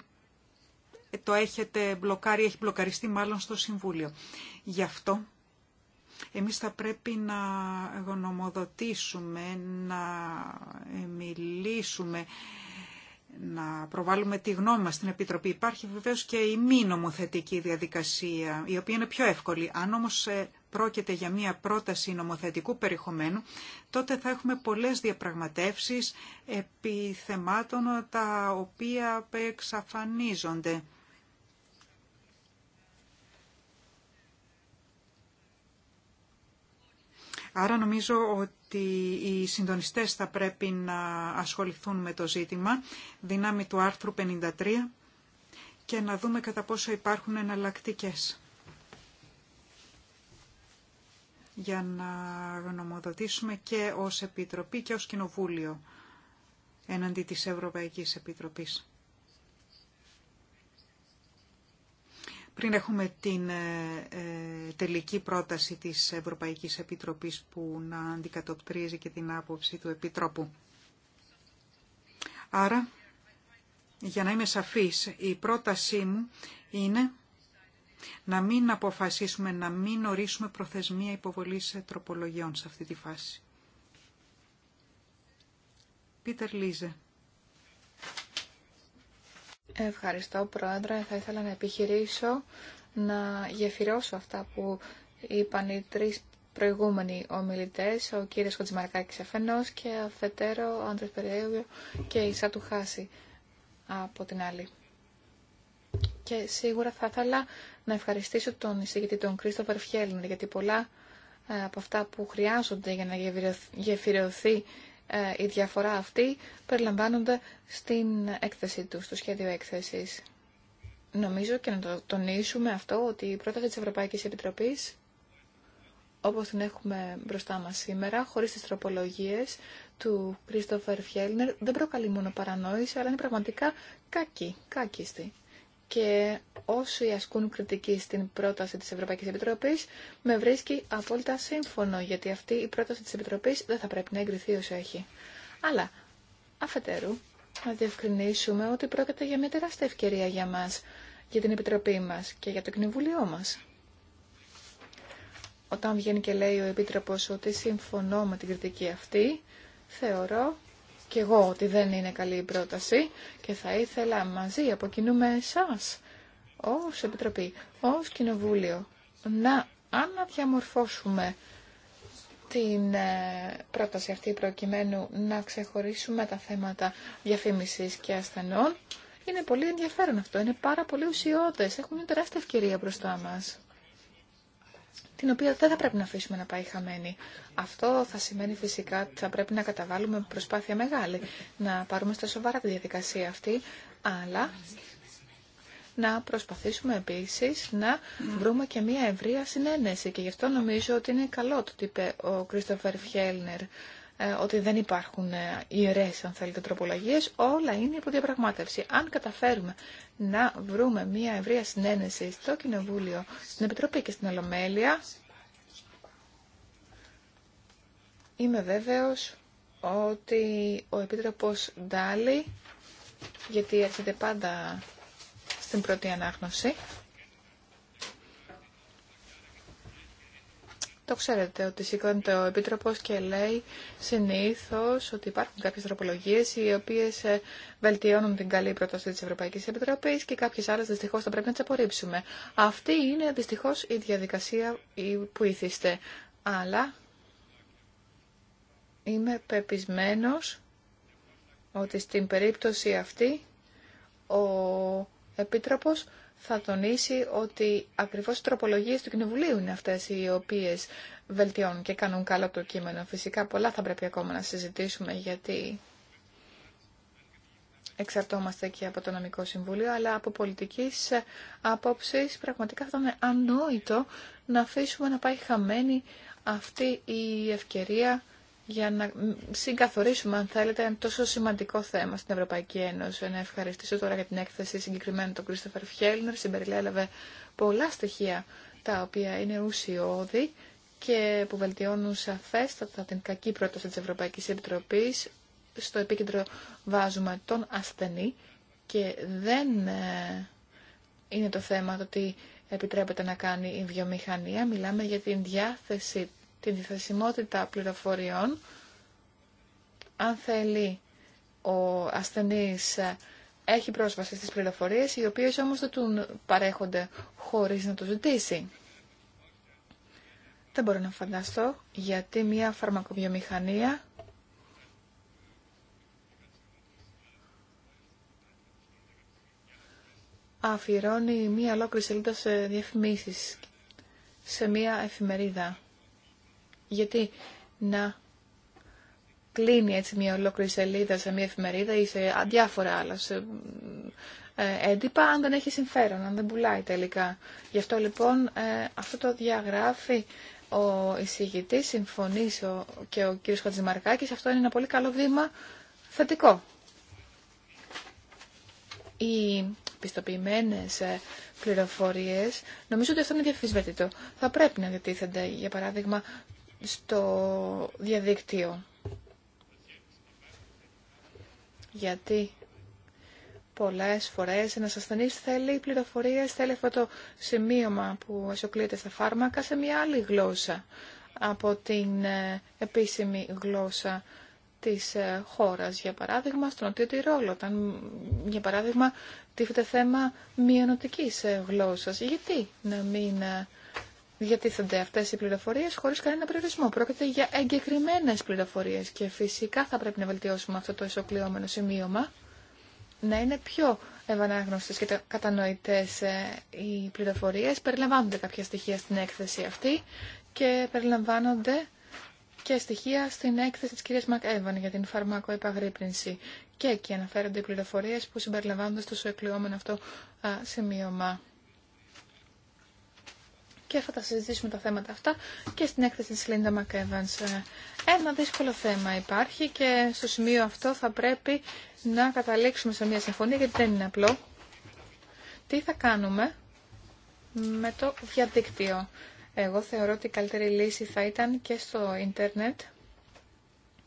το έχετε μπλοκάρει, έχει μπλοκαριστεί μάλλον στο Συμβούλιο. Γι' αυτό εμείς θα πρέπει να γνωμοδοτήσουμε, να μιλήσουμε να προβάλλουμε τη γνώμη μας στην Επιτροπή. Υπάρχει βεβαίως και η μη νομοθετική διαδικασία, η οποία είναι πιο εύκολη. Αν όμως ε, πρόκειται για μια πρόταση νομοθετικού περιεχομένου, τότε θα έχουμε πολλές διαπραγματεύσεις επί θεμάτων τα οποία εξαφανίζονται Άρα νομίζω ότι οι συντονιστές θα πρέπει να ασχοληθούν με το ζήτημα, δυνάμει του άρθρου 53, και να δούμε κατά πόσο υπάρχουν εναλλακτικέ. για να γνωμοδοτήσουμε και ως Επιτροπή και ως Κοινοβούλιο εναντί της Ευρωπαϊκής Επιτροπής. πριν έχουμε την ε, ε, τελική πρόταση της Ευρωπαϊκής Επιτροπής που να αντικατοπτρίζει και την άποψη του Επιτρόπου. Άρα, για να είμαι σαφής, η πρότασή μου είναι να μην αποφασίσουμε, να μην ορίσουμε προθεσμία υποβολής τροπολογιών σε αυτή τη φάση. Πίτερ Λίζε. Ευχαριστώ, Πρόεδρε. Θα ήθελα να επιχειρήσω να γεφυρώσω αυτά που είπαν οι τρεις προηγούμενοι ομιλητές, ο κύριος Κοντζημαρκάκης αφενός και αφετέρου ο Άντρες Περίεβιο και η Σάτου Χάση από την άλλη. Και σίγουρα θα ήθελα να ευχαριστήσω τον εισηγητή τον Κρίστο Φιέλνερ γιατί πολλά ε, από αυτά που χρειάζονται για να γεφυρωθεί ε, η διαφορά αυτή περιλαμβάνονται στην έκθεση του, στο σχέδιο έκθεσης. Νομίζω και να το τονίσουμε αυτό ότι η πρόταση της Ευρωπαϊκής Επιτροπής όπως την έχουμε μπροστά μας σήμερα, χωρίς τις τροπολογίες του Κρίστοφερ Φιέλνερ, δεν προκαλεί μόνο παρανόηση, αλλά είναι πραγματικά κακή, κακίστη και όσοι ασκούν κριτική στην πρόταση της Ευρωπαϊκής Επιτροπής με βρίσκει απόλυτα σύμφωνο γιατί αυτή η πρόταση της Επιτροπής δεν θα πρέπει να εγκριθεί όσο έχει. Αλλά αφετέρου να διευκρινίσουμε ότι πρόκειται για μια τεράστια ευκαιρία για μας, για την Επιτροπή μας και για το Κοινοβουλίο μας. Όταν βγαίνει και λέει ο Επίτροπος ότι συμφωνώ με την κριτική αυτή, θεωρώ και εγώ ότι δεν είναι καλή η πρόταση και θα ήθελα μαζί από κοινού με εσάς, ως Επιτροπή, ως Κοινοβούλιο, να αναδιαμορφώσουμε την ε, πρόταση αυτή προκειμένου να ξεχωρίσουμε τα θέματα διαφήμισης και ασθενών. Είναι πολύ ενδιαφέρον αυτό, είναι πάρα πολύ ουσιώδες, έχουμε τεράστια ευκαιρία μπροστά μας την οποία δεν θα πρέπει να αφήσουμε να πάει χαμένη. Αυτό θα σημαίνει φυσικά ότι θα πρέπει να καταβάλουμε προσπάθεια μεγάλη, να πάρουμε στα σοβαρά τη διαδικασία αυτή, αλλά να προσπαθήσουμε επίσης να βρούμε και μια ευρεία συνένεση και γι' αυτό νομίζω ότι είναι καλό το είπε ο Κρίστοφερ Φιέλνερ ε, ότι δεν υπάρχουν ε, ιερές, αν θέλετε, τροπολογίες, όλα είναι υπό διαπραγμάτευση. Αν καταφέρουμε να βρούμε μια ευρεία συνένεση στο Κοινοβούλιο, στην Επιτροπή και στην Ολομέλεια, είμαι βέβαιος ότι ο Επίτροπος Ντάλι, γιατί έρχεται πάντα στην πρώτη ανάγνωση, Το ξέρετε ότι σηκώνεται ο Επίτροπος και λέει συνήθως ότι υπάρχουν κάποιες τροπολογίες οι οποίες ε, βελτιώνουν την καλή πρόταση της Ευρωπαϊκής Επιτροπής και κάποιες άλλες δυστυχώς θα πρέπει να τις απορρίψουμε. Αυτή είναι δυστυχώς η διαδικασία που ήθιστε. Αλλά είμαι πεπισμένος ότι στην περίπτωση αυτή ο Επίτροπος θα τονίσει ότι ακριβώς οι τροπολογίες του Κοινοβουλίου είναι αυτές οι οποίες βελτιώνουν και κάνουν καλό το κείμενο. Φυσικά πολλά θα πρέπει ακόμα να συζητήσουμε γιατί εξαρτώμαστε και από το νομικό συμβούλιο, αλλά από πολιτικής απόψης πραγματικά θα ήταν ανόητο να αφήσουμε να πάει χαμένη αυτή η ευκαιρία για να συγκαθορίσουμε, αν θέλετε, ένα τόσο σημαντικό θέμα στην Ευρωπαϊκή Ένωση. Να ευχαριστήσω τώρα για την έκθεση συγκεκριμένα τον Κρίστοφερ Φιέλνερ. Συμπεριλέλαβε πολλά στοιχεία τα οποία είναι ουσιώδη και που βελτιώνουν σαφέστατα την κακή πρόταση της Ευρωπαϊκής Επιτροπής. Στο επίκεντρο βάζουμε τον ασθενή και δεν ε, είναι το θέμα το ότι επιτρέπεται να κάνει η βιομηχανία. Μιλάμε για την διάθεση τη διθεσιμότητα πληροφοριών, αν θέλει ο ασθενής ε, έχει πρόσβαση στις πληροφορίες, οι οποίες όμως δεν του παρέχονται χωρίς να το ζητήσει. Δεν μπορώ να φανταστώ γιατί μια φαρμακοβιομηχανία αφιερώνει μία ολόκληρη σελίδα σε διαφημίσεις σε μία εφημερίδα. Γιατί να κλείνει έτσι μια ολόκληρη σελίδα σε μια εφημερίδα ή σε διάφορα άλλα σε, ε, έντυπα αν δεν έχει συμφέρον, αν δεν πουλάει τελικά. Γι' αυτό λοιπόν ε, αυτό το διαγράφει ο εισηγητής, συμφωνήσω και ο κύριος Χατζημαρκάκης, αυτό είναι ένα πολύ καλό βήμα θετικό. Οι πιστοποιημένες ε, πληροφορίε, νομίζω ότι αυτό είναι διαφυσβέτητο. Θα πρέπει να διατίθενται, για παράδειγμα, στο διαδίκτυο. Γιατί πολλές φορές ένα ασθενή θέλει πληροφορίες, θέλει αυτό το σημείωμα που εσωκλείεται στα φάρμακα σε μια άλλη γλώσσα από την ε, επίσημη γλώσσα της ε, χώρας. Για παράδειγμα, στον Νοτιό Τυρόλο, όταν, για παράδειγμα, τίθεται θέμα μειονοτικής ε, γλώσσας. Γιατί να μην διατίθενται αυτέ οι πληροφορίε χωρί κανένα περιορισμό. Πρόκειται για εγκεκριμένε πληροφορίε. και φυσικά θα πρέπει να βελτιώσουμε αυτό το ισοκλειόμενο σημείωμα να είναι πιο ευανάγνωστες και κατανοητές ε, οι πληροφορίες. Περιλαμβάνονται κάποια στοιχεία στην έκθεση αυτή και περιλαμβάνονται και στοιχεία στην έκθεση της κυρίας Μακέβαν για την φαρμακοεπαγρύπνηση. Και εκεί αναφέρονται οι πληροφορίες που συμπεριλαμβάνονται στο σου αυτό σημείωμα και θα τα συζητήσουμε τα θέματα αυτά και στην έκθεση της Λίντα Μακέβανς. Ε, ένα δύσκολο θέμα υπάρχει και στο σημείο αυτό θα πρέπει να καταλήξουμε σε μια συμφωνία γιατί δεν είναι απλό. Τι θα κάνουμε με το διαδίκτυο. Εγώ θεωρώ ότι η καλύτερη λύση θα ήταν και στο ίντερνετ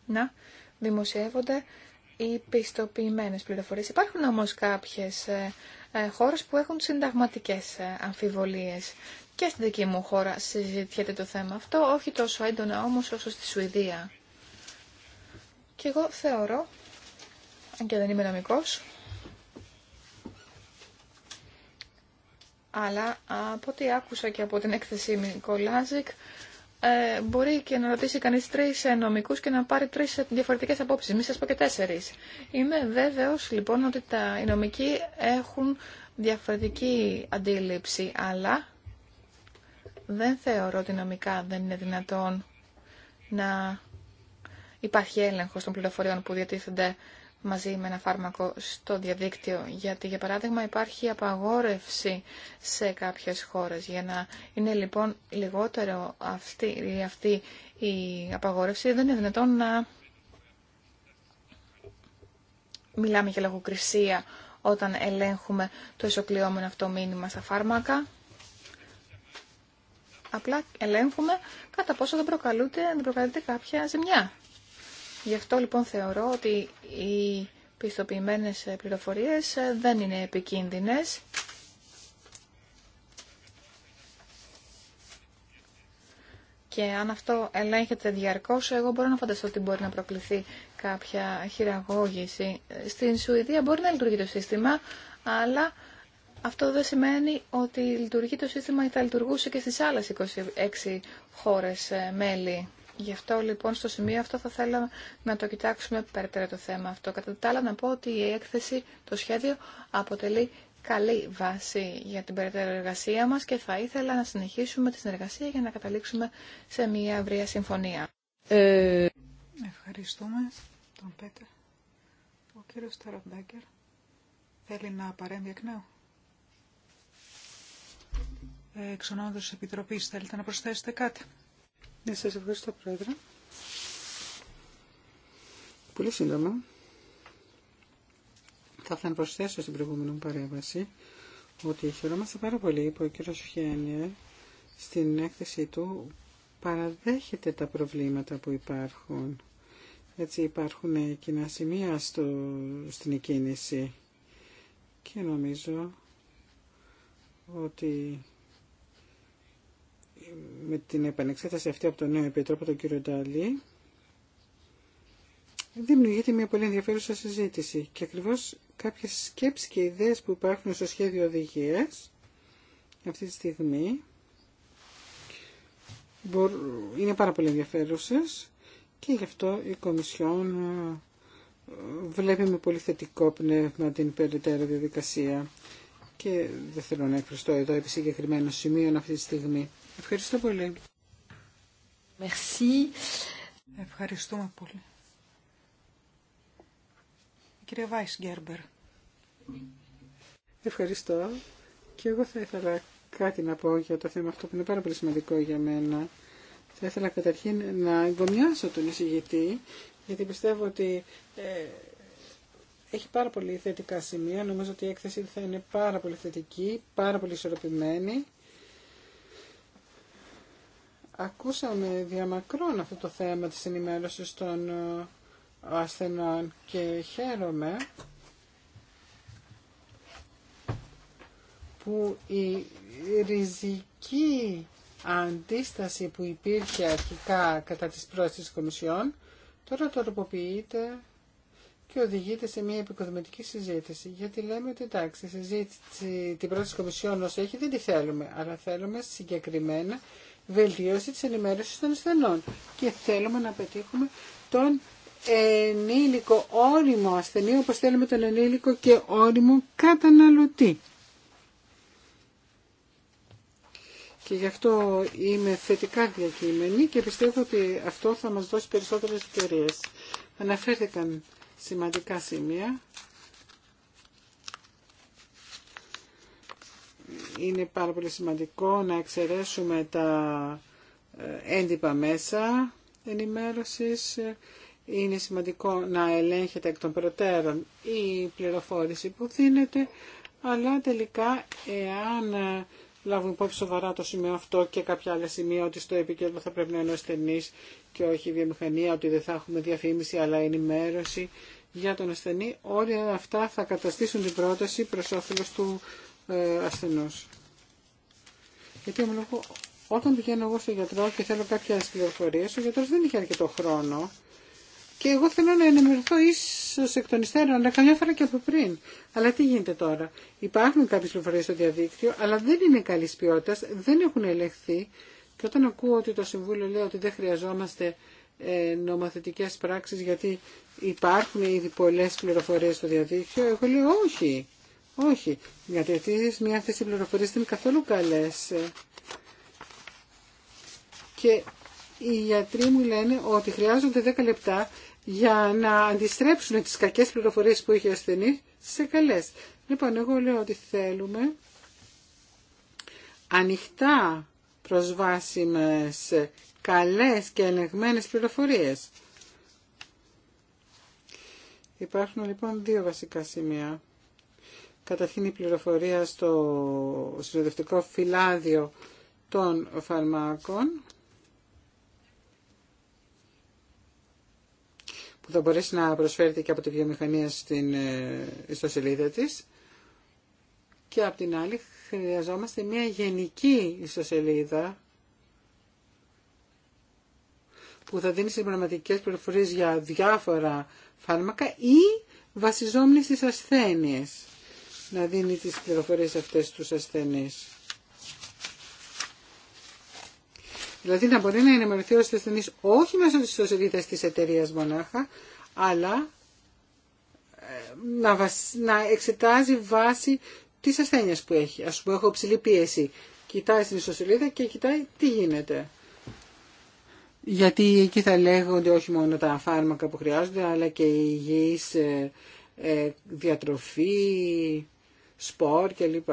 να δημοσιεύονται οι πιστοποιημένες πληροφορίες. Υπάρχουν όμως κάποιες ε, ε, χώρες που έχουν συνταγματικές αμφιβολίες και στη δική μου χώρα συζητιέται το θέμα αυτό, όχι τόσο έντονα όμως όσο στη Σουηδία. Και εγώ θεωρώ, αν και δεν είμαι νομικός, αλλά από ό,τι άκουσα και από την έκθεση Μικολάζικ, ε, μπορεί και να ρωτήσει κανείς τρεις ε, νομικούς και να πάρει τρεις ε, διαφορετικές απόψεις, μην σας πω και τέσσερις. Είμαι βέβαιος λοιπόν ότι τα, οι νομικοί έχουν διαφορετική αντίληψη, αλλά δεν θεωρώ ότι νομικά δεν είναι δυνατόν να υπάρχει έλεγχος των πληροφοριών που διατίθενται μαζί με ένα φάρμακο στο διαδίκτυο. Γιατί, για παράδειγμα, υπάρχει απαγόρευση σε κάποιες χώρες. Για να είναι λοιπόν λιγότερο αυτή, αυτή η απαγόρευση, δεν είναι δυνατόν να μιλάμε για λογοκρισία όταν ελέγχουμε το ισοκλειόμενο αυτό μήνυμα στα φάρμακα. Απλά ελέγχουμε κατά πόσο δεν, προκαλούνται, δεν προκαλείται κάποια ζημιά. Γι' αυτό λοιπόν θεωρώ ότι οι πιστοποιημένες πληροφορίες δεν είναι επικίνδυνες. Και αν αυτό ελέγχεται διαρκώς, εγώ μπορώ να φανταστώ ότι μπορεί να προκληθεί κάποια χειραγώγηση. Στην Σουηδία μπορεί να λειτουργεί το σύστημα, αλλά αυτό δεν σημαίνει ότι λειτουργεί το σύστημα ή θα λειτουργούσε και στις άλλες 26 χώρες ε, μέλη. Γι' αυτό λοιπόν στο σημείο αυτό θα θέλαμε να το κοιτάξουμε περαιτέρω το θέμα αυτό. Κατά τα άλλα να πω ότι η έκθεση, το σχέδιο αποτελεί καλή βάση για την περαιτέρω εργασία μας και θα ήθελα να συνεχίσουμε τη συνεργασία για να καταλήξουμε σε μια αυρία συμφωνία. Ε... Ευχαριστούμε τον Πέτερ. Ο κύριος Ταραμπέκερ θέλει να παρέμβει εκ νέου. Εξ ονόματος της Επιτροπής, θέλετε να προσθέσετε κάτι. Ναι, σας ευχαριστώ, Πρόεδρε. Πολύ σύντομα. Θα ήθελα να προσθέσω στην προηγούμενη μου παρέμβαση ότι χαιρόμαστε πάρα πολύ που ο κ. Σουχένιε στην έκθεσή του παραδέχεται τα προβλήματα που υπάρχουν. Έτσι υπάρχουν κοινά σημεία στο, στην εκκίνηση και νομίζω ότι με την επανεξέταση αυτή από τον νέο επιτρόπο, τον κύριο Νταλή, δημιουργείται μια πολύ ενδιαφέρουσα συζήτηση και ακριβώς κάποιες σκέψεις και ιδέες που υπάρχουν στο σχέδιο οδηγίας αυτή τη στιγμή είναι πάρα πολύ ενδιαφέρουσες και γι' αυτό η Κομισιόν ε, βλέπει με πολύ θετικό πνεύμα την περιττέρω διαδικασία και δεν θέλω να ευχαριστώ εδώ επί συγκεκριμένο σημείο αυτή τη στιγμή. Ευχαριστώ πολύ. Merci. Ευχαριστούμε πολύ. Κύριε Βάις Γκέρμπερ. Ευχαριστώ. Και εγώ θα ήθελα κάτι να πω για το θέμα αυτό που είναι πάρα πολύ σημαντικό για μένα. Θα ήθελα καταρχήν να εγκομιάσω τον εισηγητή, γιατί πιστεύω ότι ε, έχει πάρα πολύ θετικά σημεία. Νομίζω ότι η έκθεση θα είναι πάρα πολύ θετική, πάρα πολύ ισορροπημένη. Ακούσαμε διαμακρών αυτό το θέμα της ενημέρωσης των ε, ασθενών και χαίρομαι που η ριζική αντίσταση που υπήρχε αρχικά κατά τις πρόσθεσης Κομισιόν τώρα τροποποιείται και οδηγείται σε μια επικοδομητική συζήτηση. Γιατί λέμε ότι εντάξει, συζήτηση, την πρόταση Κομισιόν όσο έχει δεν τη θέλουμε, αλλά θέλουμε συγκεκριμένα βελτίωση τη ενημέρωση των ασθενών και θέλουμε να πετύχουμε τον ενήλικο όριμο ασθενή όπω θέλουμε τον ενήλικο και όριμο καταναλωτή. Και γι' αυτό είμαι θετικά διακείμενη και πιστεύω ότι αυτό θα μας δώσει περισσότερες ευκαιρίες. Αναφέρθηκαν σημαντικά σημεία. Είναι πάρα πολύ σημαντικό να εξαιρέσουμε τα ε, έντυπα μέσα ενημέρωσης. Είναι σημαντικό να ελέγχεται εκ των προτέρων η πληροφόρηση που δίνεται, αλλά τελικά εάν ε, λάβουν υπόψη σοβαρά το σημείο αυτό και κάποια άλλα σημεία ότι στο επίκεντρο θα πρέπει να είναι ο ασθενή και όχι η βιομηχανία, ότι δεν θα έχουμε διαφήμιση αλλά ενημέρωση για τον ασθενή. Όλα αυτά θα καταστήσουν την πρόταση προ όφελο του ε, γιατί Γιατί ομολογώ, όταν πηγαίνω εγώ στο γιατρό και θέλω κάποιες πληροφορίες, ο γιατρός δεν είχε αρκετό χρόνο και εγώ θέλω να ενημερωθώ ίσως εκ των υστέρων, αλλά καμιά φορά και από πριν. Αλλά τι γίνεται τώρα. Υπάρχουν κάποιε πληροφορίε στο διαδίκτυο, αλλά δεν είναι καλή ποιότητα, δεν έχουν ελεγχθεί. Και όταν ακούω ότι το Συμβούλιο λέει ότι δεν χρειαζόμαστε ε, νομοθετικές πράξεις γιατί υπάρχουν ήδη πολλέ πληροφορίε στο διαδίκτυο, εγώ λέω όχι. Όχι, γιατί μια θέση πληροφορίες δεν είναι καθόλου καλέ. Και οι γιατροί μου λένε ότι χρειάζονται 10 λεπτά για να αντιστρέψουν τις κακές πληροφορίες που είχε ο ασθενή σε καλές. Λοιπόν, εγώ λέω ότι θέλουμε ανοιχτά προσβάσιμες καλές και ελεγμένες πληροφορίες. Υπάρχουν λοιπόν δύο βασικά σημεία. Καταρχήν η πληροφορία στο συνοδευτικό φυλάδιο των φαρμάκων που θα μπορέσει να προσφέρεται και από τη βιομηχανία στην ιστοσελίδα ε, της. Και από την άλλη χρειαζόμαστε μια γενική ιστοσελίδα που θα δίνει συμπληρωματικές πληροφορίες για διάφορα φάρμακα ή βασιζόμενη στις ασθένειες να δίνει τις πληροφορίες αυτές στους ασθενείς. Δηλαδή να μπορεί να ενημερωθεί ο ασθενή όχι μέσω τη ιστοσελίδα τη εταιρεία μονάχα, αλλά ε, να, εξετάζει βάση τη ασθένεια που έχει. Α πούμε, έχω ψηλή πίεση. Κοιτάει στην ιστοσελίδα και κοιτάει τι γίνεται. Γιατί εκεί θα λέγονται όχι μόνο τα φάρμακα που χρειάζονται, αλλά και η υγιής ε, ε, διατροφή, σπορ κλπ.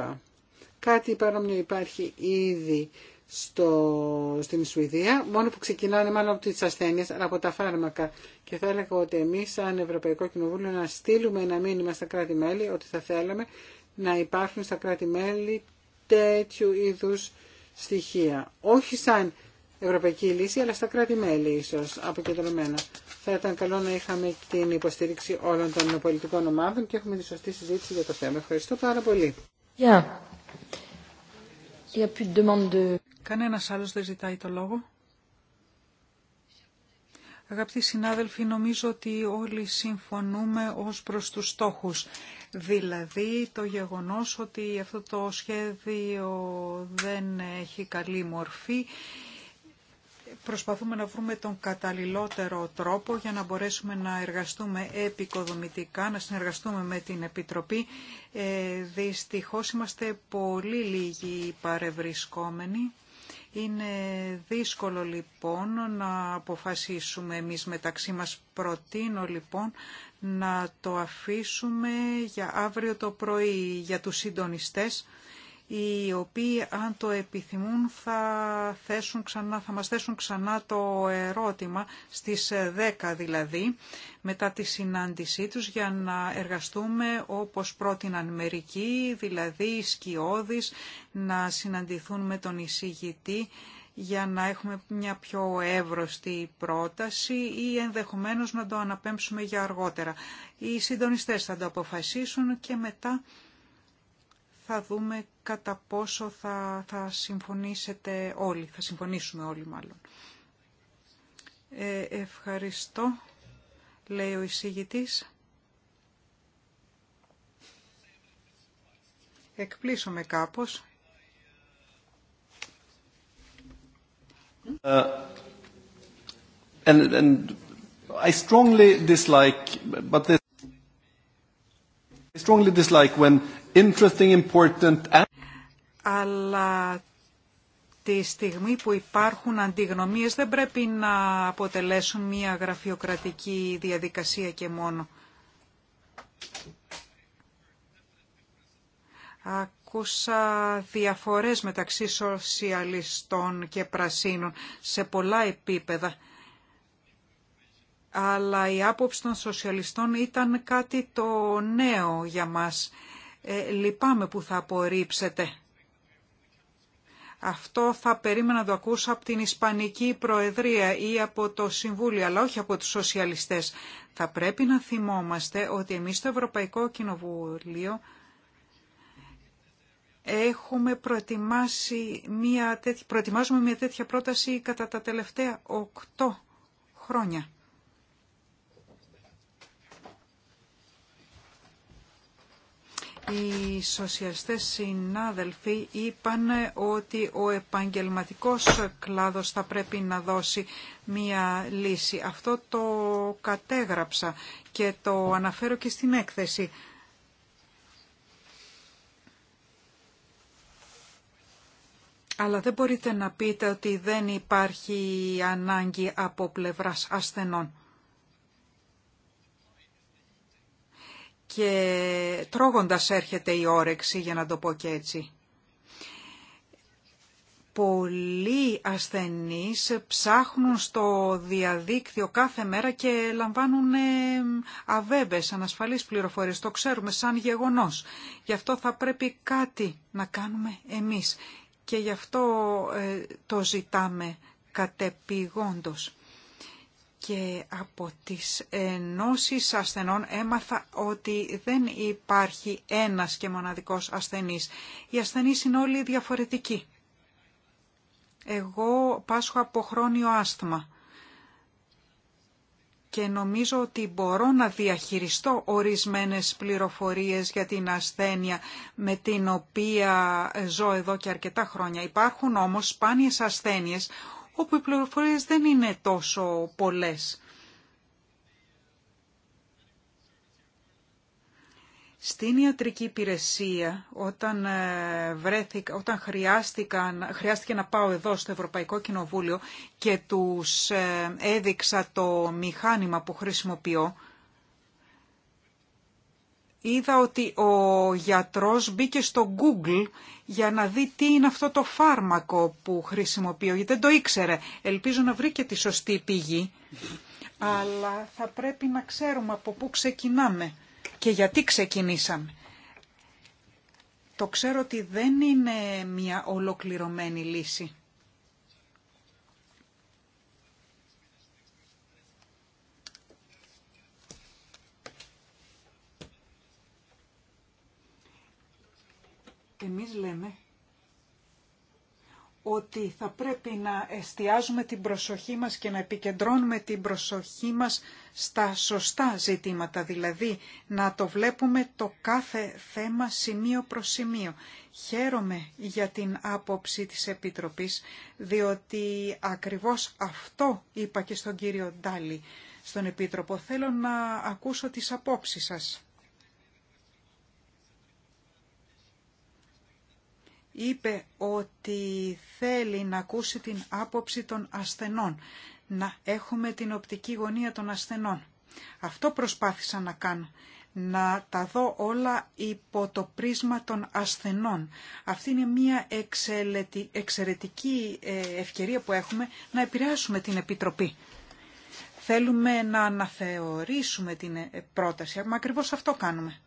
Κάτι παρόμοιο υπάρχει ήδη στο, στην Σουηδία, μόνο που ξεκινάνε μάλλον από τις ασθένειες, αλλά από τα φάρμακα. Και θα έλεγα ότι εμείς σαν Ευρωπαϊκό Κοινοβούλιο να στείλουμε ένα μήνυμα στα κράτη-μέλη ότι θα θέλαμε να υπάρχουν στα κράτη-μέλη τέτοιου είδους στοιχεία. Όχι σαν ευρωπαϊκή λύση, αλλά στα κράτη-μέλη ίσως, αποκεντρωμένα. Θα ήταν καλό να είχαμε την υποστήριξη όλων των πολιτικών ομάδων και έχουμε τη σωστή συζήτηση για το θέμα. Ευχαριστώ πάρα πολύ. Yeah. Κανένας άλλος δεν ζητάει το λόγο. Αγαπητοί συνάδελφοι, νομίζω ότι όλοι συμφωνούμε ως προς τους στόχους. Δηλαδή το γεγονός ότι αυτό το σχέδιο δεν έχει καλή μορφή. Προσπαθούμε να βρούμε τον καταλληλότερο τρόπο για να μπορέσουμε να εργαστούμε επικοδομητικά, να συνεργαστούμε με την Επιτροπή. Ε, δυστυχώς είμαστε πολύ λίγοι παρευρισκόμενοι είναι δύσκολο λοιπόν να αποφασίσουμε εμείς μεταξύ μας. Προτείνω λοιπόν να το αφήσουμε για αύριο το πρωί για τους συντονιστές οι οποίοι αν το επιθυμούν θα, θέσουν ξανά, θα μας θέσουν ξανά το ερώτημα στις 10 δηλαδή μετά τη συνάντησή τους για να εργαστούμε όπως πρότειναν μερικοί, δηλαδή οι σκιώδεις, να συναντηθούν με τον εισηγητή για να έχουμε μια πιο εύρωστη πρόταση ή ενδεχομένως να το αναπέμψουμε για αργότερα. Οι συντονιστές θα το αποφασίσουν και μετά θα δούμε κατά πόσο θα, θα συμφωνήσετε όλοι, θα συμφωνήσουμε όλοι μάλλον. Ε, ευχαριστώ λέει ο εισηγητής. Εκπλήσουμε κάπως. Uh, and, and I strongly dislike, but this, I strongly dislike when interesting, important and... Αλλά τη στιγμή που υπάρχουν αντιγνωμίες δεν πρέπει να αποτελέσουν μία γραφειοκρατική διαδικασία και μόνο. Ακούσα διαφορές μεταξύ σοσιαλιστών και πρασίνων σε πολλά επίπεδα. Αλλά η άποψη των σοσιαλιστών ήταν κάτι το νέο για μας. Ε, λυπάμαι που θα απορρίψετε αυτό θα περίμενα να το ακούσω από την Ισπανική Προεδρία ή από το Συμβούλιο, αλλά όχι από τους σοσιαλιστές. Θα πρέπει να θυμόμαστε ότι εμείς στο Ευρωπαϊκό Κοινοβούλιο έχουμε προετοιμάσει μια τέτοια, προετοιμάζουμε μια τέτοια πρόταση κατά τα τελευταία οκτώ χρόνια. οι σοσιαλιστές συνάδελφοι είπαν ότι ο επαγγελματικός κλάδος θα πρέπει να δώσει μία λύση. Αυτό το κατέγραψα και το αναφέρω και στην έκθεση. Αλλά δεν μπορείτε να πείτε ότι δεν υπάρχει ανάγκη από πλευράς ασθενών. και τρώγοντας έρχεται η όρεξη, για να το πω και έτσι. Πολλοί ασθενείς ψάχνουν στο διαδίκτυο κάθε μέρα και λαμβάνουν ε, αβέβαιες, ανασφαλείς πληροφορίες. Το ξέρουμε σαν γεγονός. Γι' αυτό θα πρέπει κάτι να κάνουμε εμείς. Και γι' αυτό ε, το ζητάμε κατεπηγόντως και από τις ενώσεις ασθενών έμαθα ότι δεν υπάρχει ένας και μοναδικός ασθενής. Οι ασθενείς είναι όλοι διαφορετικοί. Εγώ πάσχω από χρόνιο άσθμα και νομίζω ότι μπορώ να διαχειριστώ ορισμένες πληροφορίες για την ασθένεια με την οποία ζω εδώ και αρκετά χρόνια. Υπάρχουν όμως σπάνιες ασθένειες όπου οι πληροφορίες δεν είναι τόσο πολλές. Στην ιατρική υπηρεσία, όταν, ε, βρέθηκα, όταν χρειάστηκε να πάω εδώ στο Ευρωπαϊκό Κοινοβούλιο και τους ε, έδειξα το μηχάνημα που χρησιμοποιώ, είδα ότι ο γιατρός μπήκε στο Google για να δει τι είναι αυτό το φάρμακο που χρησιμοποιώ, δεν το ήξερε. Ελπίζω να βρει και τη σωστή πηγή, αλλά θα πρέπει να ξέρουμε από πού ξεκινάμε και γιατί ξεκινήσαμε. Το ξέρω ότι δεν είναι μια ολοκληρωμένη λύση. Εμείς λέμε ότι θα πρέπει να εστιάζουμε την προσοχή μας και να επικεντρώνουμε την προσοχή μας στα σωστά ζητήματα, δηλαδή να το βλέπουμε το κάθε θέμα σημείο προς σημείο. Χαίρομαι για την άποψη της Επιτροπής, διότι ακριβώς αυτό είπα και στον κύριο Ντάλι, στον Επίτροπο. Θέλω να ακούσω τις απόψεις σας. είπε ότι θέλει να ακούσει την άποψη των ασθενών, να έχουμε την οπτική γωνία των ασθενών. Αυτό προσπάθησα να κάνω, να τα δω όλα υπό το πρίσμα των ασθενών. Αυτή είναι μια εξαιρετική ε, ευκαιρία που έχουμε να επηρεάσουμε την Επιτροπή. Θέλουμε να αναθεωρήσουμε την ε, πρόταση, μα ακριβώς αυτό κάνουμε.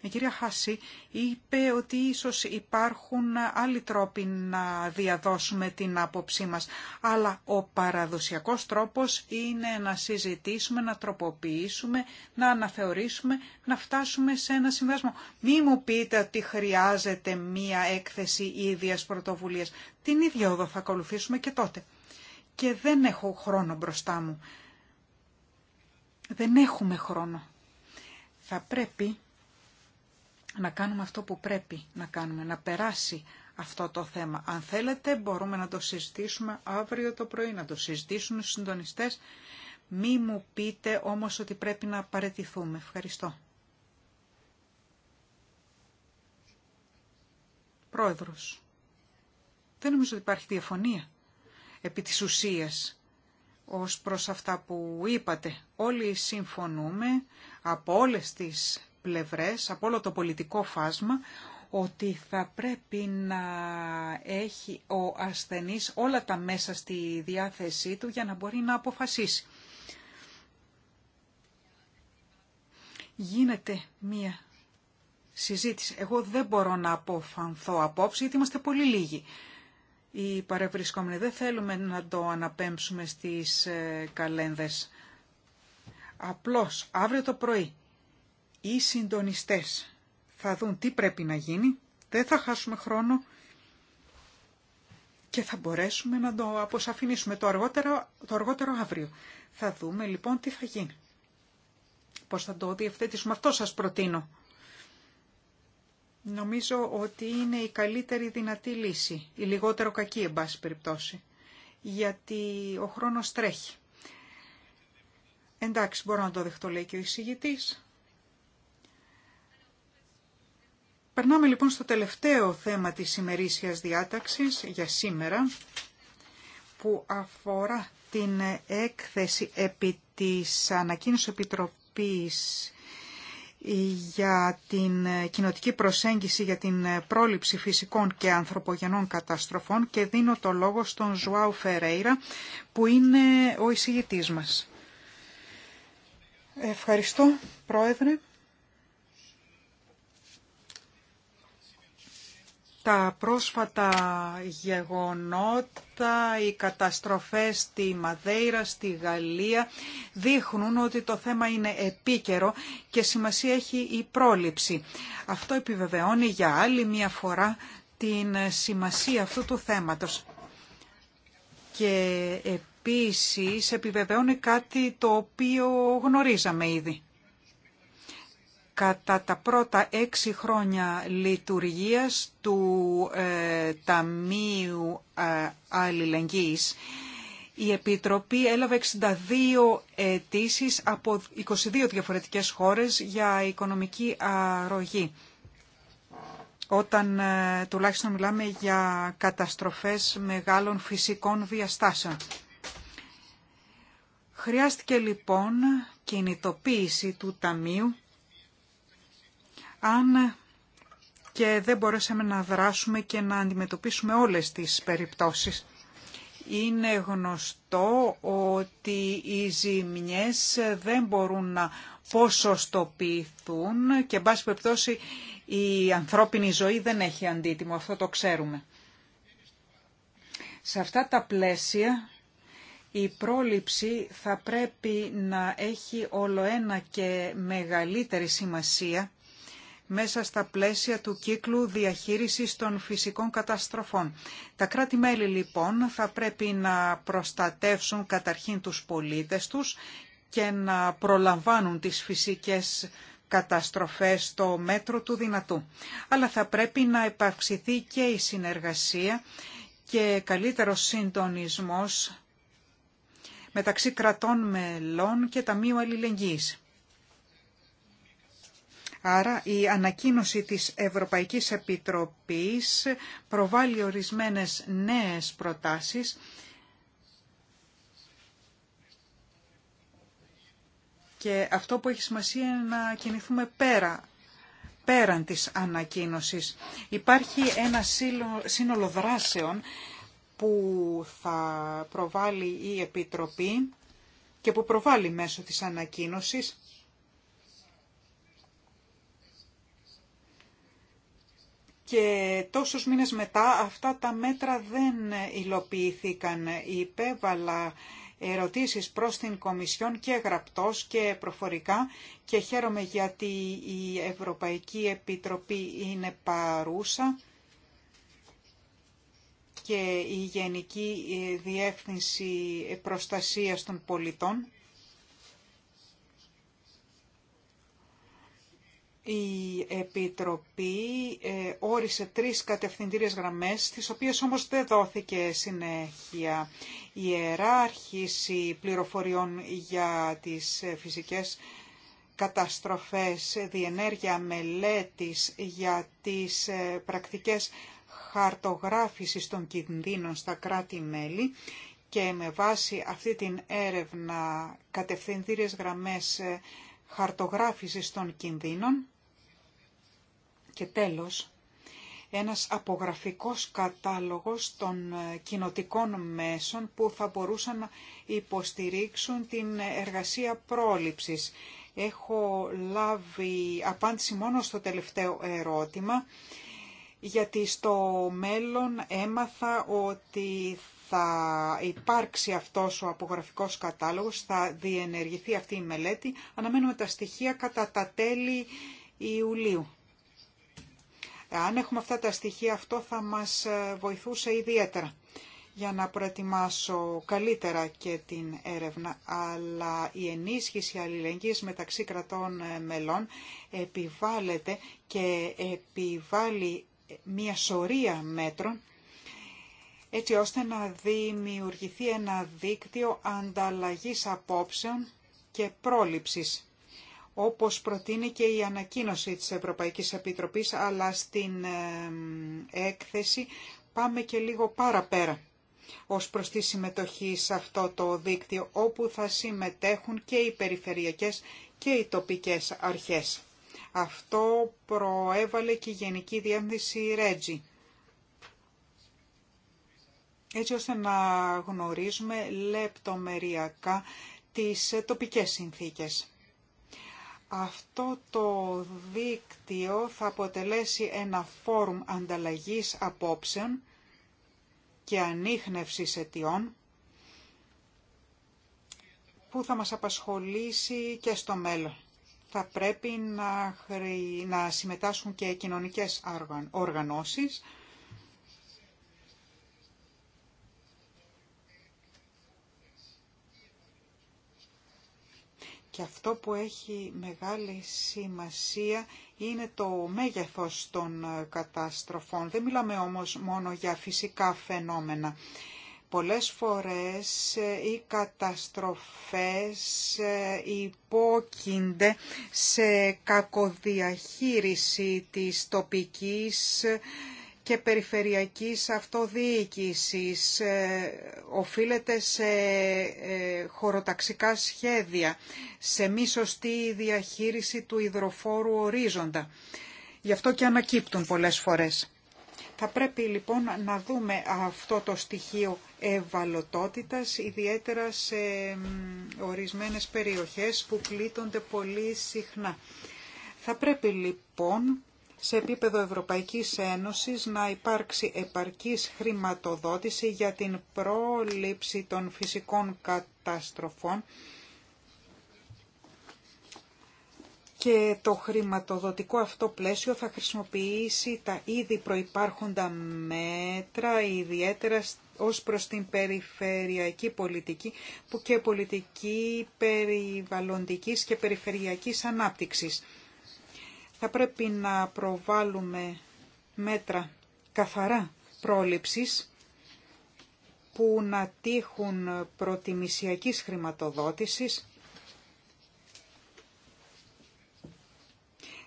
Η κυρία Χάση είπε ότι ίσως υπάρχουν άλλοι τρόποι να διαδώσουμε την άποψή μας, αλλά ο παραδοσιακός τρόπος είναι να συζητήσουμε, να τροποποιήσουμε, να αναθεωρήσουμε, να φτάσουμε σε ένα συμβάσμα. Μη μου πείτε ότι χρειάζεται μία έκθεση ίδιας πρωτοβουλίας. Την ίδια οδό θα ακολουθήσουμε και τότε. Και δεν έχω χρόνο μπροστά μου. Δεν έχουμε χρόνο. Θα πρέπει να κάνουμε αυτό που πρέπει να κάνουμε, να περάσει αυτό το θέμα. Αν θέλετε μπορούμε να το συζητήσουμε αύριο το πρωί, να το συζητήσουν οι συντονιστές. Μη μου πείτε όμως ότι πρέπει να παρετηθούμε. Ευχαριστώ. Πρόεδρος, δεν νομίζω ότι υπάρχει διαφωνία επί της ουσίας ως προς αυτά που είπατε. Όλοι συμφωνούμε από όλες τις πλευρές, από όλο το πολιτικό φάσμα, ότι θα πρέπει να έχει ο ασθενής όλα τα μέσα στη διάθεσή του για να μπορεί να αποφασίσει. Γίνεται μία συζήτηση. Εγώ δεν μπορώ να αποφανθώ απόψη, γιατί είμαστε πολύ λίγοι. Οι παρευρισκόμενοι δεν θέλουμε να το αναπέμψουμε στις ε, καλένδες. Απλώς, αύριο το πρωί οι συντονιστές θα δουν τι πρέπει να γίνει, δεν θα χάσουμε χρόνο και θα μπορέσουμε να το αποσαφηνίσουμε το αργότερο, το αργότερο αύριο. Θα δούμε λοιπόν τι θα γίνει. Πώς θα το διευθέτησουμε, αυτό σας προτείνω. Νομίζω ότι είναι η καλύτερη δυνατή λύση, η λιγότερο κακή εν πάση περιπτώσει, γιατί ο χρόνος τρέχει. Εντάξει, μπορώ να το δεχτώ λέει και ο εισηγητής. Περνάμε λοιπόν στο τελευταίο θέμα της ημερήσιας διάταξης για σήμερα, που αφορά την έκθεση επί της ανακοίνωσης επιτροπής για την κοινοτική προσέγγιση για την πρόληψη φυσικών και ανθρωπογενών καταστροφών και δίνω το λόγο στον Ζουάου Φερέιρα που είναι ο εισηγητής μας. Ευχαριστώ Πρόεδρε. τα πρόσφατα γεγονότα, οι καταστροφές στη Μαδέιρα, στη Γαλλία δείχνουν ότι το θέμα είναι επίκαιρο και σημασία έχει η πρόληψη. Αυτό επιβεβαιώνει για άλλη μια φορά την σημασία αυτού του θέματος. Και επίσης επιβεβαιώνει κάτι το οποίο γνωρίζαμε ήδη κατά τα πρώτα έξι χρόνια λειτουργίας του ε, Ταμείου ε, Αλληλεγγύης η Επιτροπή έλαβε 62 αιτήσει από 22 διαφορετικές χώρες για οικονομική αρρωγή. Όταν ε, τουλάχιστον μιλάμε για καταστροφές μεγάλων φυσικών διαστάσεων. Χρειάστηκε λοιπόν κινητοποίηση του Ταμείου αν και δεν μπορέσαμε να δράσουμε και να αντιμετωπίσουμε όλες τις περιπτώσεις. Είναι γνωστό ότι οι ζημιές δεν μπορούν να ποσοστοποιηθούν και, εν πάση περιπτώσει, η ανθρώπινη ζωή δεν έχει αντίτιμο. Αυτό το ξέρουμε. Σε αυτά τα πλαίσια η πρόληψη θα πρέπει να έχει όλο ένα και μεγαλύτερη σημασία μέσα στα πλαίσια του κύκλου διαχείρισης των φυσικών καταστροφών. Τα κράτη-μέλη λοιπόν θα πρέπει να προστατεύσουν καταρχήν τους πολίτες τους και να προλαμβάνουν τις φυσικές καταστροφές στο μέτρο του δυνατού. Αλλά θα πρέπει να επαυξηθεί και η συνεργασία και καλύτερος συντονισμός μεταξύ κρατών μελών και Ταμείου Αλληλεγγύης. Άρα η ανακοίνωση της Ευρωπαϊκής Επιτροπής προβάλλει ορισμένες νέες προτάσεις και αυτό που έχει σημασία είναι να κινηθούμε πέρα πέραν της ανακοίνωσης. Υπάρχει ένα σύνολο δράσεων που θα προβάλλει η Επιτροπή και που προβάλλει μέσω της ανακοίνωσης και τόσους μήνες μετά αυτά τα μέτρα δεν υλοποιήθηκαν. Υπέβαλα ερωτήσεις προς την Κομισιόν και γραπτός και προφορικά και χαίρομαι γιατί η Ευρωπαϊκή Επιτροπή είναι παρούσα και η Γενική Διεύθυνση Προστασίας των Πολιτών Η Επιτροπή ε, όρισε τρεις κατευθυντήριες γραμμές, τις οποίες όμως δεν δόθηκε συνέχεια. Η ιεράρχηση πληροφοριών για τις ε, φυσικές καταστροφές, διενέργεια μελέτης για τις ε, πρακτικές χαρτογράφησης των κινδύνων στα κράτη-μέλη και με βάση αυτή την έρευνα κατευθυντήριες γραμμές χαρτογράφησης των κινδύνων και τέλος, ένας απογραφικός κατάλογος των ε, κοινοτικών μέσων που θα μπορούσαν να υποστηρίξουν την εργασία πρόληψης. Έχω λάβει απάντηση μόνο στο τελευταίο ερώτημα, γιατί στο μέλλον έμαθα ότι θα υπάρξει αυτός ο απογραφικός κατάλογος, θα διενεργηθεί αυτή η μελέτη. Αναμένουμε τα στοιχεία κατά τα τέλη Ιουλίου. Αν έχουμε αυτά τα στοιχεία, αυτό θα μας ε, βοηθούσε ιδιαίτερα για να προετοιμάσω καλύτερα και την έρευνα, αλλά η ενίσχυση αλληλεγγύης μεταξύ κρατών ε, μελών επιβάλλεται και επιβάλλει ε, μια σωρία μέτρων έτσι ώστε να δημιουργηθεί ένα δίκτυο ανταλλαγής απόψεων και πρόληψης όπως προτείνει και η ανακοίνωση της Ευρωπαϊκής Επιτροπής, αλλά στην έκθεση πάμε και λίγο παραπέρα ως προς τη συμμετοχή σε αυτό το δίκτυο, όπου θα συμμετέχουν και οι περιφερειακές και οι τοπικές αρχές. Αυτό προέβαλε και η Γενική Διεύθυνση Ρέτζι, έτσι ώστε να γνωρίζουμε λεπτομεριακά τις τοπικές συνθήκες. Αυτό το δίκτυο θα αποτελέσει ένα φόρουμ ανταλλαγής απόψεων και ανείχνευσης αιτιών που θα μας απασχολήσει και στο μέλλον. Θα πρέπει να, να συμμετάσχουν και κοινωνικές οργανώσεις Και αυτό που έχει μεγάλη σημασία είναι το μέγεθος των ε, καταστροφών. Δεν μιλάμε όμως μόνο για φυσικά φαινόμενα. Πολλές φορές ε, οι καταστροφές ε, υπόκεινται σε κακοδιαχείριση της τοπικής και περιφερειακής αυτοδιοίκησης, ε, οφείλεται σε ε, χωροταξικά σχέδια, σε μη σωστή διαχείριση του υδροφόρου ορίζοντα. Γι' αυτό και ανακύπτουν πολλές φορές. Θα πρέπει λοιπόν να δούμε αυτό το στοιχείο ευαλωτότητας, ιδιαίτερα σε ορισμένες περιοχές που πλήττονται πολύ συχνά. Θα πρέπει λοιπόν σε επίπεδο Ευρωπαϊκής Ένωσης να υπάρξει επαρκής χρηματοδότηση για την πρόληψη των φυσικών καταστροφών και το χρηματοδοτικό αυτό πλαίσιο θα χρησιμοποιήσει τα ήδη προϋπάρχοντα μέτρα, ιδιαίτερα ως προς την περιφερειακή πολιτική που και πολιτική περιβαλλοντικής και περιφερειακής ανάπτυξης θα πρέπει να προβάλλουμε μέτρα καθαρά πρόληψης που να τύχουν προτιμησιακής χρηματοδότησης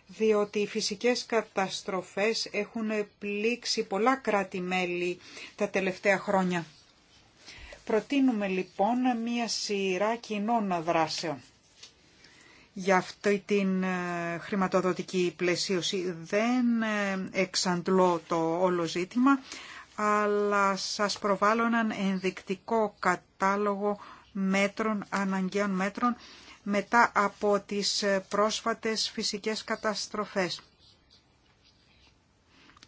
διότι οι φυσικές καταστροφές έχουν πλήξει πολλά κράτη-μέλη τα τελευταία χρόνια. Προτείνουμε λοιπόν μία σειρά κοινών δράσεων για αυτή την ε, χρηματοδοτική πλαισίωση. Δεν ε, εξαντλώ το όλο ζήτημα, αλλά σας προβάλλω έναν ενδεικτικό κατάλογο μέτρων, αναγκαίων μέτρων, μετά από τις ε, πρόσφατες φυσικές καταστροφές.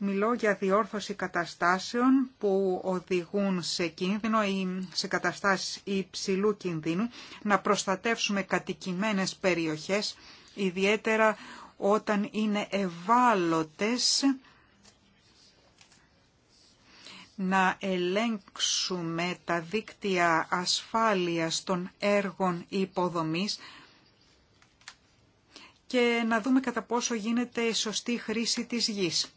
Μιλώ για διόρθωση καταστάσεων που οδηγούν σε κίνδυνο ή σε καταστάσεις υψηλού κινδύνου, να προστατεύσουμε κατοικημένες περιοχές, ιδιαίτερα όταν είναι ευάλωτες, να ελέγξουμε τα δίκτυα ασφάλειας των έργων υποδομής, και να δούμε κατά πόσο γίνεται σωστή χρήση της γης.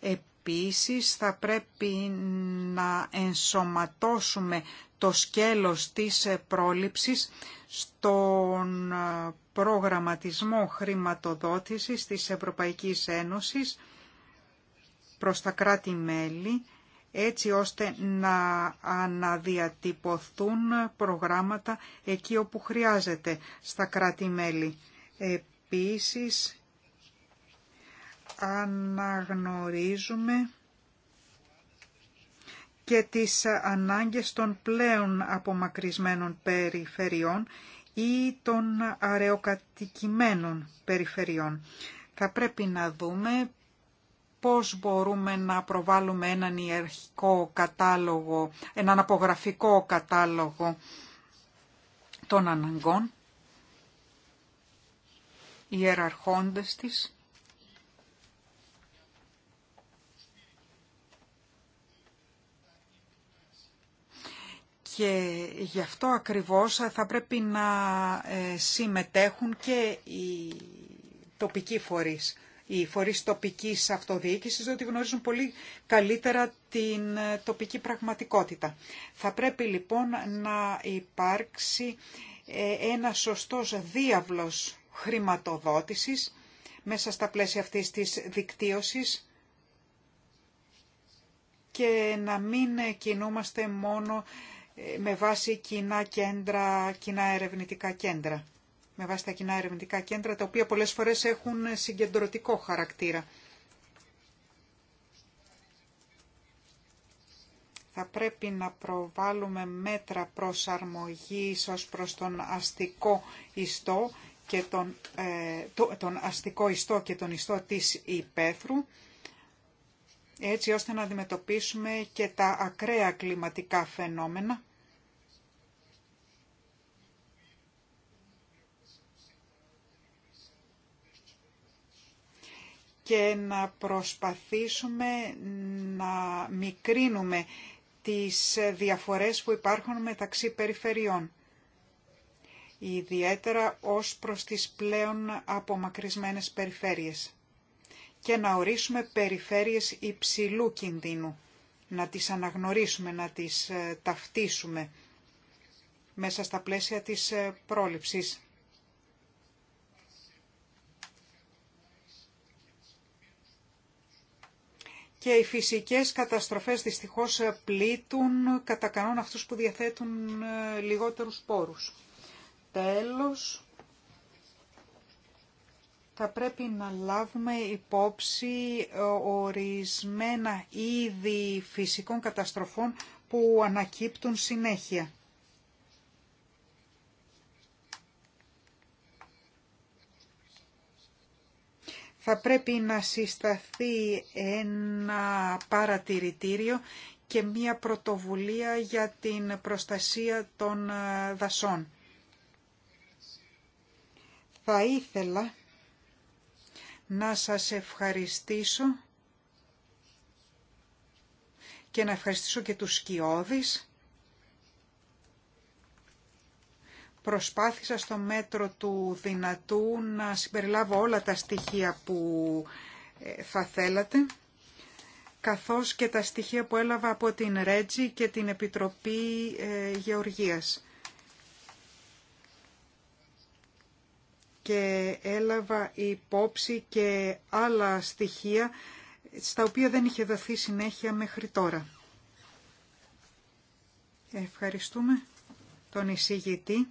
Επίσης θα πρέπει να ενσωματώσουμε το σκέλος της πρόληψης στον προγραμματισμό χρηματοδότησης της Ευρωπαϊκής Ένωσης προς τα κράτη-μέλη έτσι ώστε να αναδιατυπωθούν προγράμματα εκεί όπου χρειάζεται στα κράτη-μέλη. Επίσης, αναγνωρίζουμε και τις ανάγκες των πλέον απομακρυσμένων περιφερειών ή των αρεοκατοικημένων περιφερειών. Θα πρέπει να δούμε πώς μπορούμε να προβάλλουμε έναν ιερχικό κατάλογο, έναν απογραφικό κατάλογο των αναγκών, ιεραρχώντες της και γι' αυτό ακριβώς θα πρέπει να ε, συμμετέχουν και οι τοπικοί φορείς, οι φορείς τοπικής αυτοδιοίκησης, διότι γνωρίζουν πολύ καλύτερα την ε, τοπική πραγματικότητα. Θα πρέπει λοιπόν να υπάρξει ε, ένα σωστός διάβλος χρηματοδότησης μέσα στα πλαίσια αυτής της δικτύωσης και να μην κινούμαστε μόνο με βάση κοινά, κέντρα, κοινά ερευνητικά κέντρα. Με βάση τα κοινά ερευνητικά κέντρα, τα οποία πολλές φορές έχουν συγκεντρωτικό χαρακτήρα. θα πρέπει να προβάλλουμε μέτρα προσαρμογής ως προς τον αστικό ιστό και τον, ε, τον αστικό ιστό και τον ιστό της υπαίθρου, έτσι ώστε να αντιμετωπίσουμε και τα ακραία κλιματικά φαινόμενα και να προσπαθήσουμε να μικρύνουμε τις διαφορές που υπάρχουν μεταξύ περιφερειών, ιδιαίτερα ως προς τις πλέον απομακρυσμένες περιφέρειες και να ορίσουμε περιφέρειες υψηλού κινδύνου, να τις αναγνωρίσουμε, να τις ε, ταυτίσουμε μέσα στα πλαίσια της ε, πρόληψης. και οι φυσικές καταστροφές δυστυχώς πλήττουν κατά κανόνα αυτούς που διαθέτουν ε, λιγότερους πόρους. Τέλος, θα πρέπει να λάβουμε υπόψη ε, ορισμένα είδη φυσικών καταστροφών που ανακύπτουν συνέχεια. θα πρέπει να συσταθεί ένα παρατηρητήριο και μία πρωτοβουλία για την προστασία των ε, δασών. Θα ήθελα να σας ευχαριστήσω και να ευχαριστήσω και τους Σκιώδης Προσπάθησα στο μέτρο του δυνατού να συμπεριλάβω όλα τα στοιχεία που ε, θα θέλατε, καθώς και τα στοιχεία που έλαβα από την Ρέτζη και την Επιτροπή ε, Γεωργίας. Και έλαβα υπόψη και άλλα στοιχεία στα οποία δεν είχε δοθεί συνέχεια μέχρι τώρα. Ευχαριστούμε τον εισηγητή.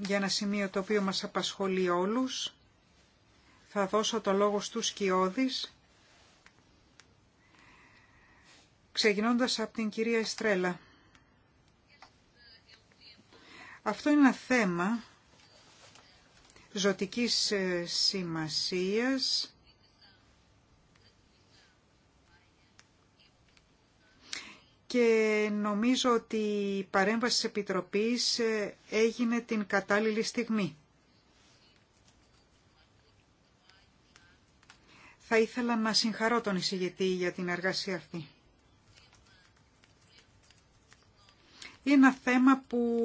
για ένα σημείο το οποίο μας απασχολεί όλους. Θα δώσω το λόγο στους Σκιώδης. ξεκινώντας από την κυρία Εστρέλα. Αυτό είναι ένα θέμα ζωτικής ε, σημασίας και νομίζω ότι η παρέμβαση της Επιτροπής ε, έγινε την κατάλληλη στιγμή. Θα ήθελα να συγχαρώ τον εισηγητή για την εργασία αυτή. Είναι ένα θέμα που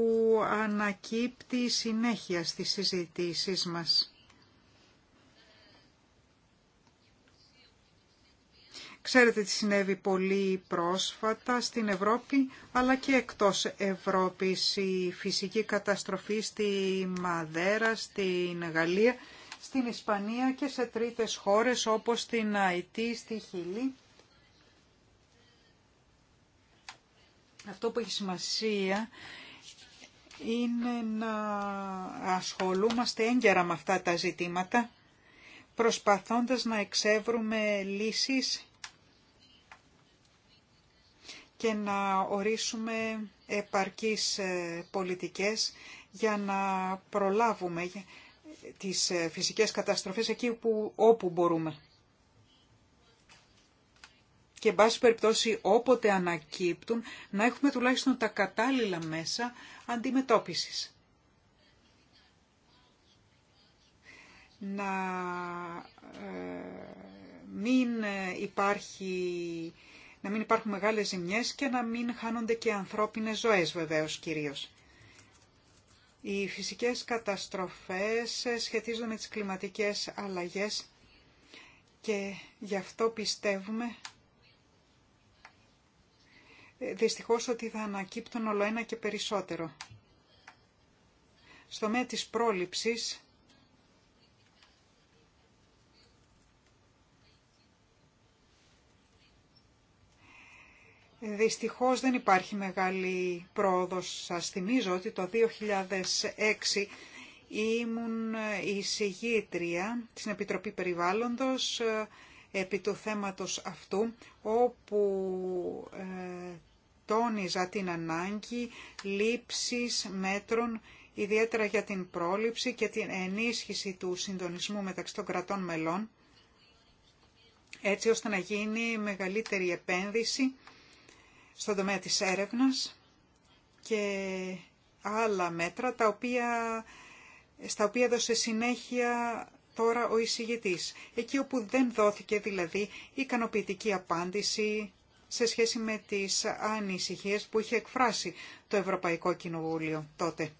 ανακύπτει συνέχεια στις συζητήσεις μας. Ξέρετε τι συνέβη πολύ πρόσφατα στην Ευρώπη, αλλά και εκτός Ευρώπης. Η φυσική καταστροφή στη Μαδέρα, στην Γαλλία, στην Ισπανία και σε τρίτες χώρες όπως στην Αϊτή, στη Χιλή. Αυτό που έχει σημασία είναι να ασχολούμαστε έγκαιρα με αυτά τα ζητήματα, προσπαθώντας να εξεύρουμε λύσεις και να ορίσουμε επαρκείς ε, πολιτικές για να προλάβουμε τις ε, φυσικές καταστροφές εκεί που, όπου μπορούμε. Και, εν πάση περιπτώσει, όποτε ανακύπτουν, να έχουμε τουλάχιστον τα κατάλληλα μέσα αντιμετώπισης. Να ε, μην υπάρχει να μην υπάρχουν μεγάλες ζημιές και να μην χάνονται και ανθρώπινες ζωές βεβαίως κυρίως. Οι φυσικές καταστροφές σχετίζονται με τις κλιματικές αλλαγές και γι' αυτό πιστεύουμε ε, δυστυχώς ότι θα ανακύπτουν όλο ένα και περισσότερο. Στο μέτρο της πρόληψης Δυστυχώς δεν υπάρχει μεγάλη πρόοδος. Σας θυμίζω ότι το 2006 ήμουν η συγγήτρια στην Επιτροπή Περιβάλλοντος ε, επί του θέματος αυτού, όπου ε, τόνιζα την ανάγκη λήψης μέτρων ιδιαίτερα για την πρόληψη και την ενίσχυση του συντονισμού μεταξύ των κρατών μελών, έτσι ώστε να γίνει μεγαλύτερη επένδυση στον τομέα της έρευνας και άλλα μέτρα τα οποία, στα οποία δώσε συνέχεια τώρα ο εισηγητής. Εκεί όπου δεν δόθηκε δηλαδή ικανοποιητική απάντηση σε σχέση με τις ανησυχίες που είχε εκφράσει το Ευρωπαϊκό Κοινοβούλιο τότε.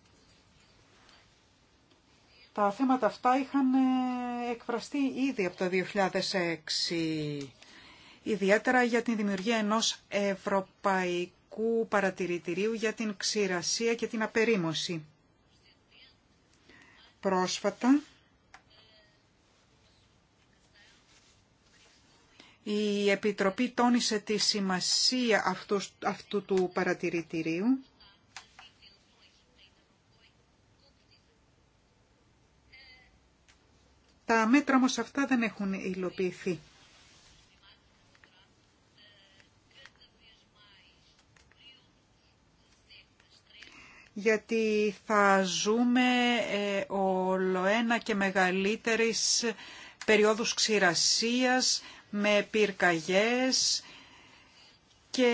Τα θέματα αυτά είχαν ε, εκφραστεί ήδη από το 2006 ιδιαίτερα για την δημιουργία ενός ευρωπαϊκού παρατηρητηρίου για την ξηρασία και την απερίμωση. Πρόσφατα, η Επιτροπή τόνισε τη σημασία αυτού, του παρατηρητηρίου Τα μέτρα όμως αυτά δεν έχουν υλοποιηθεί. γιατί θα ζούμε ε, ολοένα και μεγαλύτερης περίοδους ξηρασίας με πυρκαγιές και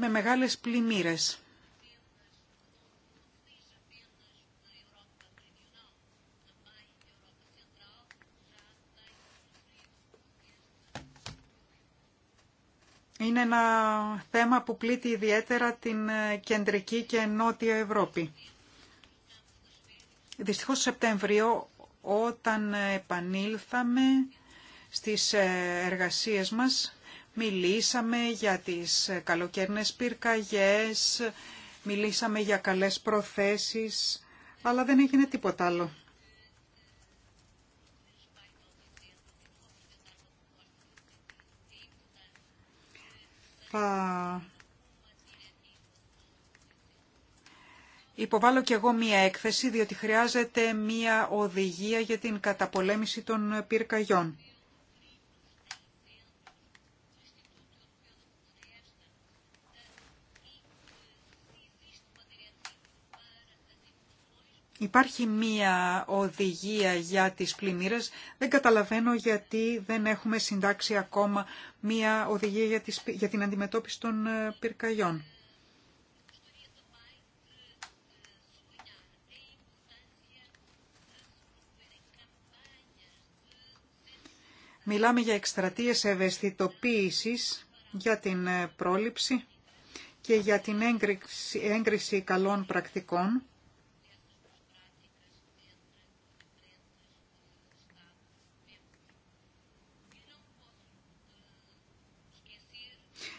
με μεγάλες πλημμύρες. είναι ένα θέμα που πλήττει ιδιαίτερα την ε, κεντρική και νότια Ευρώπη. Δυστυχώς το Σεπτέμβριο όταν ε, επανήλθαμε στις ε, εργασίες μας μιλήσαμε για τις καλοκαιρινές πυρκαγιές, μιλήσαμε για καλές προθέσεις, αλλά δεν έγινε τίποτα άλλο. θα υποβάλω κι εγώ μία έκθεση, διότι χρειάζεται μία οδηγία για την καταπολέμηση των πυρκαγιών. Υπάρχει μία οδηγία για τις πλημμύρες. Δεν καταλαβαίνω γιατί δεν έχουμε συντάξει ακόμα μία οδηγία για, την αντιμετώπιση των ε, πυρκαγιών. Μιλάμε για εκστρατείες ευαισθητοποίησης για την ε, πρόληψη και για την έγκριση καλών πρακτικών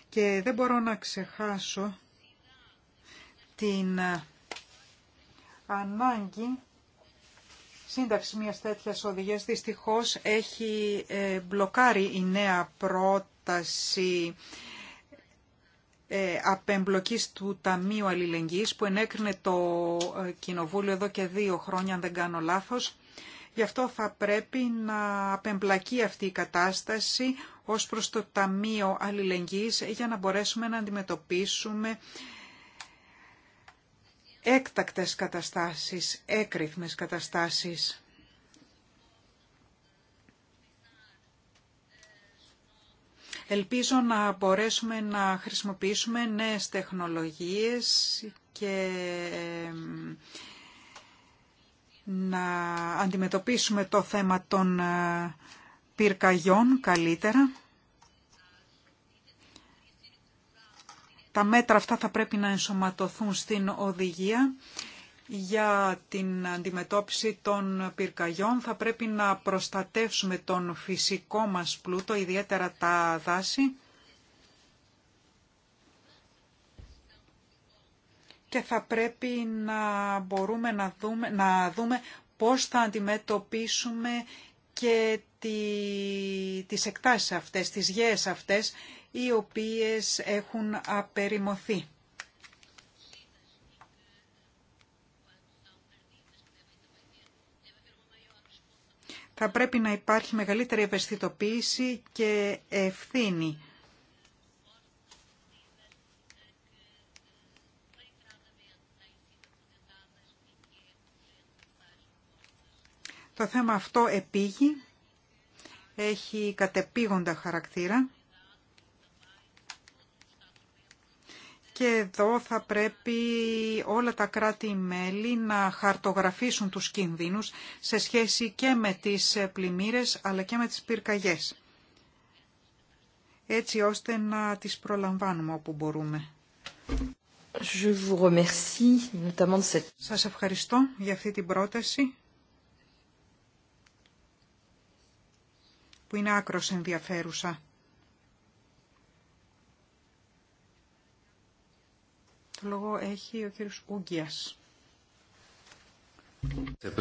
Και δεν μπορώ να ξεχάσω την ε, ανάγκη σύνταξη μιας τέτοιας οδηγίας. Δυστυχώς έχει ε, μπλοκάρει η νέα πρόταση ε, απεμπλοκής του Ταμείου Αλληλεγγύης που ενέκρινε το Κοινοβούλιο εδώ και δύο χρόνια, αν δεν κάνω λάθος. Γι' αυτό θα πρέπει να απεμπλακεί αυτή η κατάσταση ως προς το Ταμείο Αλληλεγγύης για να μπορέσουμε να αντιμετωπίσουμε έκτακτες καταστάσεις, έκρηθμες καταστάσεις. Ελπίζω να μπορέσουμε να χρησιμοποιήσουμε νέες τεχνολογίες και να αντιμετωπίσουμε το θέμα των ε, πυρκαγιών καλύτερα. Τα μέτρα αυτά θα πρέπει να ενσωματωθούν στην οδηγία για την αντιμετώπιση των πυρκαγιών. Θα πρέπει να προστατεύσουμε τον φυσικό μας πλούτο, ιδιαίτερα τα δάση. Και θα πρέπει να μπορούμε να δούμε, να δούμε πώς θα αντιμετωπίσουμε και τη, τις εκτάσεις αυτές, τις γέες αυτές, οι οποίες έχουν απεριμωθεί. Θα πρέπει να υπάρχει μεγαλύτερη ευαισθητοποίηση και ευθύνη Το θέμα αυτό επήγει, έχει κατεπήγοντα χαρακτήρα και εδώ θα πρέπει όλα τα κράτη-μέλη να χαρτογραφήσουν τους κινδύνους σε σχέση και με τις πλημμύρες αλλά και με τις πυρκαγιές έτσι ώστε να τις προλαμβάνουμε όπου μπορούμε. Je Σας ευχαριστώ για αυτή την πρόταση που είναι άκρος ενδιαφέρουσα. Το λόγο έχει ο κύριος Ούγκιας. *clears throat*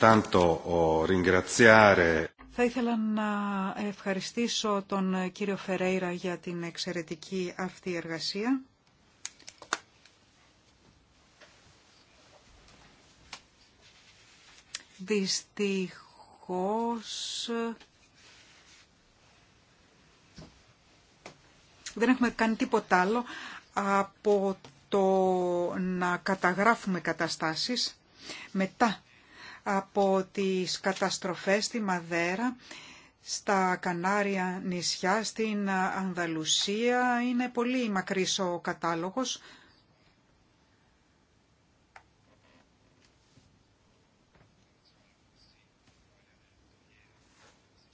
Oh, Θα ήθελα να ευχαριστήσω τον κύριο Φερέιρα για την εξαιρετική αυτή εργασία. Δυστυχώς δεν έχουμε κάνει τίποτα άλλο από το να καταγράφουμε καταστάσεις μετά από τις καταστροφές στη Μαδέρα, στα Κανάρια νησιά, στην Ανδαλουσία. Είναι πολύ μακρύς ο κατάλογος.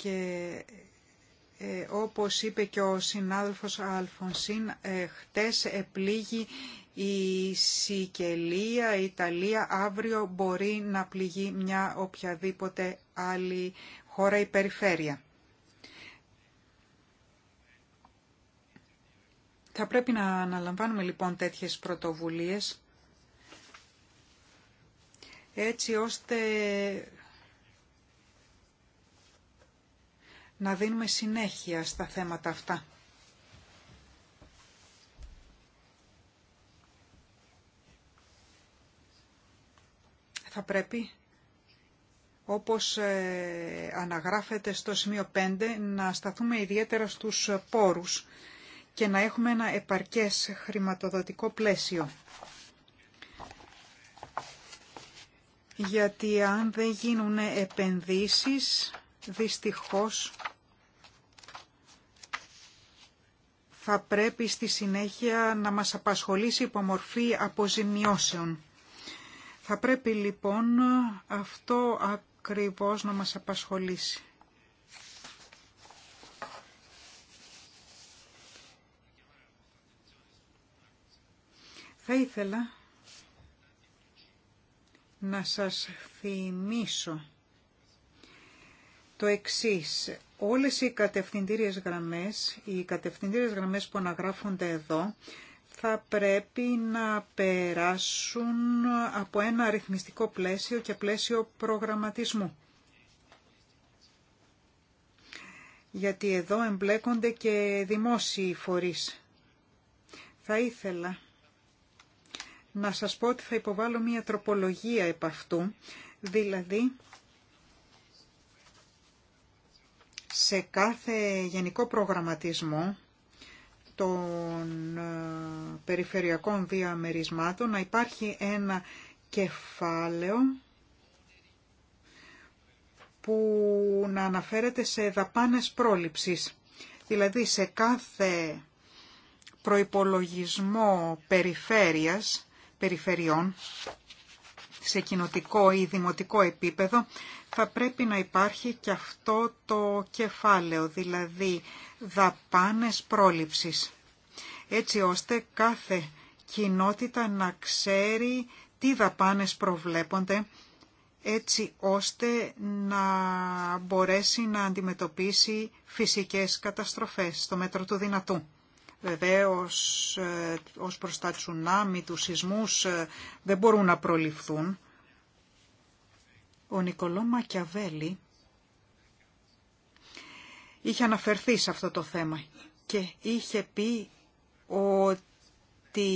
Και ε, όπως είπε και ο συνάδελφος Αλφονσίν, ε, χτες επλήγει η Σικελία, η Ιταλία, αύριο μπορεί να πληγεί μια οποιαδήποτε άλλη χώρα ή περιφέρεια. Θα πρέπει να αναλαμβάνουμε λοιπόν τέτοιες πρωτοβουλίες έτσι ώστε να δίνουμε συνέχεια στα θέματα αυτά. Θα πρέπει, όπως ε, αναγράφεται στο σημείο 5, να σταθούμε ιδιαίτερα στους πόρους και να έχουμε ένα επαρκές χρηματοδοτικό πλαίσιο. Γιατί αν δεν γίνουν επενδύσεις, δυστυχώς θα πρέπει στη συνέχεια να μας απασχολήσει υπό μορφή αποζημιώσεων. Θα πρέπει λοιπόν αυτό ακριβώς να μας απασχολήσει. Θα ήθελα να σας θυμίσω το εξής όλες οι κατευθυντήριες γραμμές, οι κατευθυντήριες γραμμές που αναγράφονται εδώ, θα πρέπει να περάσουν από ένα αριθμιστικό πλαίσιο και πλαίσιο προγραμματισμού. Γιατί εδώ εμπλέκονται και δημόσιοι φορείς. Θα ήθελα να σας πω ότι θα υποβάλω μία τροπολογία επ' αυτού, δηλαδή σε κάθε γενικό προγραμματισμό των ε, περιφερειακών διαμερισμάτων να υπάρχει ένα κεφάλαιο που να αναφέρεται σε δαπάνες πρόληψης. Δηλαδή σε κάθε προϋπολογισμό περιφέρειας, περιφερειών, σε κοινοτικό ή δημοτικό επίπεδο, θα πρέπει να υπάρχει και αυτό το κεφάλαιο, δηλαδή δαπάνες πρόληψης, έτσι ώστε κάθε κοινότητα να ξέρει τι δαπάνες προβλέπονται, έτσι ώστε να μπορέσει να αντιμετωπίσει φυσικές καταστροφές στο μέτρο του δυνατού. Βεβαίως, ε, ως προς τα τσουνάμι, τους σεισμούς ε, δεν μπορούν να προληφθούν. Ο Νικολό Μακιαβέλη είχε αναφερθεί σε αυτό το θέμα και είχε πει ότι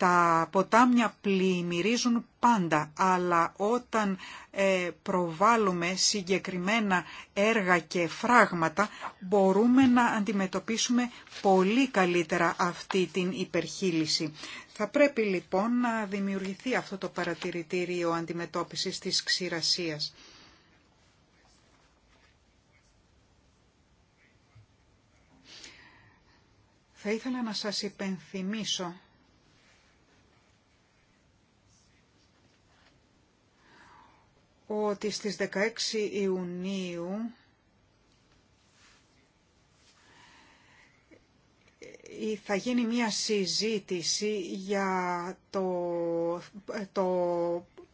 τα ποτάμια πλημμυρίζουν πάντα, αλλά όταν ε, προβάλλουμε συγκεκριμένα έργα και φράγματα μπορούμε να αντιμετωπίσουμε πολύ καλύτερα αυτή την υπερχείληση. Θα πρέπει λοιπόν να δημιουργηθεί αυτό το παρατηρητήριο αντιμετώπισης της ξηρασίας. Θα ήθελα να σας υπενθυμίσω ότι στις 16 Ιουνίου θα γίνει μια συζήτηση για το, το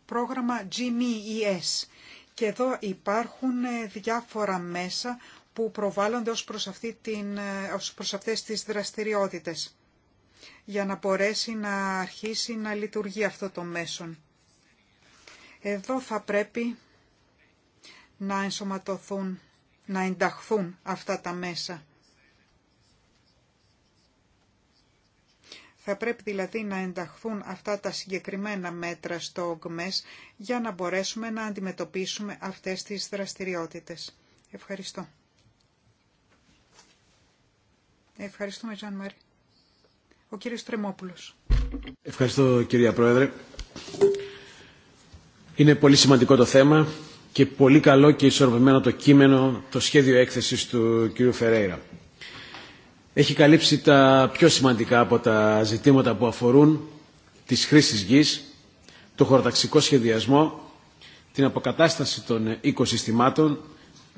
πρόγραμμα GMES και εδώ υπάρχουν ε, διάφορα μέσα που προβάλλονται ως προς, αυτή την, ε, ως προς αυτές τις δραστηριότητες για να μπορέσει να αρχίσει να λειτουργεί αυτό το μέσον. Εδώ θα πρέπει να ενσωματωθούν, να ενταχθούν αυτά τα μέσα. Θα πρέπει δηλαδή να ενταχθούν αυτά τα συγκεκριμένα μέτρα στο ΟΓΜΕΣ για να μπορέσουμε να αντιμετωπίσουμε αυτές τις δραστηριότητες. Ευχαριστώ. Ευχαριστούμε, Ζαν Μάρη. Ο κύριος Τρεμόπουλος. Ευχαριστώ, κυρία Πρόεδρε. Είναι πολύ σημαντικό το θέμα και πολύ καλό και ισορροπημένο το κείμενο, το σχέδιο έκθεσης του κ. Φερέιρα. Έχει καλύψει τα πιο σημαντικά από τα ζητήματα που αφορούν τις χρήσεις γης, το χωροταξικό σχεδιασμό, την αποκατάσταση των οικοσυστημάτων,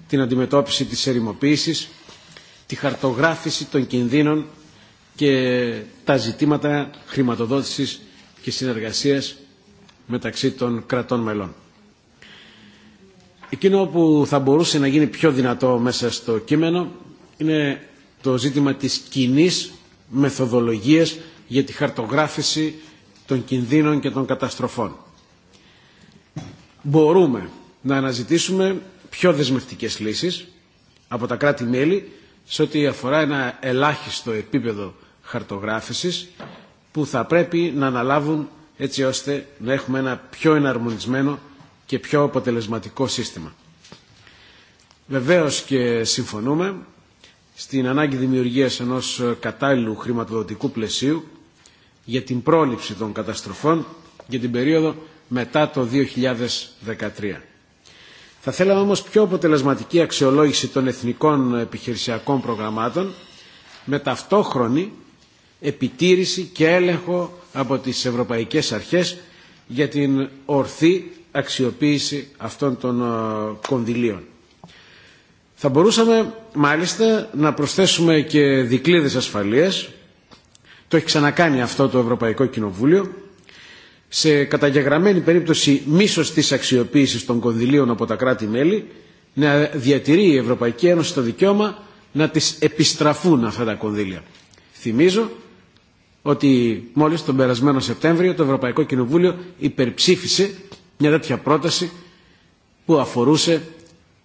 την αντιμετώπιση της ερημοποίησης, τη χαρτογράφηση των κινδύνων και τα ζητήματα χρηματοδότησης και συνεργασίας μεταξύ των κρατών μελών. Εκείνο που θα μπορούσε να γίνει πιο δυνατό μέσα στο κείμενο είναι το ζήτημα της κοινή μεθοδολογίας για τη χαρτογράφηση των κινδύνων και των καταστροφών. Μπορούμε να αναζητήσουμε πιο δεσμευτικές λύσεις από τα κράτη-μέλη σε ό,τι αφορά ένα ελάχιστο επίπεδο χαρτογράφησης που θα πρέπει να αναλάβουν έτσι ώστε να έχουμε ένα πιο εναρμονισμένο και πιο αποτελεσματικό σύστημα. Βεβαίως και συμφωνούμε στην ανάγκη δημιουργίας ενός κατάλληλου χρηματοδοτικού πλαισίου για την πρόληψη των καταστροφών για την περίοδο μετά το 2013. Θα θέλαμε όμως πιο αποτελεσματική αξιολόγηση των εθνικών επιχειρησιακών προγραμμάτων με ταυτόχρονη επιτήρηση και έλεγχο από τις ευρωπαϊκές αρχές για την ορθή αξιοποίηση αυτών των ε, κονδυλίων. Θα μπορούσαμε μάλιστα να προσθέσουμε και δικλείδες ασφαλείας, το έχει ξανακάνει αυτό το Ευρωπαϊκό Κοινοβούλιο, σε καταγεγραμμένη περίπτωση μίσος της αξιοποίησης των κονδυλίων από τα κράτη-μέλη, να διατηρεί η Ευρωπαϊκή Ένωση το δικαίωμα να τις επιστραφούν αυτά τα κονδύλια. Θυμίζω ότι μόλις τον περασμένο Σεπτέμβριο το Ευρωπαϊκό Κοινοβούλιο υπερψήφισε μια τέτοια πρόταση που αφορούσε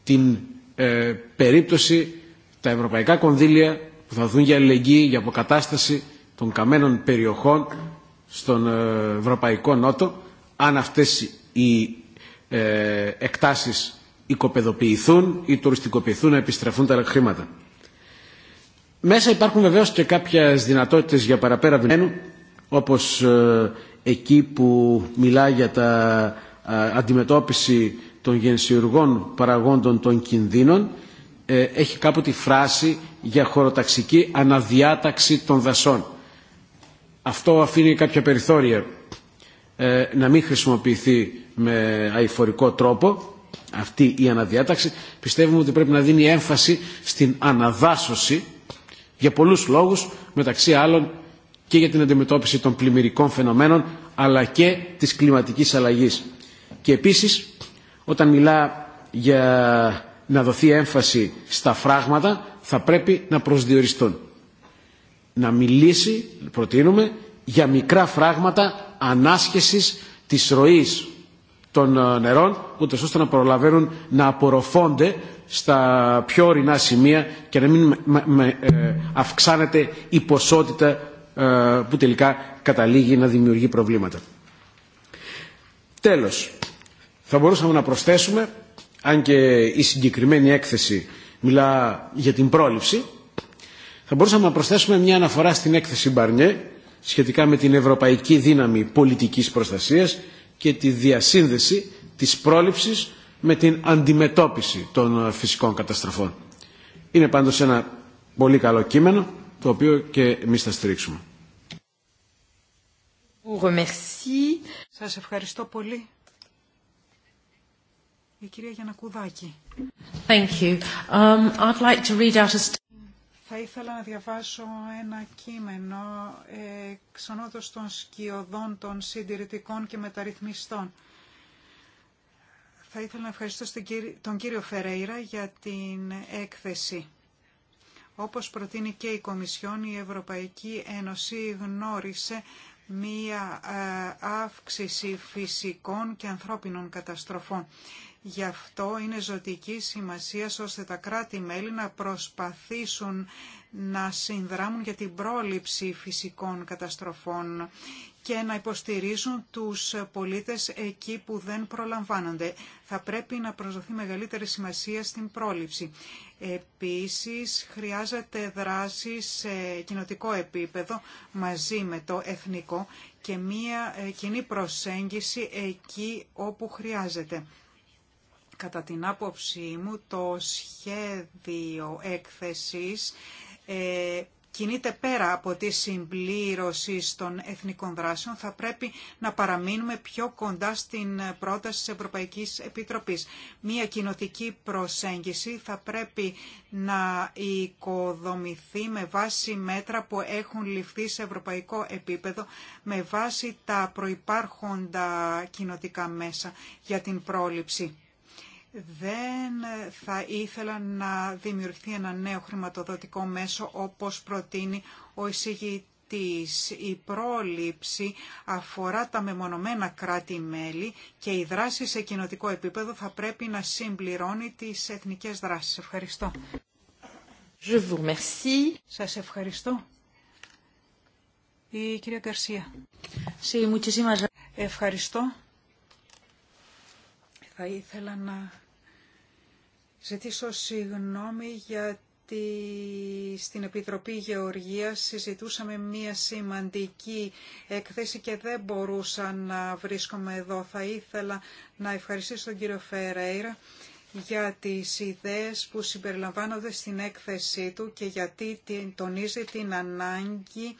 την ε, περίπτωση τα ευρωπαϊκά κονδύλια που θα δουν για αλληλεγγύη, για αποκατάσταση των καμένων περιοχών στον ε, Ευρωπαϊκό Νότο αν αυτές οι ε, εκτάσεις οικοπεδοποιηθούν ή τουριστικοποιηθούν να επιστρεφούν τα χρήματα. Μέσα υπάρχουν βεβαίως και κάποιες δυνατότητες για παραπέρα δυνατού, όπως ε, εκεί που μιλά για τα αντιμετώπιση των γενσιουργών παραγόντων των κινδύνων ε, έχει κάπου τη φράση για χωροταξική αναδιάταξη των δασών. Αυτό αφήνει κάποια περιθώρια ε, να μην χρησιμοποιηθεί με αηφορικό τρόπο αυτή η αναδιάταξη. Πιστεύουμε ότι πρέπει να δίνει έμφαση στην αναδάσωση για πολλούς λόγους, μεταξύ άλλων και για την αντιμετώπιση των πλημμυρικών φαινομένων, αλλά και της κλιματικής αλλαγής. Και επίσης, όταν μιλά για να δοθεί έμφαση στα φράγματα, θα πρέπει να προσδιοριστούν. Να μιλήσει, προτείνουμε, για μικρά φράγματα ανάσχεσης της ροής των ε, νερών, ούτε ώστε να προλαβαίνουν να απορροφώνται στα πιο ορεινά σημεία και να μην ε, αυξάνεται η ποσότητα ε, που τελικά καταλήγει να δημιουργεί προβλήματα. Τέλος, θα μπορούσαμε να προσθέσουμε, αν και η συγκεκριμένη έκθεση μιλά για την πρόληψη, θα μπορούσαμε να προσθέσουμε μια αναφορά στην έκθεση Μπαρνιέ σχετικά με την ευρωπαϊκή δύναμη πολιτικής προστασίας και τη διασύνδεση της πρόληψης με την αντιμετώπιση των ε, φυσικών καταστροφών. Είναι πάντως ένα πολύ καλό κείμενο, το οποίο και εμείς θα στηρίξουμε. Σας ευχαριστώ πολύ. Η κυρία Γιανακουδάκη. Thank um, θα ήθελα να διαβάσω ένα κείμενο εξ των σκιωδών των συντηρητικών και μεταρρυθμιστών. Θα ήθελα να ευχαριστώ τον κύριο Φερέιρα για την έκθεση. Όπως προτείνει και η Κομισιόν, η Ευρωπαϊκή Ένωση γνώρισε μία ε, αύξηση φυσικών και ανθρώπινων καταστροφών. Γι' αυτό είναι ζωτική σημασία ώστε τα κράτη-μέλη να προσπαθήσουν να συνδράμουν για την πρόληψη φυσικών καταστροφών και να υποστηρίζουν τους πολίτες εκεί που δεν προλαμβάνονται. Θα πρέπει να προσδοθεί μεγαλύτερη σημασία στην πρόληψη. Επίσης, χρειάζεται δράση σε κοινοτικό επίπεδο μαζί με το εθνικό και μία ε, κοινή προσέγγιση εκεί όπου χρειάζεται. Κατά την άποψή μου το σχέδιο έκθεσης ε, κινείται πέρα από τη συμπλήρωση των εθνικών δράσεων. Θα πρέπει να παραμείνουμε πιο κοντά στην πρόταση της Ευρωπαϊκής Επιτροπής. Μία κοινοτική προσέγγιση θα πρέπει να οικοδομηθεί με βάση μέτρα που έχουν ληφθεί σε ευρωπαϊκό επίπεδο, με βάση τα προϋπάρχοντα κοινοτικά μέσα για την πρόληψη δεν θα ήθελα να δημιουργηθεί ένα νέο χρηματοδοτικό μέσο όπως προτείνει ο εισηγητής. Η πρόληψη αφορά τα μεμονωμένα κράτη-μέλη και η δράση σε κοινοτικό επίπεδο θα πρέπει να συμπληρώνει τις εθνικές δράσεις. Ευχαριστώ. Je vous Σας ευχαριστώ. Η κυρία Καρσία. Sí, Ευχαριστώ. Θα ήθελα να ζητήσω συγγνώμη γιατί στην Επιτροπή Γεωργίας συζητούσαμε μία σημαντική εκθέση και δεν μπορούσα να βρίσκομαι εδώ. Θα ήθελα να ευχαριστήσω τον κύριο Φερέιρα για τις ιδέες που συμπεριλαμβάνονται στην έκθεσή του και γιατί τονίζει την ανάγκη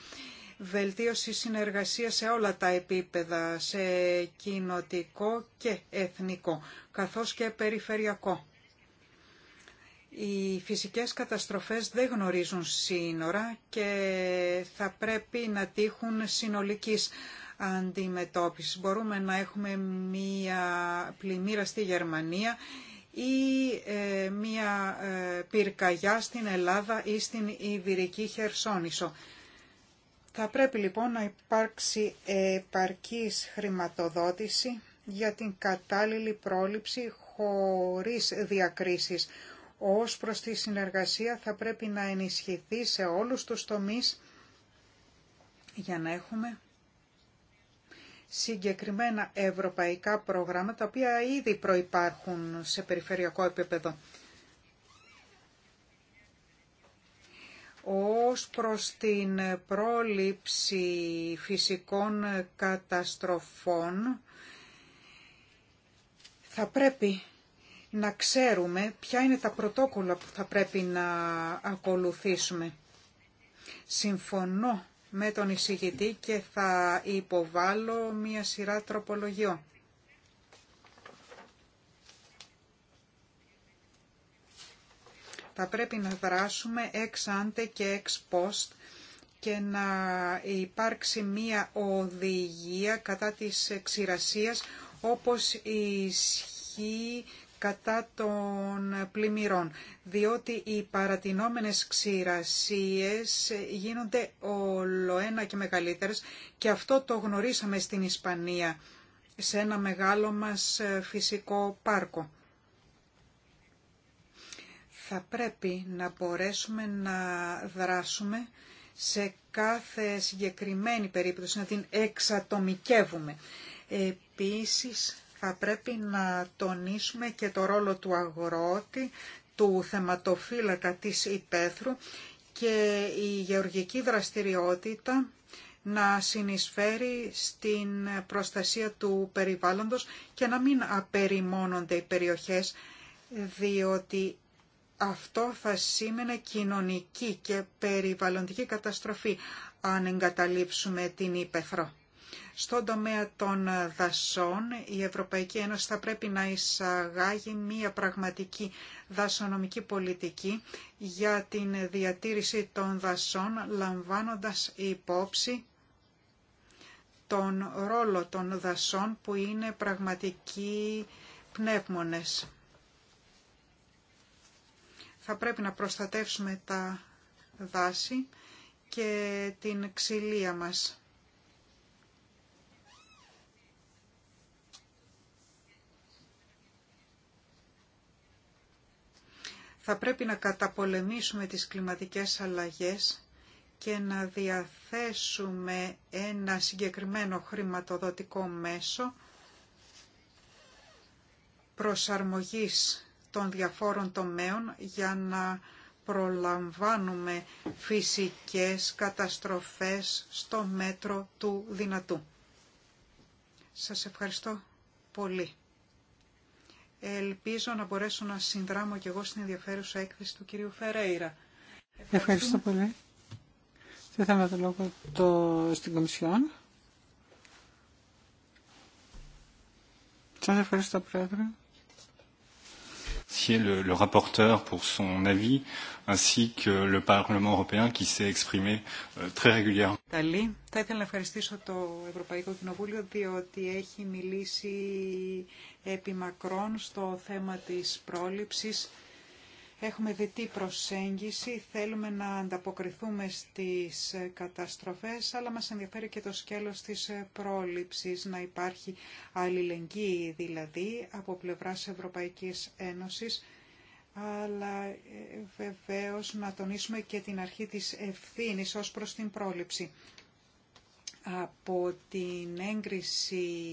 βελτίωση συνεργασία σε όλα τα επίπεδα, σε κοινοτικό και εθνικό, καθώς και περιφερειακό. Οι φυσικές καταστροφές δεν γνωρίζουν σύνορα και θα πρέπει να τύχουν συνολικής αντιμετώπισης. Μπορούμε να έχουμε μία πλημμύρα στη Γερμανία ή ε, μία ε, πυρκαγιά στην Ελλάδα ή στην Ιβηρική Χερσόνησο. Θα πρέπει λοιπόν να υπάρξει επαρκής χρηματοδότηση για την κατάλληλη πρόληψη χωρίς διακρίσεις ως προς τη συνεργασία θα πρέπει να ενισχυθεί σε όλους τους τομείς για να έχουμε συγκεκριμένα ευρωπαϊκά προγράμματα, τα οποία ήδη προϋπάρχουν σε περιφερειακό επίπεδο. Ως προς την πρόληψη φυσικών καταστροφών, θα πρέπει να ξέρουμε ποια είναι τα πρωτόκολλα που θα πρέπει να ακολουθήσουμε. Συμφωνώ με τον εισηγητή και θα υποβάλω μία σειρά τροπολογιών. Θα πρέπει να δράσουμε εξ άντε και εξ post και να υπάρξει μία οδηγία κατά της ξηρασίας όπως ισχύει κατά των πλημμυρών, διότι οι παρατηνόμενες ξηρασίες γίνονται ολοένα και μεγαλύτερες και αυτό το γνωρίσαμε στην Ισπανία, σε ένα μεγάλο μας ε, φυσικό πάρκο. Θα πρέπει να μπορέσουμε να δράσουμε σε κάθε συγκεκριμένη περίπτωση, να την εξατομικεύουμε. Επίσης, θα πρέπει να τονίσουμε και το ρόλο του αγρότη, του θεματοφύλακα της υπαίθρου και η γεωργική δραστηριότητα να συνεισφέρει στην προστασία του περιβάλλοντος και να μην απεριμόνονται οι περιοχές, διότι αυτό θα σήμαινε κοινωνική και περιβαλλοντική καταστροφή αν εγκαταλείψουμε την Υπέθρο. Στον τομέα των δασών, η Ευρωπαϊκή Ένωση θα πρέπει να εισαγάγει μία πραγματική δασονομική πολιτική για την διατήρηση των δασών, λαμβάνοντας υπόψη τον ρόλο των δασών που είναι πραγματικοί πνεύμονες. Θα πρέπει να προστατεύσουμε τα δάση και την ξυλία μας. Θα πρέπει να καταπολεμήσουμε τις κλιματικές αλλαγές και να διαθέσουμε ένα συγκεκριμένο χρηματοδοτικό μέσο προσαρμογής των διαφόρων τομέων για να προλαμβάνουμε φυσικές καταστροφές στο μέτρο του δυνατού. Σας ευχαριστώ πολύ. Ελπίζω να μπορέσω να συνδράμω και εγώ στην ενδιαφέρουσα έκθεση του κυρίου Φερέιρα. Ευχαριστώ, Ευχαριστώ πολύ. Θα ήθελα το λόγο το... στην Κομισιόν. Σας ευχαριστώ, Πρόεδρε. Le, le rapporteur pour son avis, ainsi que le Parlement européen qui s'est exprimé euh, très régulièrement. Θα ήθελα να ευχαριστήσω το Ευρωπαϊκό Κοινοβούλιο διότι έχει μιλήσει επί μακρόν στο θέμα της πρόληψης. Έχουμε τι προσέγγιση, θέλουμε να ανταποκριθούμε στις καταστροφές, αλλά μας ενδιαφέρει και το σκέλος της πρόληψης, να υπάρχει αλληλεγγύη δηλαδή από πλευράς Ευρωπαϊκής Ένωσης αλλά ε, βεβαίως να τονίσουμε και την αρχή της ευθύνης ως προς την πρόληψη. Από την έγκριση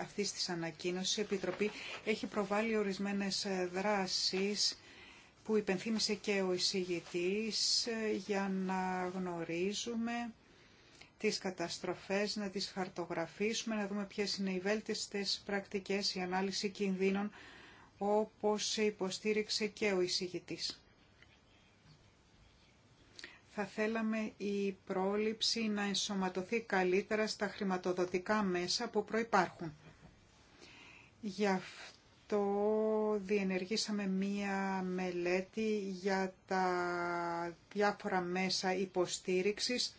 αυτής της ανακοίνωσης, η Επιτροπή έχει προβάλει ορισμένες ε, δράσεις που υπενθύμησε και ο εισηγητής ε, για να γνωρίζουμε τις καταστροφές, να τις χαρτογραφήσουμε, να δούμε ποιες είναι οι βέλτιστες πρακτικές, η ανάλυση κινδύνων, όπως υποστήριξε και ο εισηγητής. Θα θέλαμε η πρόληψη να ενσωματωθεί καλύτερα στα χρηματοδοτικά μέσα που προϋπάρχουν. Γι' αυτό διενεργήσαμε μία μελέτη για τα διάφορα μέσα υποστήριξης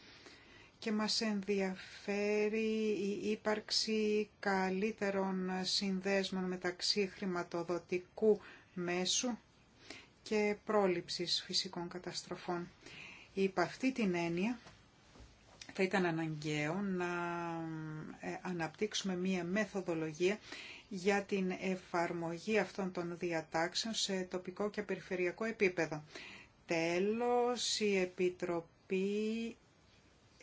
και μας ενδιαφέρει η ύπαρξη καλύτερων συνδέσμων μεταξύ χρηματοδοτικού μέσου και πρόληψης φυσικών καταστροφών. Υπ' αυτή την έννοια θα ήταν αναγκαίο να ε, αναπτύξουμε μία μεθοδολογία για την εφαρμογή αυτών των διατάξεων σε τοπικό και περιφερειακό επίπεδο. Τέλος, η Επιτροπή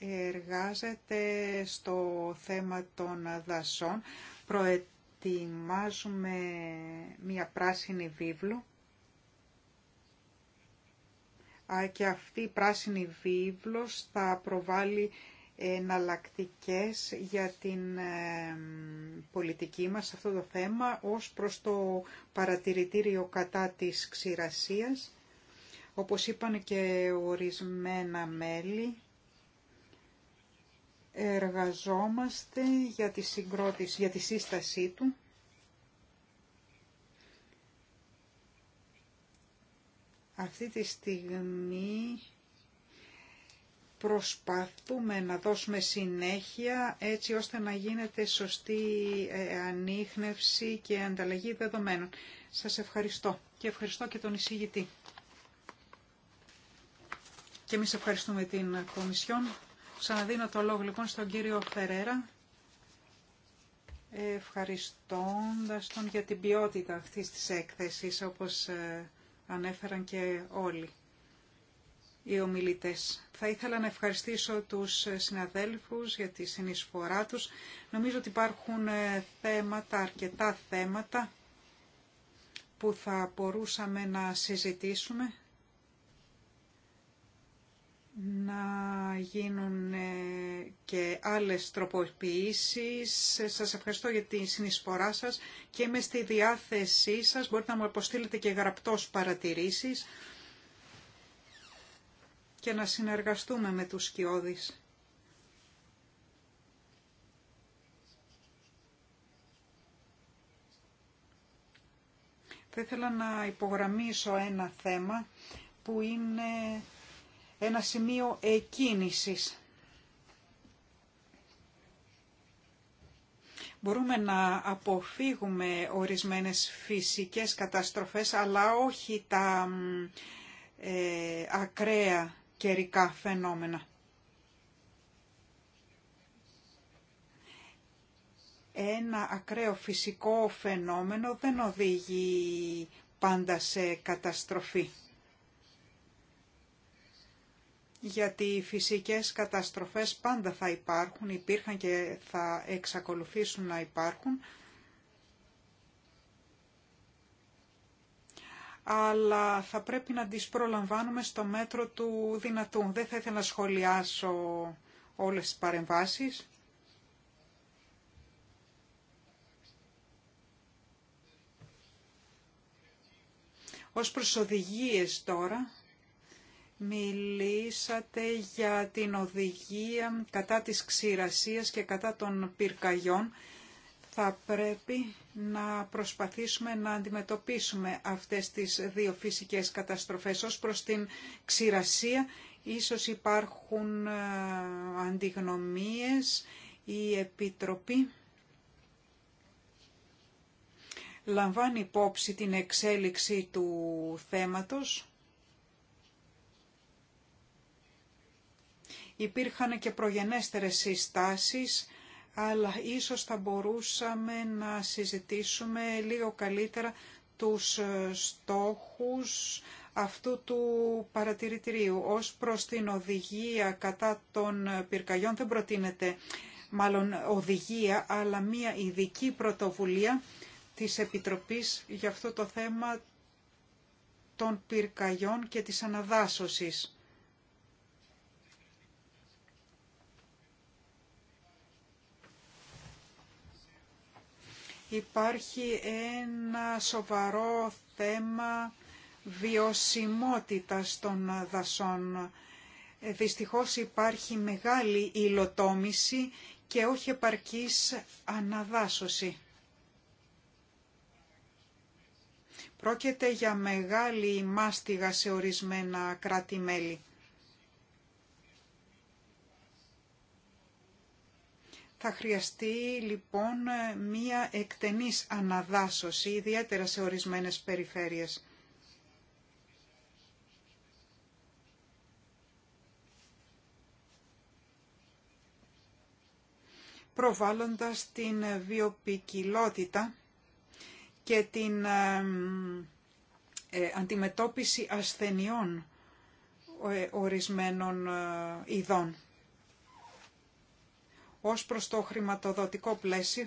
εργάζεται στο θέμα των δασών. Προετοιμάζουμε μία πράσινη βίβλο και αυτή η πράσινη βίβλος θα προβάλλει εναλλακτικέ για την πολιτική μας σε αυτό το θέμα ως προς το παρατηρητήριο κατά της ξηρασίας. Όπως είπαν και ορισμένα μέλη, εργαζόμαστε για τη συγκρότηση, για τη σύστασή του. Αυτή τη στιγμή προσπαθούμε να δώσουμε συνέχεια έτσι ώστε να γίνεται σωστή ε, ανείχνευση και ανταλλαγή δεδομένων. Σας ευχαριστώ και ευχαριστώ και τον εισηγητή. Και εμείς ευχαριστούμε την Κομισιόν. Ξαναδίνω το λόγο λοιπόν στον κύριο Φερέρα, ευχαριστώντας τον για την ποιότητα αυτής της έκθεσης, όπως ε, ανέφεραν και όλοι οι ομιλητές. Θα ήθελα να ευχαριστήσω τους ε, συναδέλφους για τη συνεισφορά τους. Νομίζω ότι υπάρχουν ε, θέματα, αρκετά θέματα που θα μπορούσαμε να συζητήσουμε να γίνουν ε, και άλλες τροποποιήσεις. Σας ευχαριστώ για τη συνεισφορά σας και είμαι στη διάθεσή σας. Μπορείτε να μου αποστείλετε και γραπτός παρατηρήσεις και να συνεργαστούμε με τους σκιώδεις. Θα ήθελα να υπογραμμίσω ένα θέμα που είναι ένα σημείο εκκίνησης. Μπορούμε να αποφύγουμε ορισμένες φυσικές καταστροφές, αλλά όχι τα ε, ακραία καιρικά φαινόμενα. Ένα ακραίο φυσικό φαινόμενο δεν οδηγεί πάντα σε καταστροφή γιατί οι φυσικές καταστροφές πάντα θα υπάρχουν, υπήρχαν και θα εξακολουθήσουν να υπάρχουν. αλλά θα πρέπει να τις προλαμβάνουμε στο μέτρο του δυνατού. Δεν θα ήθελα να σχολιάσω όλες τις παρεμβάσεις. Ως προς οδηγίες τώρα, Μιλήσατε για την οδηγία κατά της ξηρασίας και κατά των πυρκαγιών. Θα πρέπει να προσπαθήσουμε να αντιμετωπίσουμε αυτές τις δύο φυσικές καταστροφές. Ως προς την ξηρασία ίσως υπάρχουν ε, αντιγνωμίες. Η Επιτροπή λαμβάνει υπόψη την εξέλιξη του θέματος Υπήρχαν και προγενέστερες συστάσεις, αλλά ίσως θα μπορούσαμε να συζητήσουμε λίγο καλύτερα τους ε, στόχους αυτού του παρατηρητηρίου. Ως προς την οδηγία κατά των ε, πυρκαγιών δεν προτείνεται μάλλον οδηγία, αλλά μία ειδική πρωτοβουλία της Επιτροπής για αυτό το θέμα των πυρκαγιών και της αναδάσωσης. υπάρχει ένα σοβαρό θέμα βιωσιμότητας των δασών. Δυστυχώς υπάρχει μεγάλη υλοτόμηση και όχι επαρκής αναδάσωση. Πρόκειται για μεγάλη μάστιγα σε ορισμένα κράτη-μέλη. Θα χρειαστεί λοιπόν μία εκτενής αναδάσωση, ιδιαίτερα σε ορισμένες περιφέρειες. προβάλλοντας την βιοπικιλότητα και την ε, αντιμετώπιση ασθενειών ε, ορισμένων ε, ειδών. Ως προς το χρηματοδοτικό πλαίσιο,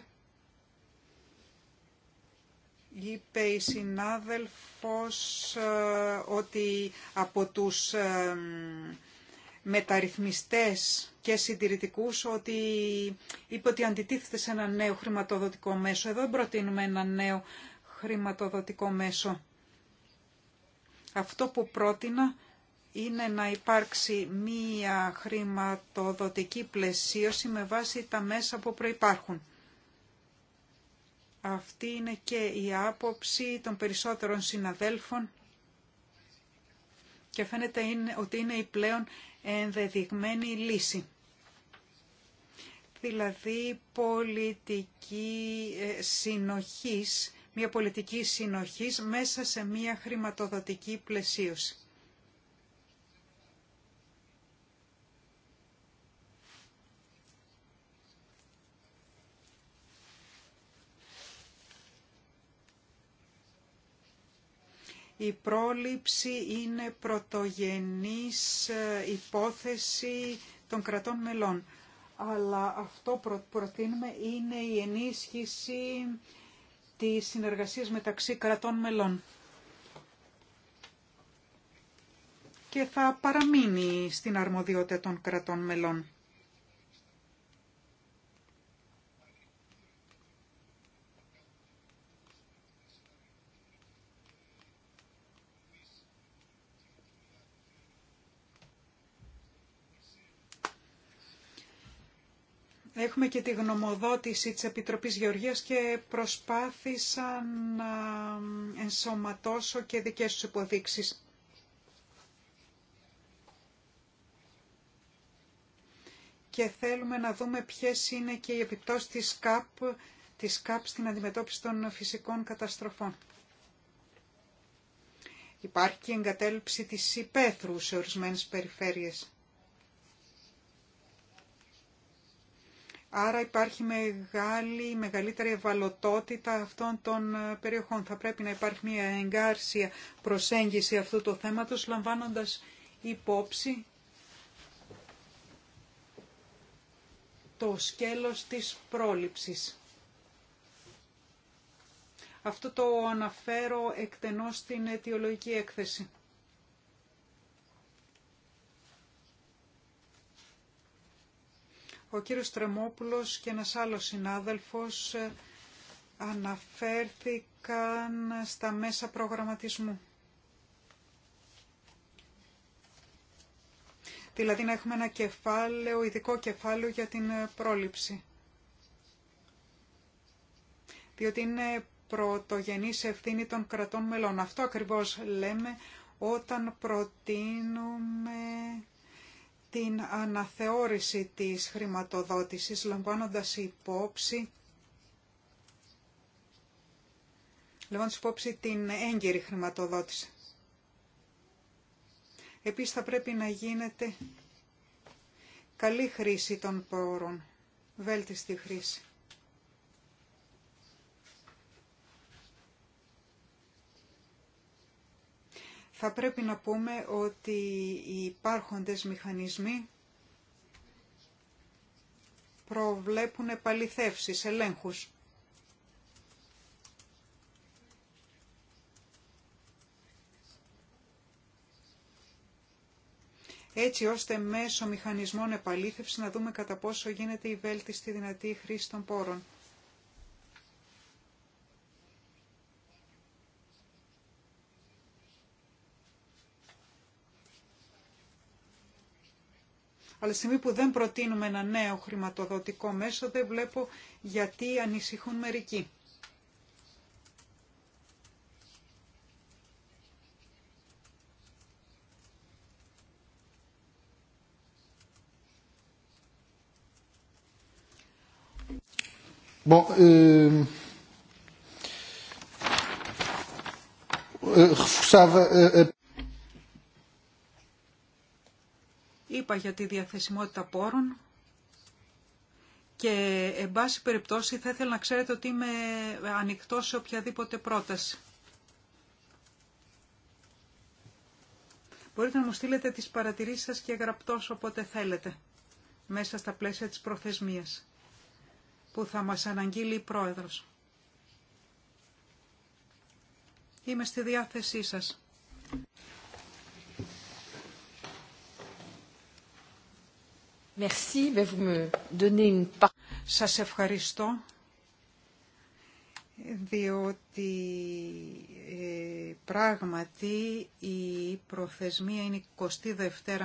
είπε η συνάδελφος ε, ότι από τους ε, μεταρρυθμιστές και συντηρητικούς ότι είπε ότι αντιτίθεται σε ένα νέο χρηματοδοτικό μέσο. Εδώ δεν προτείνουμε ένα νέο χρηματοδοτικό μέσο. Αυτό που πρότεινα είναι να υπάρξει μία χρηματοδοτική πλαισίωση με βάση τα μέσα που προϋπάρχουν. Αυτή είναι και η άποψη των περισσότερων συναδέλφων και φαίνεται είναι, ότι είναι η πλέον ενδεδειγμένη λύση. Δηλαδή πολιτική ε, συνοχής, μια πολιτική συνοχής μέσα σε μια χρηματοδοτική πλαισίωση. Η πρόληψη είναι πρωτογενής ε, υπόθεση των κρατών μελών. Αλλά αυτό που προτείνουμε είναι η ενίσχυση της συνεργασίας μεταξύ κρατών μελών. Και θα παραμείνει στην αρμοδιότητα των κρατών μελών. Έχουμε και τη γνωμοδότηση της Επιτροπής Γεωργίας και προσπάθησα να ενσωματώσω και δικές τους υποδείξεις. Και θέλουμε να δούμε ποιες είναι και οι επιπτώσεις της ΚΑΠ, της ΚΑΠ στην αντιμετώπιση των φυσικών καταστροφών. Υπάρχει και εγκατέλειψη της υπαίθρου σε ορισμένες περιφέρειες. Άρα υπάρχει μεγάλη, μεγαλύτερη ευαλωτότητα αυτών των ε, περιοχών. Θα πρέπει να υπάρχει μια εγκάρσια προσέγγιση αυτού του θέματος, λαμβάνοντας υπόψη το σκέλος της πρόληψης. Αυτό το αναφέρω εκτενώς στην αιτιολογική έκθεση. Ο κύριος Τρεμόπουλος και ένας άλλος συνάδελφος ε, αναφέρθηκαν στα μέσα προγραμματισμού. Δηλαδή να έχουμε ένα κεφάλαιο, ειδικό κεφάλαιο για την ε, πρόληψη. Διότι είναι πρωτογενής ευθύνη των κρατών μελών. Αυτό ακριβώς λέμε όταν προτείνουμε την αναθεώρηση της χρηματοδότησης, λαμβάνοντας υπόψη, λαμβάνοντας υπόψη την έγκυρη χρηματοδότηση. Επίσης θα πρέπει να γίνεται καλή χρήση των πόρων, βέλτιστη χρήση. θα πρέπει να πούμε ότι οι υπάρχοντες μηχανισμοί προβλέπουν επαληθεύσεις, ελέγχους. έτσι ώστε μέσω μηχανισμών επαλήθευση να δούμε κατά πόσο γίνεται η βέλτιστη δυνατή χρήση των πόρων. Αλλά στιγμή που δεν προτείνουμε ένα νέο χρηματοδοτικό μέσο, δεν βλέπω γιατί ανησυχούν μερικοί. Bon, euh, euh, euh για τη διαθεσιμότητα πόρων και εν πάση περιπτώσει θα ήθελα να ξέρετε ότι είμαι ανοιχτό σε οποιαδήποτε πρόταση. Μπορείτε να μου στείλετε τις παρατηρήσεις σας και γραπτός όποτε θέλετε, μέσα στα πλαίσια της προθεσμίας, που θα μας αναγγείλει η Πρόεδρος. Είμαι στη διάθεσή σας. Merci, Σας ευχαριστώ διότι ε, πράγματι η προθεσμία είναι 22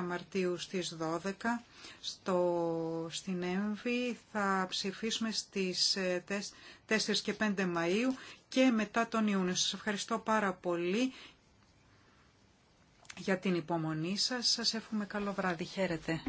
Μαρτίου στις 12 στην ΕΜΒΗ θα ψηφίσουμε στις 4 ε, και 5 Μαΐου και μετά τον Ιούνιο. Σας ευχαριστώ πάρα πολύ για την υπομονή σας. Σας εύχομαι καλό βράδυ. Χαίρετε.